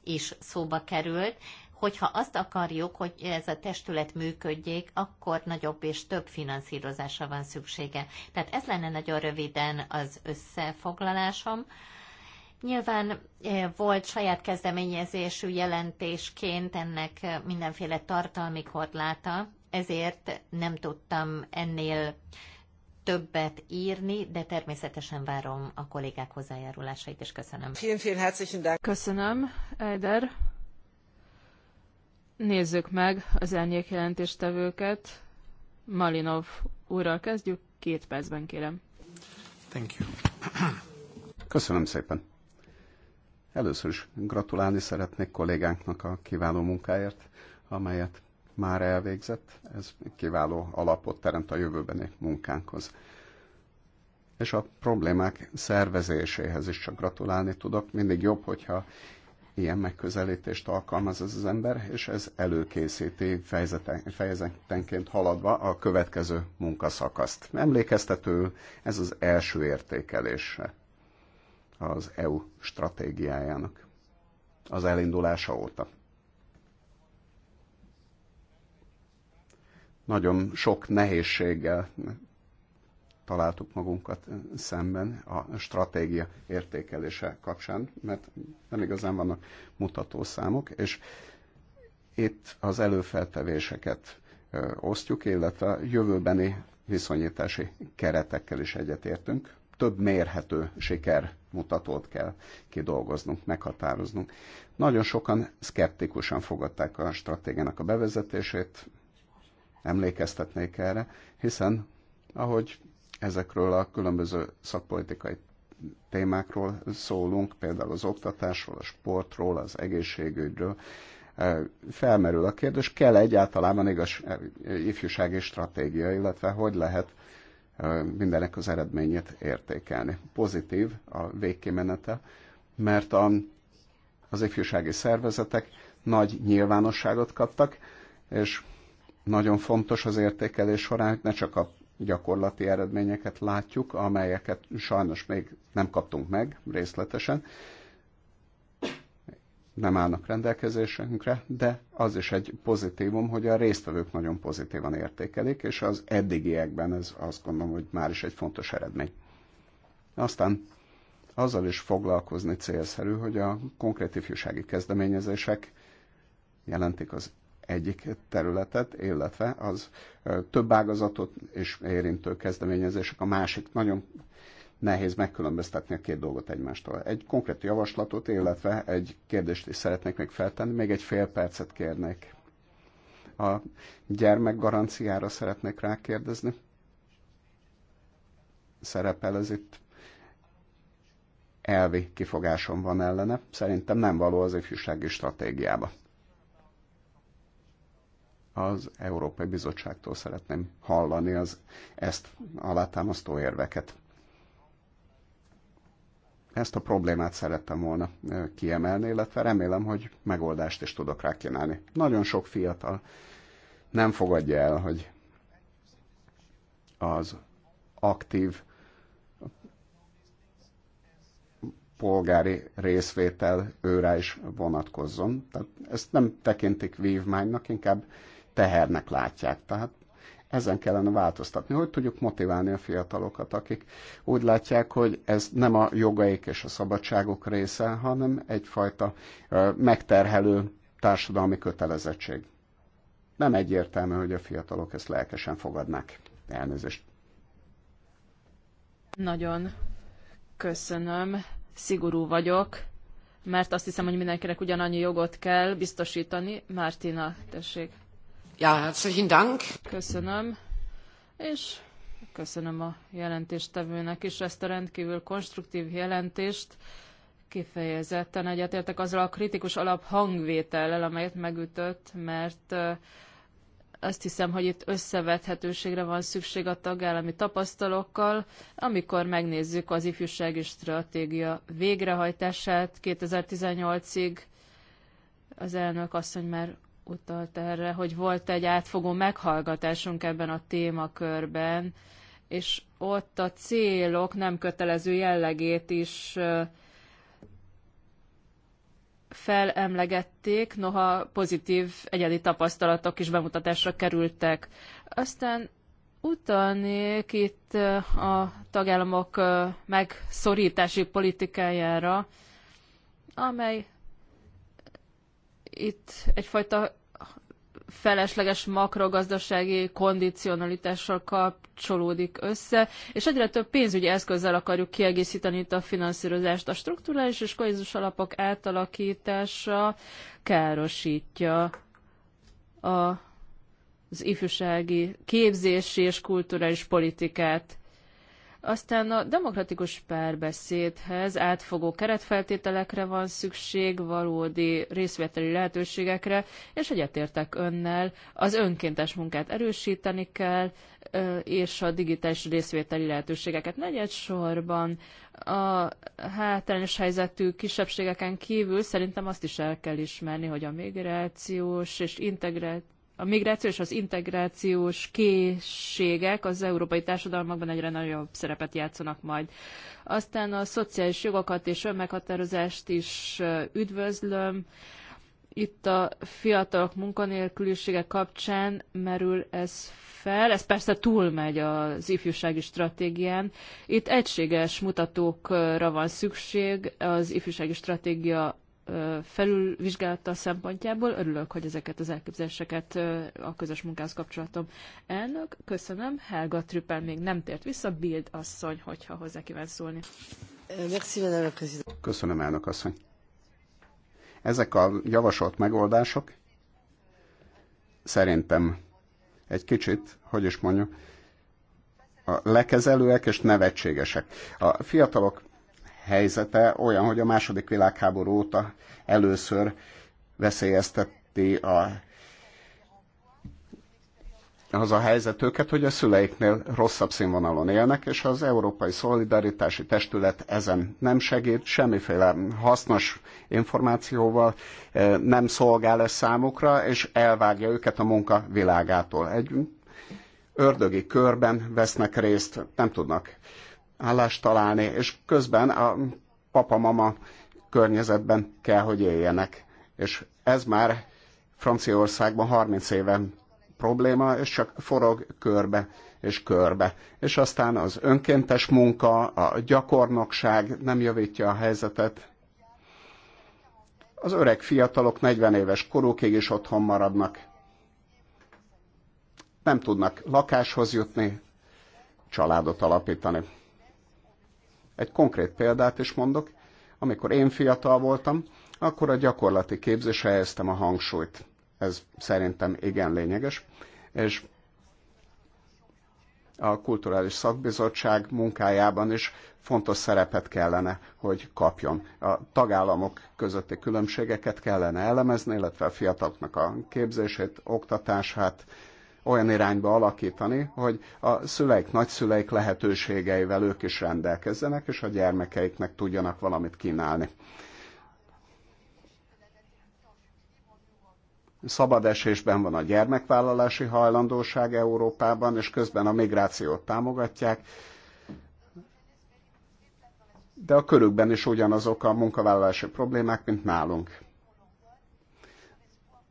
is szóba került, hogyha azt akarjuk, hogy ez a testület működjék, akkor nagyobb és több finanszírozásra van szüksége. Tehát ez lenne nagyon röviden az összefoglalásom. Nyilván eh, volt saját kezdeményezésű jelentésként ennek eh, mindenféle tartalmi korláta, ezért nem tudtam ennél többet írni, de természetesen várom a kollégák hozzájárulásait, és köszönöm. Vielen, vielen herzlichen Dank. Köszönöm, Eider. Nézzük meg az elnyék jelentéstevőket. Malinov úrral kezdjük, két percben kérem. Thank you. Köszönöm szépen. Először is gratulálni szeretnék kollégánknak a kiváló munkáért, amelyet már elvégzett, ez kiváló alapot teremt a jövőbeni munkánkhoz. És a problémák szervezéséhez is csak gratulálni tudok. Mindig jobb, hogyha ilyen megközelítést alkalmaz ez az ember, és ez előkészíti fejezetenként haladva a következő munkaszakaszt. Emlékeztető, ez az első értékelése az EU stratégiájának az elindulása óta. nagyon sok nehézséggel találtuk magunkat szemben a stratégia értékelése kapcsán, mert nem igazán vannak mutatószámok, és itt az előfeltevéseket osztjuk, illetve a jövőbeni viszonyítási keretekkel is egyetértünk. Több mérhető siker mutatót kell kidolgoznunk, meghatároznunk. Nagyon sokan szkeptikusan fogadták a stratégiának a bevezetését, emlékeztetnék erre, hiszen ahogy ezekről a különböző szakpolitikai témákról szólunk, például az oktatásról, a sportról, az egészségügyről, e, felmerül a kérdés, kell egyáltalában igaz, e, ifjúsági stratégia, illetve hogy lehet e, mindenek az eredményét értékelni. Pozitív a végkimenete, mert a, az ifjúsági szervezetek nagy nyilvánosságot kaptak, és nagyon fontos az értékelés során, hogy ne csak a gyakorlati eredményeket látjuk, amelyeket sajnos még nem kaptunk meg részletesen, nem állnak rendelkezésünkre, de az is egy pozitívum, hogy a résztvevők nagyon pozitívan értékelik, és az eddigiekben ez azt gondolom, hogy már is egy fontos eredmény. Aztán azzal is foglalkozni célszerű, hogy a konkrét ifjúsági kezdeményezések jelentik az egyik területet, illetve az több ágazatot és érintő kezdeményezések a másik. Nagyon nehéz megkülönböztetni a két dolgot egymástól. Egy konkrét javaslatot, illetve egy kérdést is szeretnék még feltenni, még egy fél percet kérnék. A gyermekgaranciára szeretnék rákérdezni. Szerepel ez itt elvi kifogásom van ellene, szerintem nem való az ifjúsági stratégiába az Európai Bizottságtól szeretném hallani az ezt alátámasztó érveket. Ezt a problémát szerettem volna kiemelni, illetve remélem, hogy megoldást is tudok rá kínálni. Nagyon sok fiatal nem fogadja el, hogy az aktív polgári részvétel őrá is vonatkozzon. Tehát ezt nem tekintik vívmánynak, inkább tehernek látják. Tehát ezen kellene változtatni. Hogy tudjuk motiválni a fiatalokat, akik úgy látják, hogy ez nem a jogaik és a szabadságok része, hanem egyfajta megterhelő társadalmi kötelezettség. Nem egyértelmű, hogy a fiatalok ezt lelkesen fogadnák. Elnézést. Nagyon köszönöm. Szigorú vagyok, mert azt hiszem, hogy mindenkinek ugyanannyi jogot kell biztosítani. Mártina, tessék. Ja, Köszönöm, és köszönöm a jelentéstevőnek is ezt a rendkívül konstruktív jelentést. Kifejezetten egyetértek azzal a kritikus alap hangvétellel, amelyet megütött, mert azt hiszem, hogy itt összevethetőségre van szükség a tagállami tapasztalókkal. amikor megnézzük az ifjúsági stratégia végrehajtását 2018-ig. Az elnök asszony már utalt erre, hogy volt egy átfogó meghallgatásunk ebben a témakörben, és ott a célok nem kötelező jellegét is felemlegették, noha pozitív egyedi tapasztalatok is bemutatásra kerültek. Aztán utalnék itt a tagállamok megszorítási politikájára, amely itt egyfajta felesleges makrogazdasági kondicionalitással kapcsolódik össze, és egyre több pénzügyi eszközzel akarjuk kiegészíteni itt a finanszírozást. A strukturális és kohézus alapok átalakítása károsítja a az ifjúsági képzési és kulturális politikát. Aztán a demokratikus párbeszédhez átfogó keretfeltételekre van szükség, valódi részvételi lehetőségekre, és egyetértek önnel, az önkéntes munkát erősíteni kell, és a digitális részvételi lehetőségeket. Negyed sorban a hátrányos helyzetű kisebbségeken kívül szerintem azt is el kell ismerni, hogy a migrációs és integrált a migráció és az integrációs készségek az európai társadalmakban egyre nagyobb szerepet játszanak majd. Aztán a szociális jogokat és önmeghatározást is üdvözlöm. Itt a fiatalok munkanélkülisége kapcsán merül ez fel, ez persze túlmegy az ifjúsági stratégián. Itt egységes mutatókra van szükség az ifjúsági stratégia felülvizsgálata szempontjából. Örülök, hogy ezeket az elképzeléseket a közös munkához kapcsolatom. Elnök, köszönöm. Helga Trüppel még nem tért vissza. Bild asszony, hogyha hozzá kíván szólni. Köszönöm, elnök asszony. Ezek a javasolt megoldások szerintem egy kicsit, hogy is mondjuk, a lekezelőek és nevetségesek. A fiatalok helyzete olyan, hogy a második világháború óta először veszélyezteti a az a helyzet őket, hogy a szüleiknél rosszabb színvonalon élnek, és az Európai Szolidaritási Testület ezen nem segít, semmiféle hasznos információval eh, nem szolgál ez számukra, és elvágja őket a munka világától. Egy ördögi körben vesznek részt, nem tudnak állást találni, és közben a papa-mama környezetben kell, hogy éljenek. És ez már Franciaországban 30 éven probléma, és csak forog körbe és körbe. És aztán az önkéntes munka, a gyakornokság nem javítja a helyzetet. Az öreg fiatalok 40 éves korukig is otthon maradnak. Nem tudnak lakáshoz jutni, családot alapítani. Egy konkrét példát is mondok. Amikor én fiatal voltam, akkor a gyakorlati képzésre helyeztem a hangsúlyt. Ez szerintem igen lényeges. És a Kulturális Szakbizottság munkájában is fontos szerepet kellene, hogy kapjon. A tagállamok közötti különbségeket kellene elemezni, illetve a fiataloknak a képzését, oktatását, olyan irányba alakítani, hogy a szüleik, nagyszüleik lehetőségeivel ők is rendelkezzenek, és a gyermekeiknek tudjanak valamit kínálni. szabad esésben van a gyermekvállalási hajlandóság Európában, és közben a migrációt támogatják, de a körükben is ugyanazok a munkavállalási problémák, mint nálunk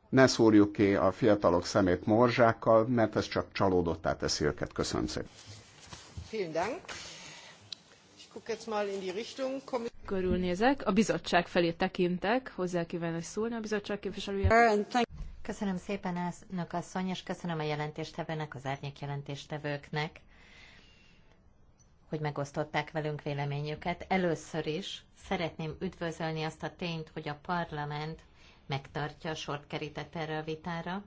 ne szórjuk ki a fiatalok szemét morzsákkal, mert ez csak csalódottá teszi őket. Köszönöm szépen. Körülnézek, a bizottság felé tekintek, hozzá kívánok szólni a bizottság képviselője. Köszönöm szépen elnök asszony, és köszönöm a jelentéstevőnek, az árnyék jelentéstevőknek, hogy megosztották velünk véleményüket. Először is szeretném üdvözölni azt a tényt, hogy a parlament megtartja, sort kerített erre a vitára,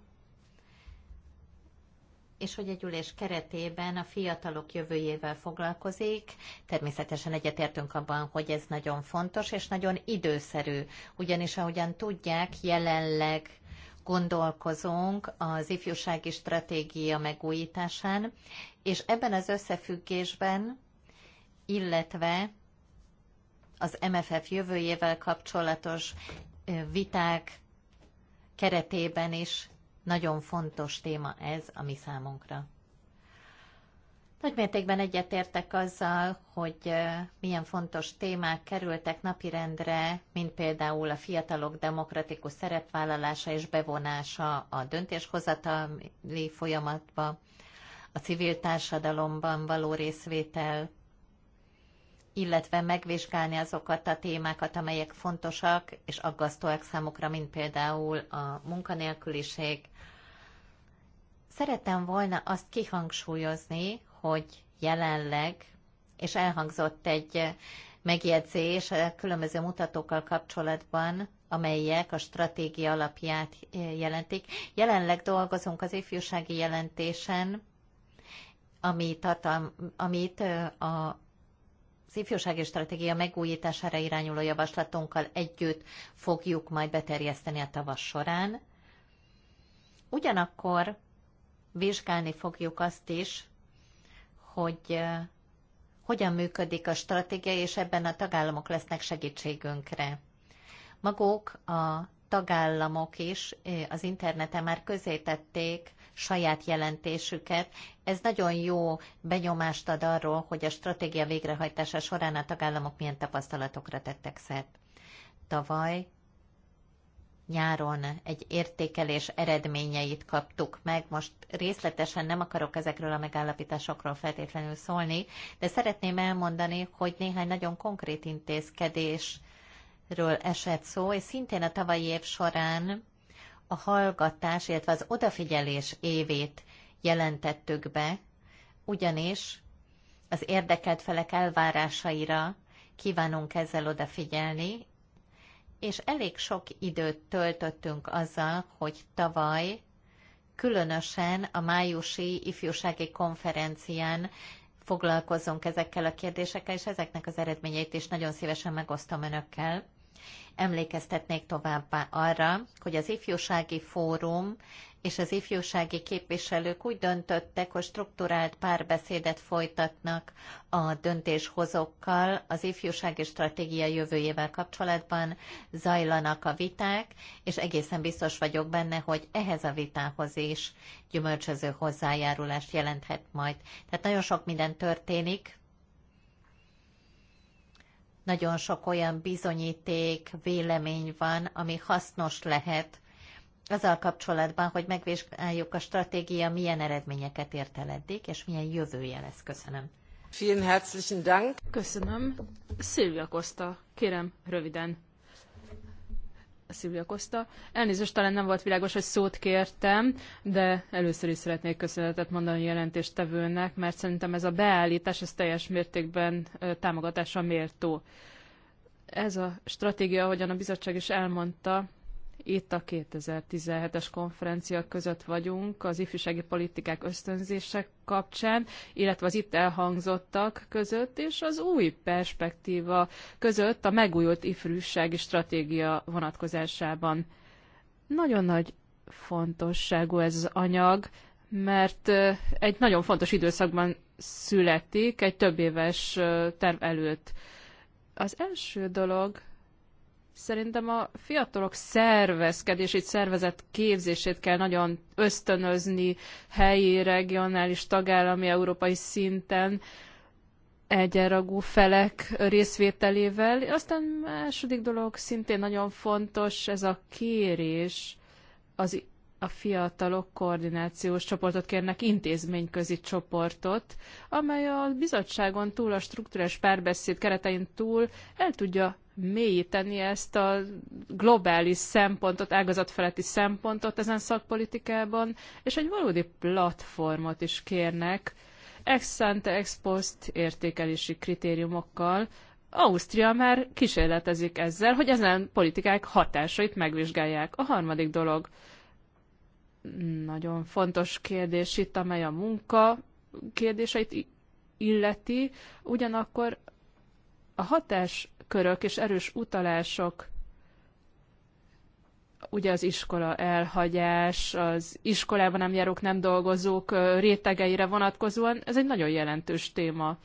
és hogy egy ülés keretében a fiatalok jövőjével foglalkozik. Természetesen egyetértünk abban, hogy ez nagyon fontos és nagyon időszerű, ugyanis ahogyan tudják, jelenleg gondolkozunk az ifjúsági stratégia megújításán, és ebben az összefüggésben, illetve az MFF jövőjével kapcsolatos viták keretében is nagyon fontos téma ez a mi számunkra. Nagymértékben egyetértek azzal, hogy milyen fontos témák kerültek napirendre, mint például a fiatalok demokratikus szerepvállalása és bevonása a döntéshozatali folyamatba, a civil társadalomban való részvétel, illetve megvizsgálni azokat a témákat, amelyek fontosak és aggasztóak számukra, mint például a munkanélküliség. Szerettem volna azt kihangsúlyozni, hogy jelenleg, és elhangzott egy megjegyzés a különböző mutatókkal kapcsolatban, amelyek a stratégia alapját jelentik. Jelenleg dolgozunk az ifjúsági jelentésen, ami tartalm, amit a az ifjúsági stratégia megújítására irányuló javaslatunkkal együtt fogjuk majd beterjeszteni a tavasz során. Ugyanakkor vizsgálni fogjuk azt is, hogy hogyan működik a stratégia, és ebben a tagállamok lesznek segítségünkre. Maguk a tagállamok is az interneten már közétették saját jelentésüket. Ez nagyon jó benyomást ad arról, hogy a stratégia végrehajtása során a tagállamok milyen tapasztalatokra tettek szert. Tavaly nyáron egy értékelés eredményeit kaptuk meg. Most részletesen nem akarok ezekről a megállapításokról feltétlenül szólni, de szeretném elmondani, hogy néhány nagyon konkrét intézkedés ről esett szó, és szintén a tavalyi év során a hallgatás, illetve az odafigyelés évét jelentettük be, ugyanis az érdekelt felek elvárásaira kívánunk ezzel odafigyelni, és elég sok időt töltöttünk azzal, hogy tavaly különösen a májusi ifjúsági konferencián foglalkozunk ezekkel a kérdésekkel, és ezeknek az eredményeit is nagyon szívesen megosztom önökkel. Emlékeztetnék továbbá arra, hogy az ifjúsági fórum és az ifjúsági képviselők úgy döntöttek, hogy strukturált párbeszédet folytatnak a döntéshozókkal az ifjúsági stratégia jövőjével kapcsolatban, zajlanak a viták, és egészen biztos vagyok benne, hogy ehhez a vitához is gyümölcsöző hozzájárulást jelenthet majd. Tehát nagyon sok minden történik, nagyon sok olyan bizonyíték, vélemény van, ami hasznos lehet azzal kapcsolatban, hogy megvizsgáljuk a stratégia milyen eredményeket ért el eddig, és milyen jövője lesz. Köszönöm. Vielen herzlichen Dank. Köszönöm. Szilvia Costa, kérem, röviden. Szilvia Koszta. Elnézést, talán nem volt világos, hogy szót kértem, de először is szeretnék köszönetet mondani a jelentéstevőnek, mert szerintem ez a beállítás, ez teljes mértékben támogatásra méltó. Ez a stratégia, ahogyan a bizottság is elmondta, itt a 2017-es konferencia között vagyunk az ifjúsági politikák ösztönzések kapcsán, illetve az itt elhangzottak között és az új perspektíva között a megújult ifjúsági stratégia vonatkozásában. Nagyon nagy fontosságú ez az anyag, mert egy nagyon fontos időszakban születik, egy több éves terv előtt. Az első dolog, Szerintem a fiatalok szervezkedését, szervezett képzését kell nagyon ösztönözni helyi, regionális, tagállami, európai szinten egyenragú felek részvételével. Aztán második dolog szintén nagyon fontos, ez a kérés, az a fiatalok koordinációs csoportot kérnek, intézményközi csoportot, amely a bizottságon túl, a struktúrás párbeszéd keretein túl el tudja mélyíteni ezt a globális szempontot, ágazatfeletti szempontot ezen szakpolitikában, és egy valódi platformot is kérnek, ex ante, ex post értékelési kritériumokkal, Ausztria már kísérletezik ezzel, hogy ezen politikák hatásait megvizsgálják. A harmadik dolog, nagyon fontos kérdés itt, amely a munka kérdéseit illeti, ugyanakkor a hatáskörök és erős utalások, ugye az iskola elhagyás, az iskolában nem járók, nem dolgozók rétegeire vonatkozóan, ez egy nagyon jelentős téma.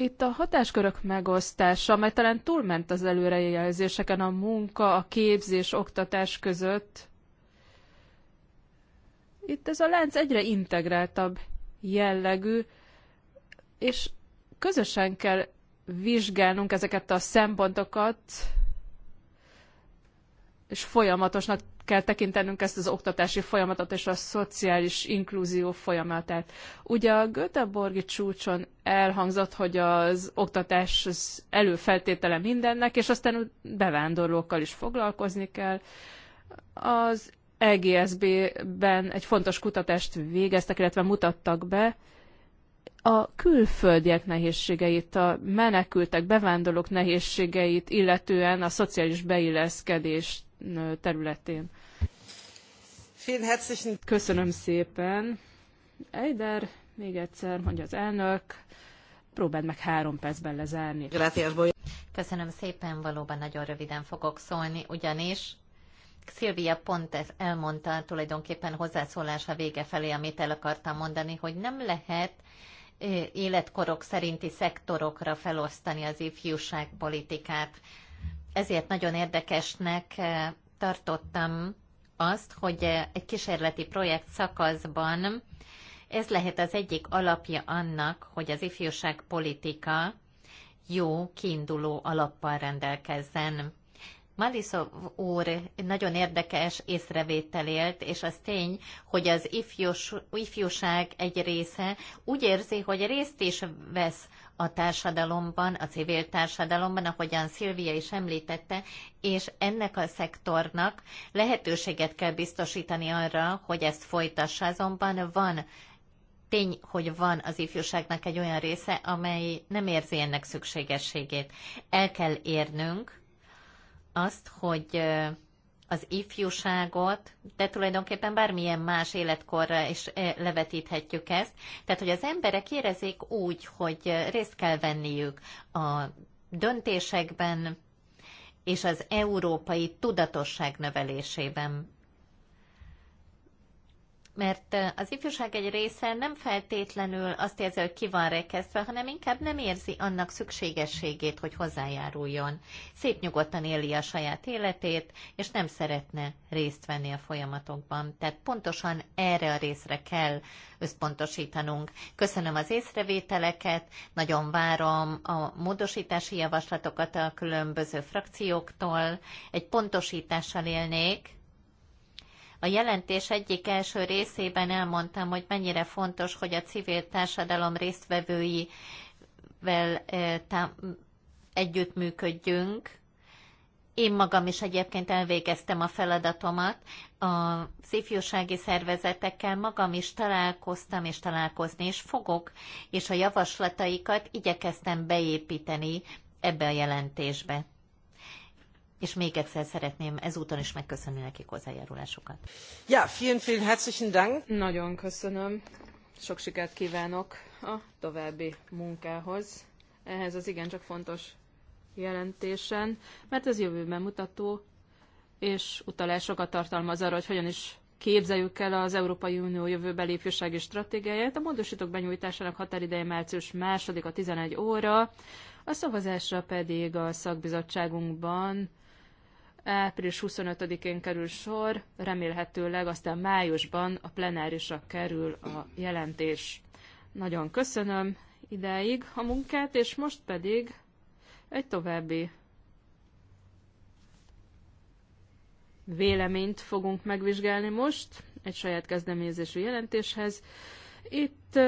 Itt a hatáskörök megosztása, amely talán túlment az előrejelzéseken a munka, a képzés, oktatás között. Itt ez a lánc egyre integráltabb jellegű, és közösen kell vizsgálnunk ezeket a szempontokat, és folyamatosnak kell tekintenünk ezt az oktatási folyamatot és a szociális inkluzió folyamatát. Ugye a Göteborgi csúcson elhangzott, hogy az oktatás az előfeltétele mindennek, és aztán bevándorlókkal is foglalkozni kell. Az EGSB-ben egy fontos kutatást végeztek, illetve mutattak be, a külföldiek nehézségeit, a menekültek, bevándorlók nehézségeit, illetően a szociális beilleszkedést területén. Köszönöm szépen. Eider, még egyszer mondja az elnök, próbáld meg három percben lezárni. Köszönöm szépen, valóban nagyon röviden fogok szólni, ugyanis Szilvia pont ezt elmondta tulajdonképpen hozzászólása vége felé, amit el akartam mondani, hogy nem lehet életkorok szerinti szektorokra felosztani az ifjúságpolitikát ezért nagyon érdekesnek eh, tartottam azt, hogy eh, egy kísérleti projekt szakaszban ez lehet az egyik alapja annak, hogy az ifjúságpolitika jó kiinduló alappal rendelkezzen. Maliszov úr nagyon érdekes észrevétel élt, és az tény, hogy az ifjus, ifjúság egy része úgy érzi, hogy részt is vesz a társadalomban, a civil társadalomban, ahogyan Szilvia is említette, és ennek a szektornak lehetőséget kell biztosítani arra, hogy ezt folytassa. Azonban van tény, hogy van az ifjúságnak egy olyan része, amely nem érzi ennek szükségességét. El kell érnünk, azt, hogy az ifjúságot, de tulajdonképpen bármilyen más életkorra is levetíthetjük ezt. Tehát, hogy az emberek érezzék úgy, hogy részt kell venniük a döntésekben és az európai tudatosság növelésében mert az ifjúság egy része nem feltétlenül azt érzi, hogy ki van rekesztve, hanem inkább nem érzi annak szükségességét, hogy hozzájáruljon. Szép nyugodtan éli a saját életét, és nem szeretne részt venni a folyamatokban. Tehát pontosan erre a részre kell összpontosítanunk. Köszönöm az észrevételeket, nagyon várom a módosítási javaslatokat a különböző frakcióktól. Egy pontosítással élnék, a jelentés egyik első részében elmondtam, hogy mennyire fontos, hogy a civil társadalom résztvevőivel együttműködjünk. Én magam is egyébként elvégeztem a feladatomat. A ifjúsági szervezetekkel magam is találkoztam, és találkozni is fogok, és a javaslataikat igyekeztem beépíteni ebbe a jelentésbe és még egyszer szeretném ezúton is megköszönni nekik hozzájárulásukat. Ja, vielen, vielen herzlichen Dank. Nagyon köszönöm. Sok sikert kívánok a további munkához. Ehhez az igencsak fontos jelentésen, mert ez jövőben mutató, és utalásokat tartalmaz arra, hogy hogyan is képzeljük el az Európai Unió jövőbeli ifjúsági stratégiáját. A módosítók benyújtásának határideje március 2 a 11 óra, a szavazásra pedig a szakbizottságunkban április 25-én kerül sor, remélhetőleg aztán májusban a plenárisra kerül a jelentés. Nagyon köszönöm ideig a munkát, és most pedig egy további véleményt fogunk megvizsgálni most, egy saját kezdeményezésű jelentéshez. Itt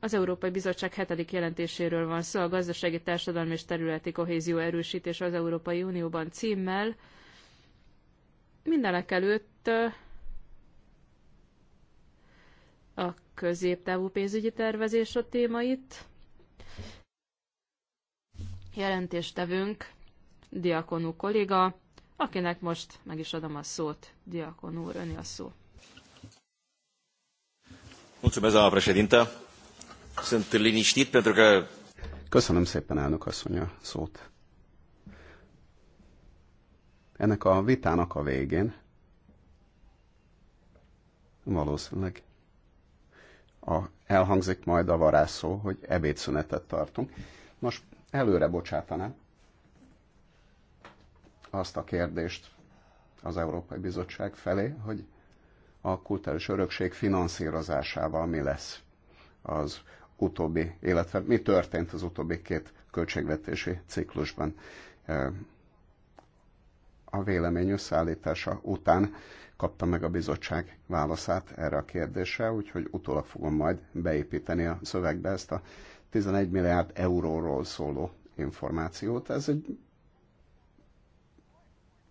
az Európai Bizottság hetedik jelentéséről van szó, a gazdasági, társadalmi és területi kohézió erősítése az Európai Unióban címmel. Mindenek előtt a középtávú pénzügyi tervezés a itt. Jelentéstevünk Diakonú kolléga, akinek most meg is adom a szót. Diakonú úr, öni a szó. Mulțumesc, doamna președintă. Sunt liniștit pentru că... Köszönöm szépen, elnök asszony, a szót. Ennek a vitának a végén valószínűleg a, elhangzik majd a varázsszó, hogy ebédszünetet tartunk. Most előre bocsátanám azt a kérdést az Európai Bizottság felé, hogy a kultúrás örökség finanszírozásával mi lesz az utóbbi, illetve mi történt az utóbbi két költségvetési ciklusban. E, a vélemény összeállítása után kapta meg a bizottság válaszát erre a kérdésre, úgyhogy utólag fogom majd beépíteni a szövegbe ezt a 11 milliárd euróról szóló információt. Ez egy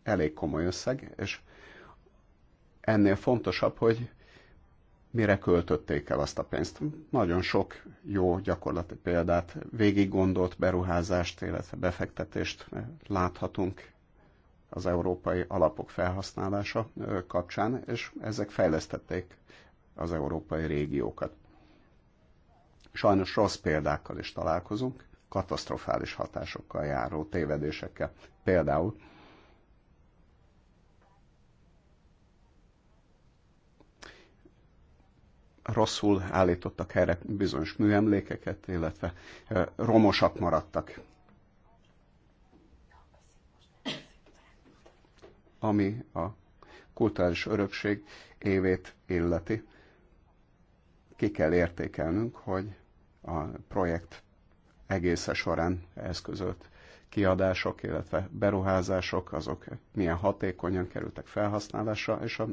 elég komoly összeg, és ennél fontosabb, hogy mire költötték el azt a pénzt. Nagyon sok jó gyakorlati példát, végig gondolt beruházást, illetve befektetést eh, láthatunk az európai alapok felhasználása eh, kapcsán, és ezek fejlesztették az európai régiókat. Sajnos rossz példákkal is találkozunk, katasztrofális hatásokkal járó tévedésekkel. Például rosszul állítottak helyre bizonyos műemlékeket, illetve romosak maradtak. Ami a kulturális örökség évét illeti, ki kell értékelnünk, hogy a projekt egésze során eszközölt kiadások, illetve beruházások, azok milyen hatékonyan kerültek felhasználásra, és a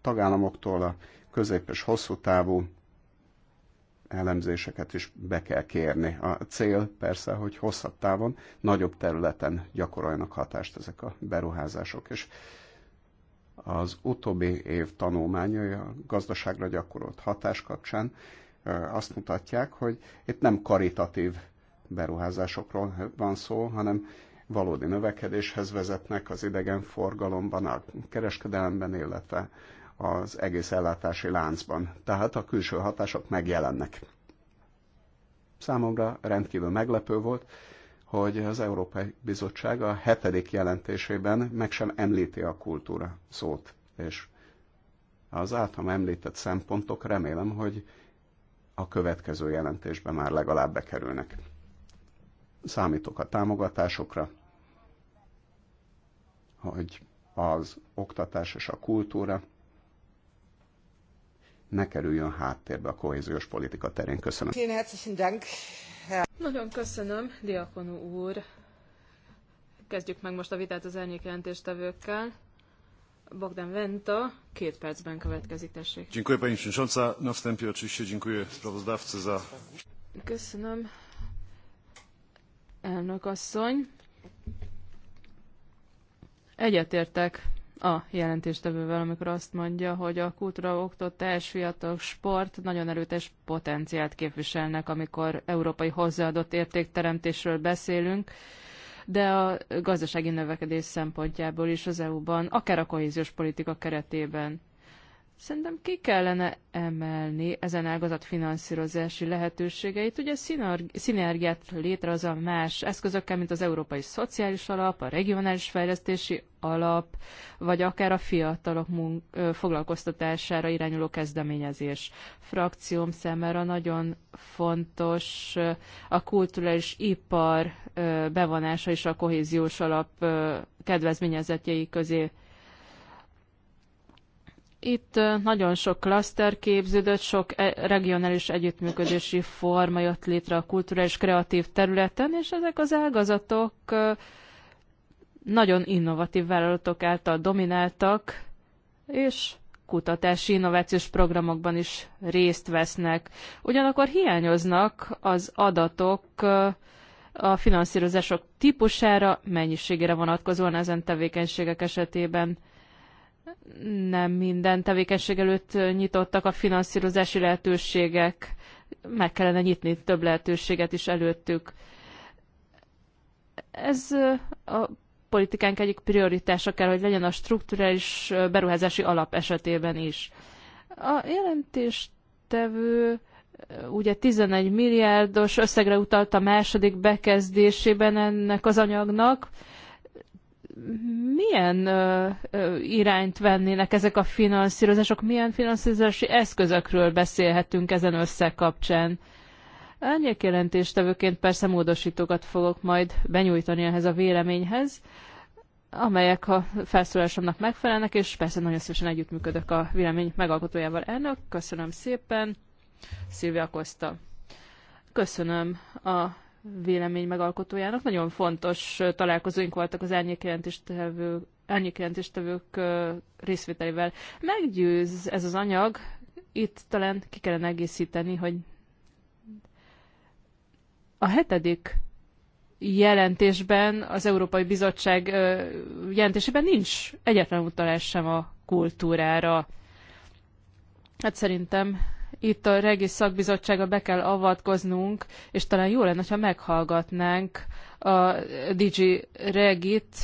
tagállamoktól a közép- és hosszú távú elemzéseket is be kell kérni. A cél persze, hogy hosszabb távon, nagyobb területen gyakoroljanak hatást ezek a beruházások, és az utóbbi év tanulmányai a gazdaságra gyakorolt hatás kapcsán azt mutatják, hogy itt nem karitatív beruházásokról van szó, hanem valódi növekedéshez vezetnek az idegenforgalomban, a kereskedelemben, illetve az egész ellátási láncban. Tehát a külső hatások megjelennek. Számomra rendkívül meglepő volt, hogy az Európai Bizottság a hetedik jelentésében meg sem említi a kultúra szót, és az általam említett szempontok remélem, hogy a következő jelentésben már legalább bekerülnek. Számítok a támogatásokra, hogy az oktatás és a kultúra ne kerüljön háttérbe a kohéziós politika terén. Köszönöm. Nagyon köszönöm, Diakonú úr. Kezdjük meg most a vitát az elnyékjelentéstevőkkel. Bogdan Venta, két percben következik, tessék. Köszönöm, elnök asszony. Egyetértek a jelentéstevővel, amikor azt mondja, hogy a kultúra, oktatás, fiatal sport nagyon erőtes potenciált képviselnek, amikor európai hozzáadott értékteremtésről beszélünk de a gazdasági növekedés szempontjából is az EU-ban, akár a kohéziós politika keretében. Szerintem ki kellene emelni ezen ágazat finanszírozási lehetőségeit. Ugye szinergiát létrehoz a más eszközökkel, mint az Európai Szociális Alap, a Regionális Fejlesztési Alap, vagy akár a fiatalok munk- foglalkoztatására irányuló kezdeményezés. Frakcióm számára nagyon fontos a kulturális ipar bevonása is a kohéziós alap kedvezményezetjei közé itt nagyon sok klaszter képződött, sok e- regionális együttműködési forma jött létre a kulturális kreatív területen, és ezek az ágazatok nagyon innovatív vállalatok által domináltak, és kutatási innovációs programokban is részt vesznek. Ugyanakkor hiányoznak az adatok a finanszírozások típusára, mennyiségére vonatkozóan ezen tevékenységek esetében nem minden tevékenység előtt nyitottak a finanszírozási lehetőségek, meg kellene nyitni több lehetőséget is előttük. Ez a politikánk egyik prioritása kell, hogy legyen a strukturális beruházási alap esetében is. A jelentéstevő ugye 11 milliárdos összegre utalt a második bekezdésében ennek az anyagnak, milyen ö, ö, irányt vennének ezek a finanszírozások, milyen finanszírozási eszközökről beszélhetünk ezen összekapcsán. Árnyék jelentéstevőként persze módosítókat fogok majd benyújtani ehhez a véleményhez, amelyek a felszólásomnak megfelelnek, és persze nagyon szívesen együttműködök a vélemény megalkotójával. Elnök, köszönöm szépen, Szilvia Koszta. Köszönöm a vélemény megalkotójának. Nagyon fontos találkozóink voltak az elnyékjelentéstevők részvételével. Meggyőz ez az anyag, itt talán ki kellene egészíteni, hogy a hetedik jelentésben, az Európai Bizottság jelentésében nincs egyetlen utalás sem a kultúrára. Hát szerintem itt a regi szakbizottsága be kell avatkoznunk, és talán jó lenne, ha meghallgatnánk a Digi Regit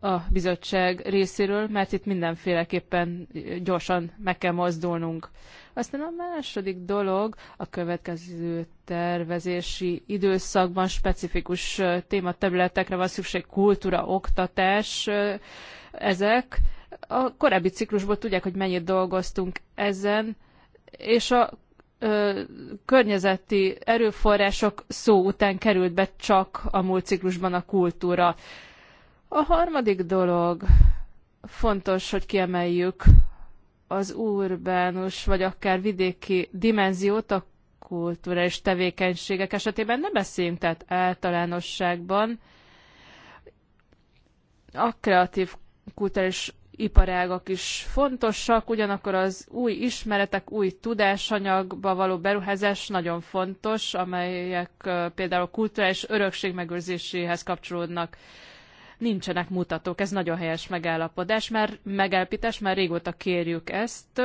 a bizottság részéről, mert itt mindenféleképpen gyorsan meg kell mozdulnunk. Aztán a második dolog a következő tervezési időszakban specifikus tématerületekre van szükség, kultúra, oktatás, ezek. A korábbi ciklusból tudják, hogy mennyit dolgoztunk ezen, és a ö, környezeti erőforrások szó után került be csak a múlt ciklusban a kultúra. A harmadik dolog, fontos, hogy kiemeljük az urbánus, vagy akár vidéki dimenziót a kultúra és tevékenységek esetében. Ne beszéljünk tehát általánosságban. A kreatív és iparágak is fontosak, ugyanakkor az új ismeretek, új tudásanyagba való beruházás nagyon fontos, amelyek például a kulturális örökség megőrzéséhez kapcsolódnak. Nincsenek mutatók, ez nagyon helyes megállapodás, mert megállapítás, már régóta kérjük ezt.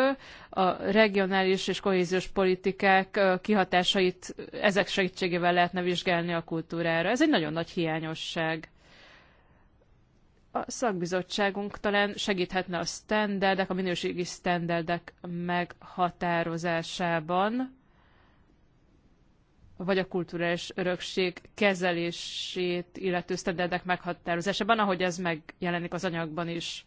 A regionális és kohéziós politikák kihatásait ezek segítségével lehetne vizsgálni a kultúrára. Ez egy nagyon nagy hiányosság a szakbizottságunk talán segíthetne a standardek, a minőségi standardek meghatározásában, vagy a kulturális örökség kezelését illető standardek meghatározásában, ahogy ez megjelenik az anyagban is.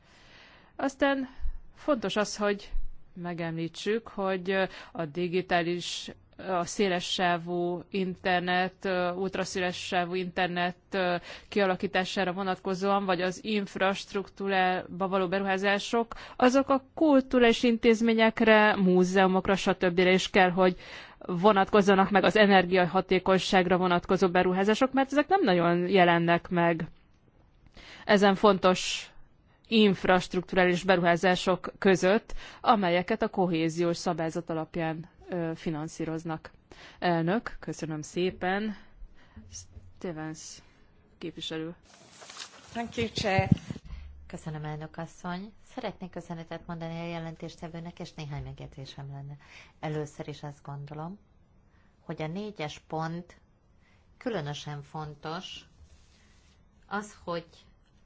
Aztán fontos az, hogy megemlítsük, hogy a digitális a szélessávú internet, ultraszélessávú internet kialakítására vonatkozóan, vagy az infrastruktúrába való beruházások, azok a kulturális intézményekre, múzeumokra, stb. is kell, hogy vonatkozzanak meg az energiahatékonyságra vonatkozó beruházások, mert ezek nem nagyon jelennek meg ezen fontos infrastruktúrális beruházások között, amelyeket a kohéziós szabályzat alapján finanszíroznak. Elnök, köszönöm szépen. Stevens képviselő. Thank you, Chair. Köszönöm, elnök asszony. Szeretnék köszönetet mondani a jelentéstevőnek, és néhány megjegyzésem lenne. Először is azt gondolom, hogy a négyes pont különösen fontos, az, hogy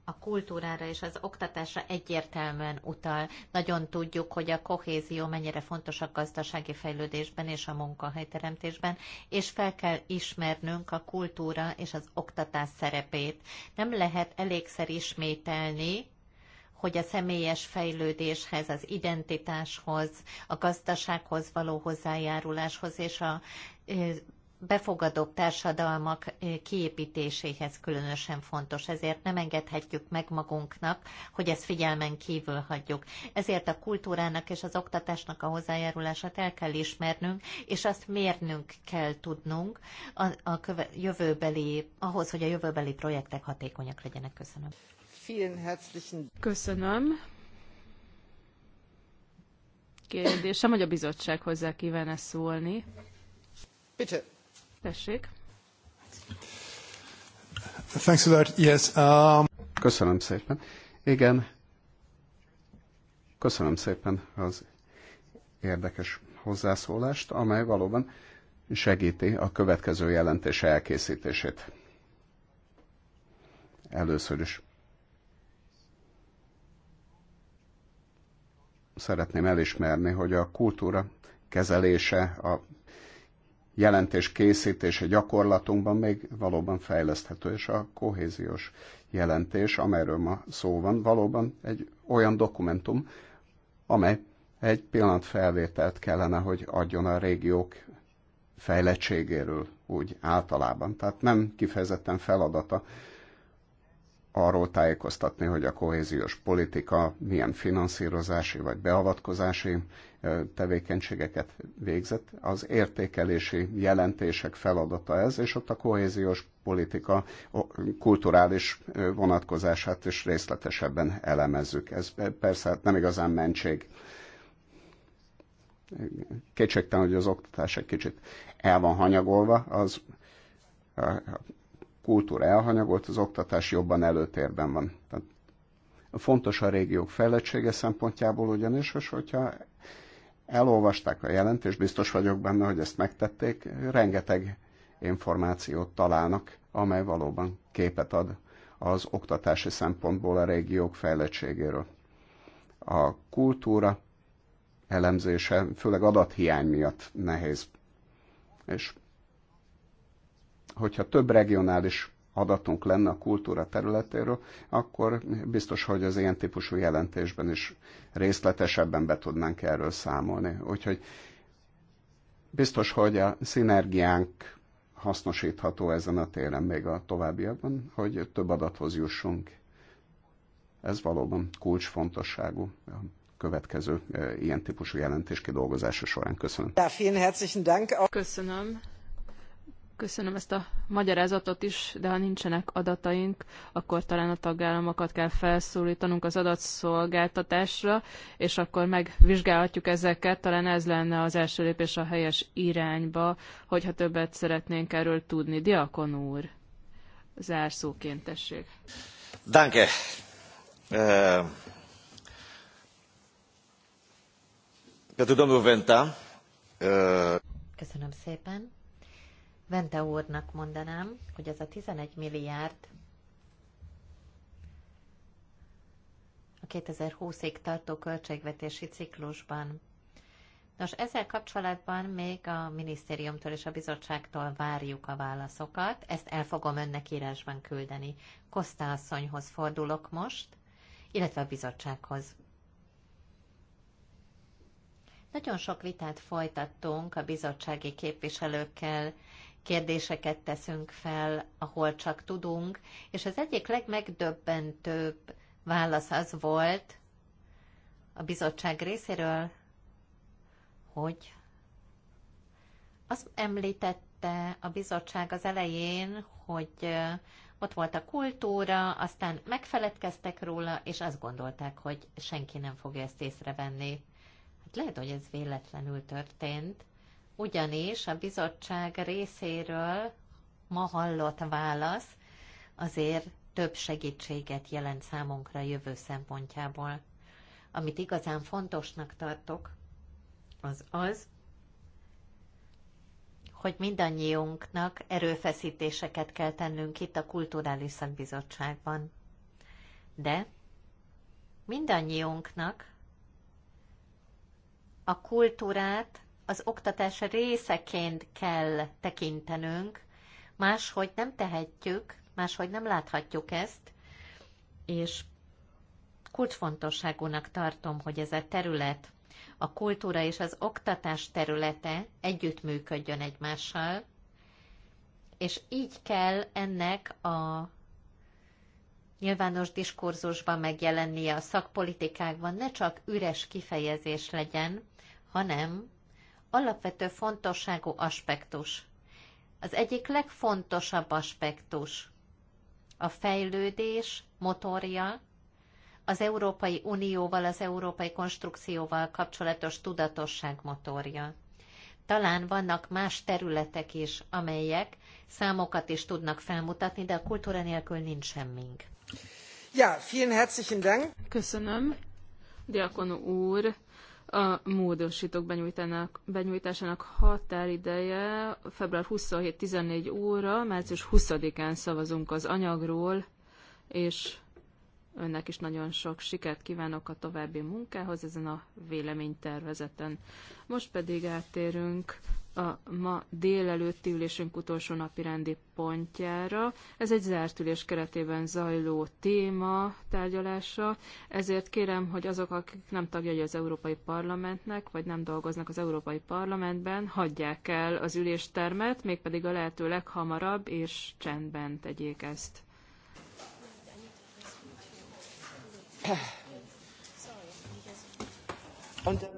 a kultúrára és az oktatásra egyértelműen utal. Nagyon tudjuk, hogy a kohézió mennyire fontos a gazdasági fejlődésben és a munkahelyteremtésben, és fel kell ismernünk a kultúra és az oktatás szerepét. Nem lehet elégszer ismételni, hogy a személyes fejlődéshez, az identitáshoz, a gazdasághoz való hozzájáruláshoz és a befogadóbb társadalmak kiépítéséhez különösen fontos, ezért nem engedhetjük meg magunknak, hogy ezt figyelmen kívül hagyjuk. Ezért a kultúrának és az oktatásnak a hozzájárulását el kell ismernünk, és azt mérnünk kell tudnunk a, a köve, jövőbeli, ahhoz, hogy a jövőbeli projektek hatékonyak legyenek. Köszönöm. Köszönöm. Kérdésem, hogy a bizottság hozzá kíván -e szólni. Bitte. Tessék. Thanks a lot. Yes. Um... Köszönöm szépen. Igen. Köszönöm szépen az érdekes hozzászólást, amely valóban segíti a következő jelentés elkészítését. Először is szeretném elismerni, hogy a kultúra kezelése a jelentés készítése gyakorlatunkban még valóban fejleszthető, és a kohéziós jelentés, amelyről ma szó van, valóban egy olyan dokumentum, amely egy pillanat felvételt kellene, hogy adjon a régiók fejlettségéről úgy általában. Tehát nem kifejezetten feladata arról tájékoztatni, hogy a kohéziós politika milyen finanszírozási vagy beavatkozási tevékenységeket végzett. Az értékelési jelentések feladata ez, és ott a kohéziós politika kulturális vonatkozását is részletesebben elemezzük. Ez persze hát nem igazán mentség. Kétségtelen, hogy az oktatás egy kicsit el van hanyagolva, az kultúra elhanyagolt, az oktatás jobban előtérben van. Tehát fontos a régiók fejlettsége szempontjából ugyanis, és hogyha elolvasták a jelentést, biztos vagyok benne, hogy ezt megtették, rengeteg információt találnak, amely valóban képet ad az oktatási szempontból a régiók fejlettségéről. A kultúra elemzése, főleg adathiány miatt nehéz. És hogyha több regionális adatunk lenne a kultúra területéről, akkor biztos, hogy az ilyen típusú jelentésben is részletesebben be tudnánk erről számolni. Úgyhogy biztos, hogy a szinergiánk hasznosítható ezen a téren még a továbbiakban, hogy több adathoz jussunk. Ez valóban kulcsfontosságú a következő e, ilyen típusú jelentés kidolgozása során. Köszönöm. Köszönöm Köszönöm ezt a magyarázatot is, de ha nincsenek adataink, akkor talán a tagállamokat kell felszólítanunk az adatszolgáltatásra, és akkor megvizsgálhatjuk ezeket. Talán ez lenne az első lépés a helyes irányba, hogyha többet szeretnénk erről tudni. Diakon úr, zárszóként tessék. Danke. Uh, Köszönöm szépen. Vente úrnak mondanám, hogy ez a 11 milliárd a 2020-ig tartó költségvetési ciklusban. Nos, ezzel kapcsolatban még a minisztériumtól és a bizottságtól várjuk a válaszokat. Ezt el fogom önnek írásban küldeni. Kosta asszonyhoz fordulok most, illetve a bizottsághoz. Nagyon sok vitát folytattunk a bizottsági képviselőkkel kérdéseket teszünk fel, ahol csak tudunk, és az egyik legmegdöbbentőbb válasz az volt a bizottság részéről, hogy azt említette a bizottság az elején, hogy ott volt a kultúra, aztán megfeledkeztek róla, és azt gondolták, hogy senki nem fogja ezt észrevenni. Hát lehet, hogy ez véletlenül történt, ugyanis a bizottság részéről ma hallott válasz azért több segítséget jelent számunkra a jövő szempontjából. Amit igazán fontosnak tartok, az az, hogy mindannyiunknak erőfeszítéseket kell tennünk itt a Kulturális Szakbizottságban. De mindannyiunknak a kultúrát az oktatás részeként kell tekintenünk, máshogy nem tehetjük, máshogy nem láthatjuk ezt, és kulcsfontosságúnak tartom, hogy ez a terület, a kultúra és az oktatás területe együttműködjön egymással, és így kell ennek a nyilvános diskurzusban megjelennie a szakpolitikákban, ne csak üres kifejezés legyen, hanem alapvető fontosságú aspektus. Az egyik legfontosabb aspektus a fejlődés motorja, az Európai Unióval, az európai konstrukcióval kapcsolatos tudatosság motorja. Talán vannak más területek is, amelyek számokat is tudnak felmutatni, de a kultúra nélkül nincs semmink. Ja, vielen herzlichen Dank. Köszönöm, Diakon úr. A módosítók benyújtásának határideje február 27-14 óra, március 20-án szavazunk az anyagról, és Önnek is nagyon sok sikert kívánok a további munkához ezen a véleménytervezeten. Most pedig áttérünk a ma délelőtti ülésünk utolsó napi rendi pontjára. Ez egy zárt ülés keretében zajló téma tárgyalása, ezért kérem, hogy azok, akik nem tagjai az Európai Parlamentnek, vagy nem dolgoznak az Európai Parlamentben, hagyják el az üléstermet, mégpedig a lehető leghamarabb, és csendben tegyék ezt. Und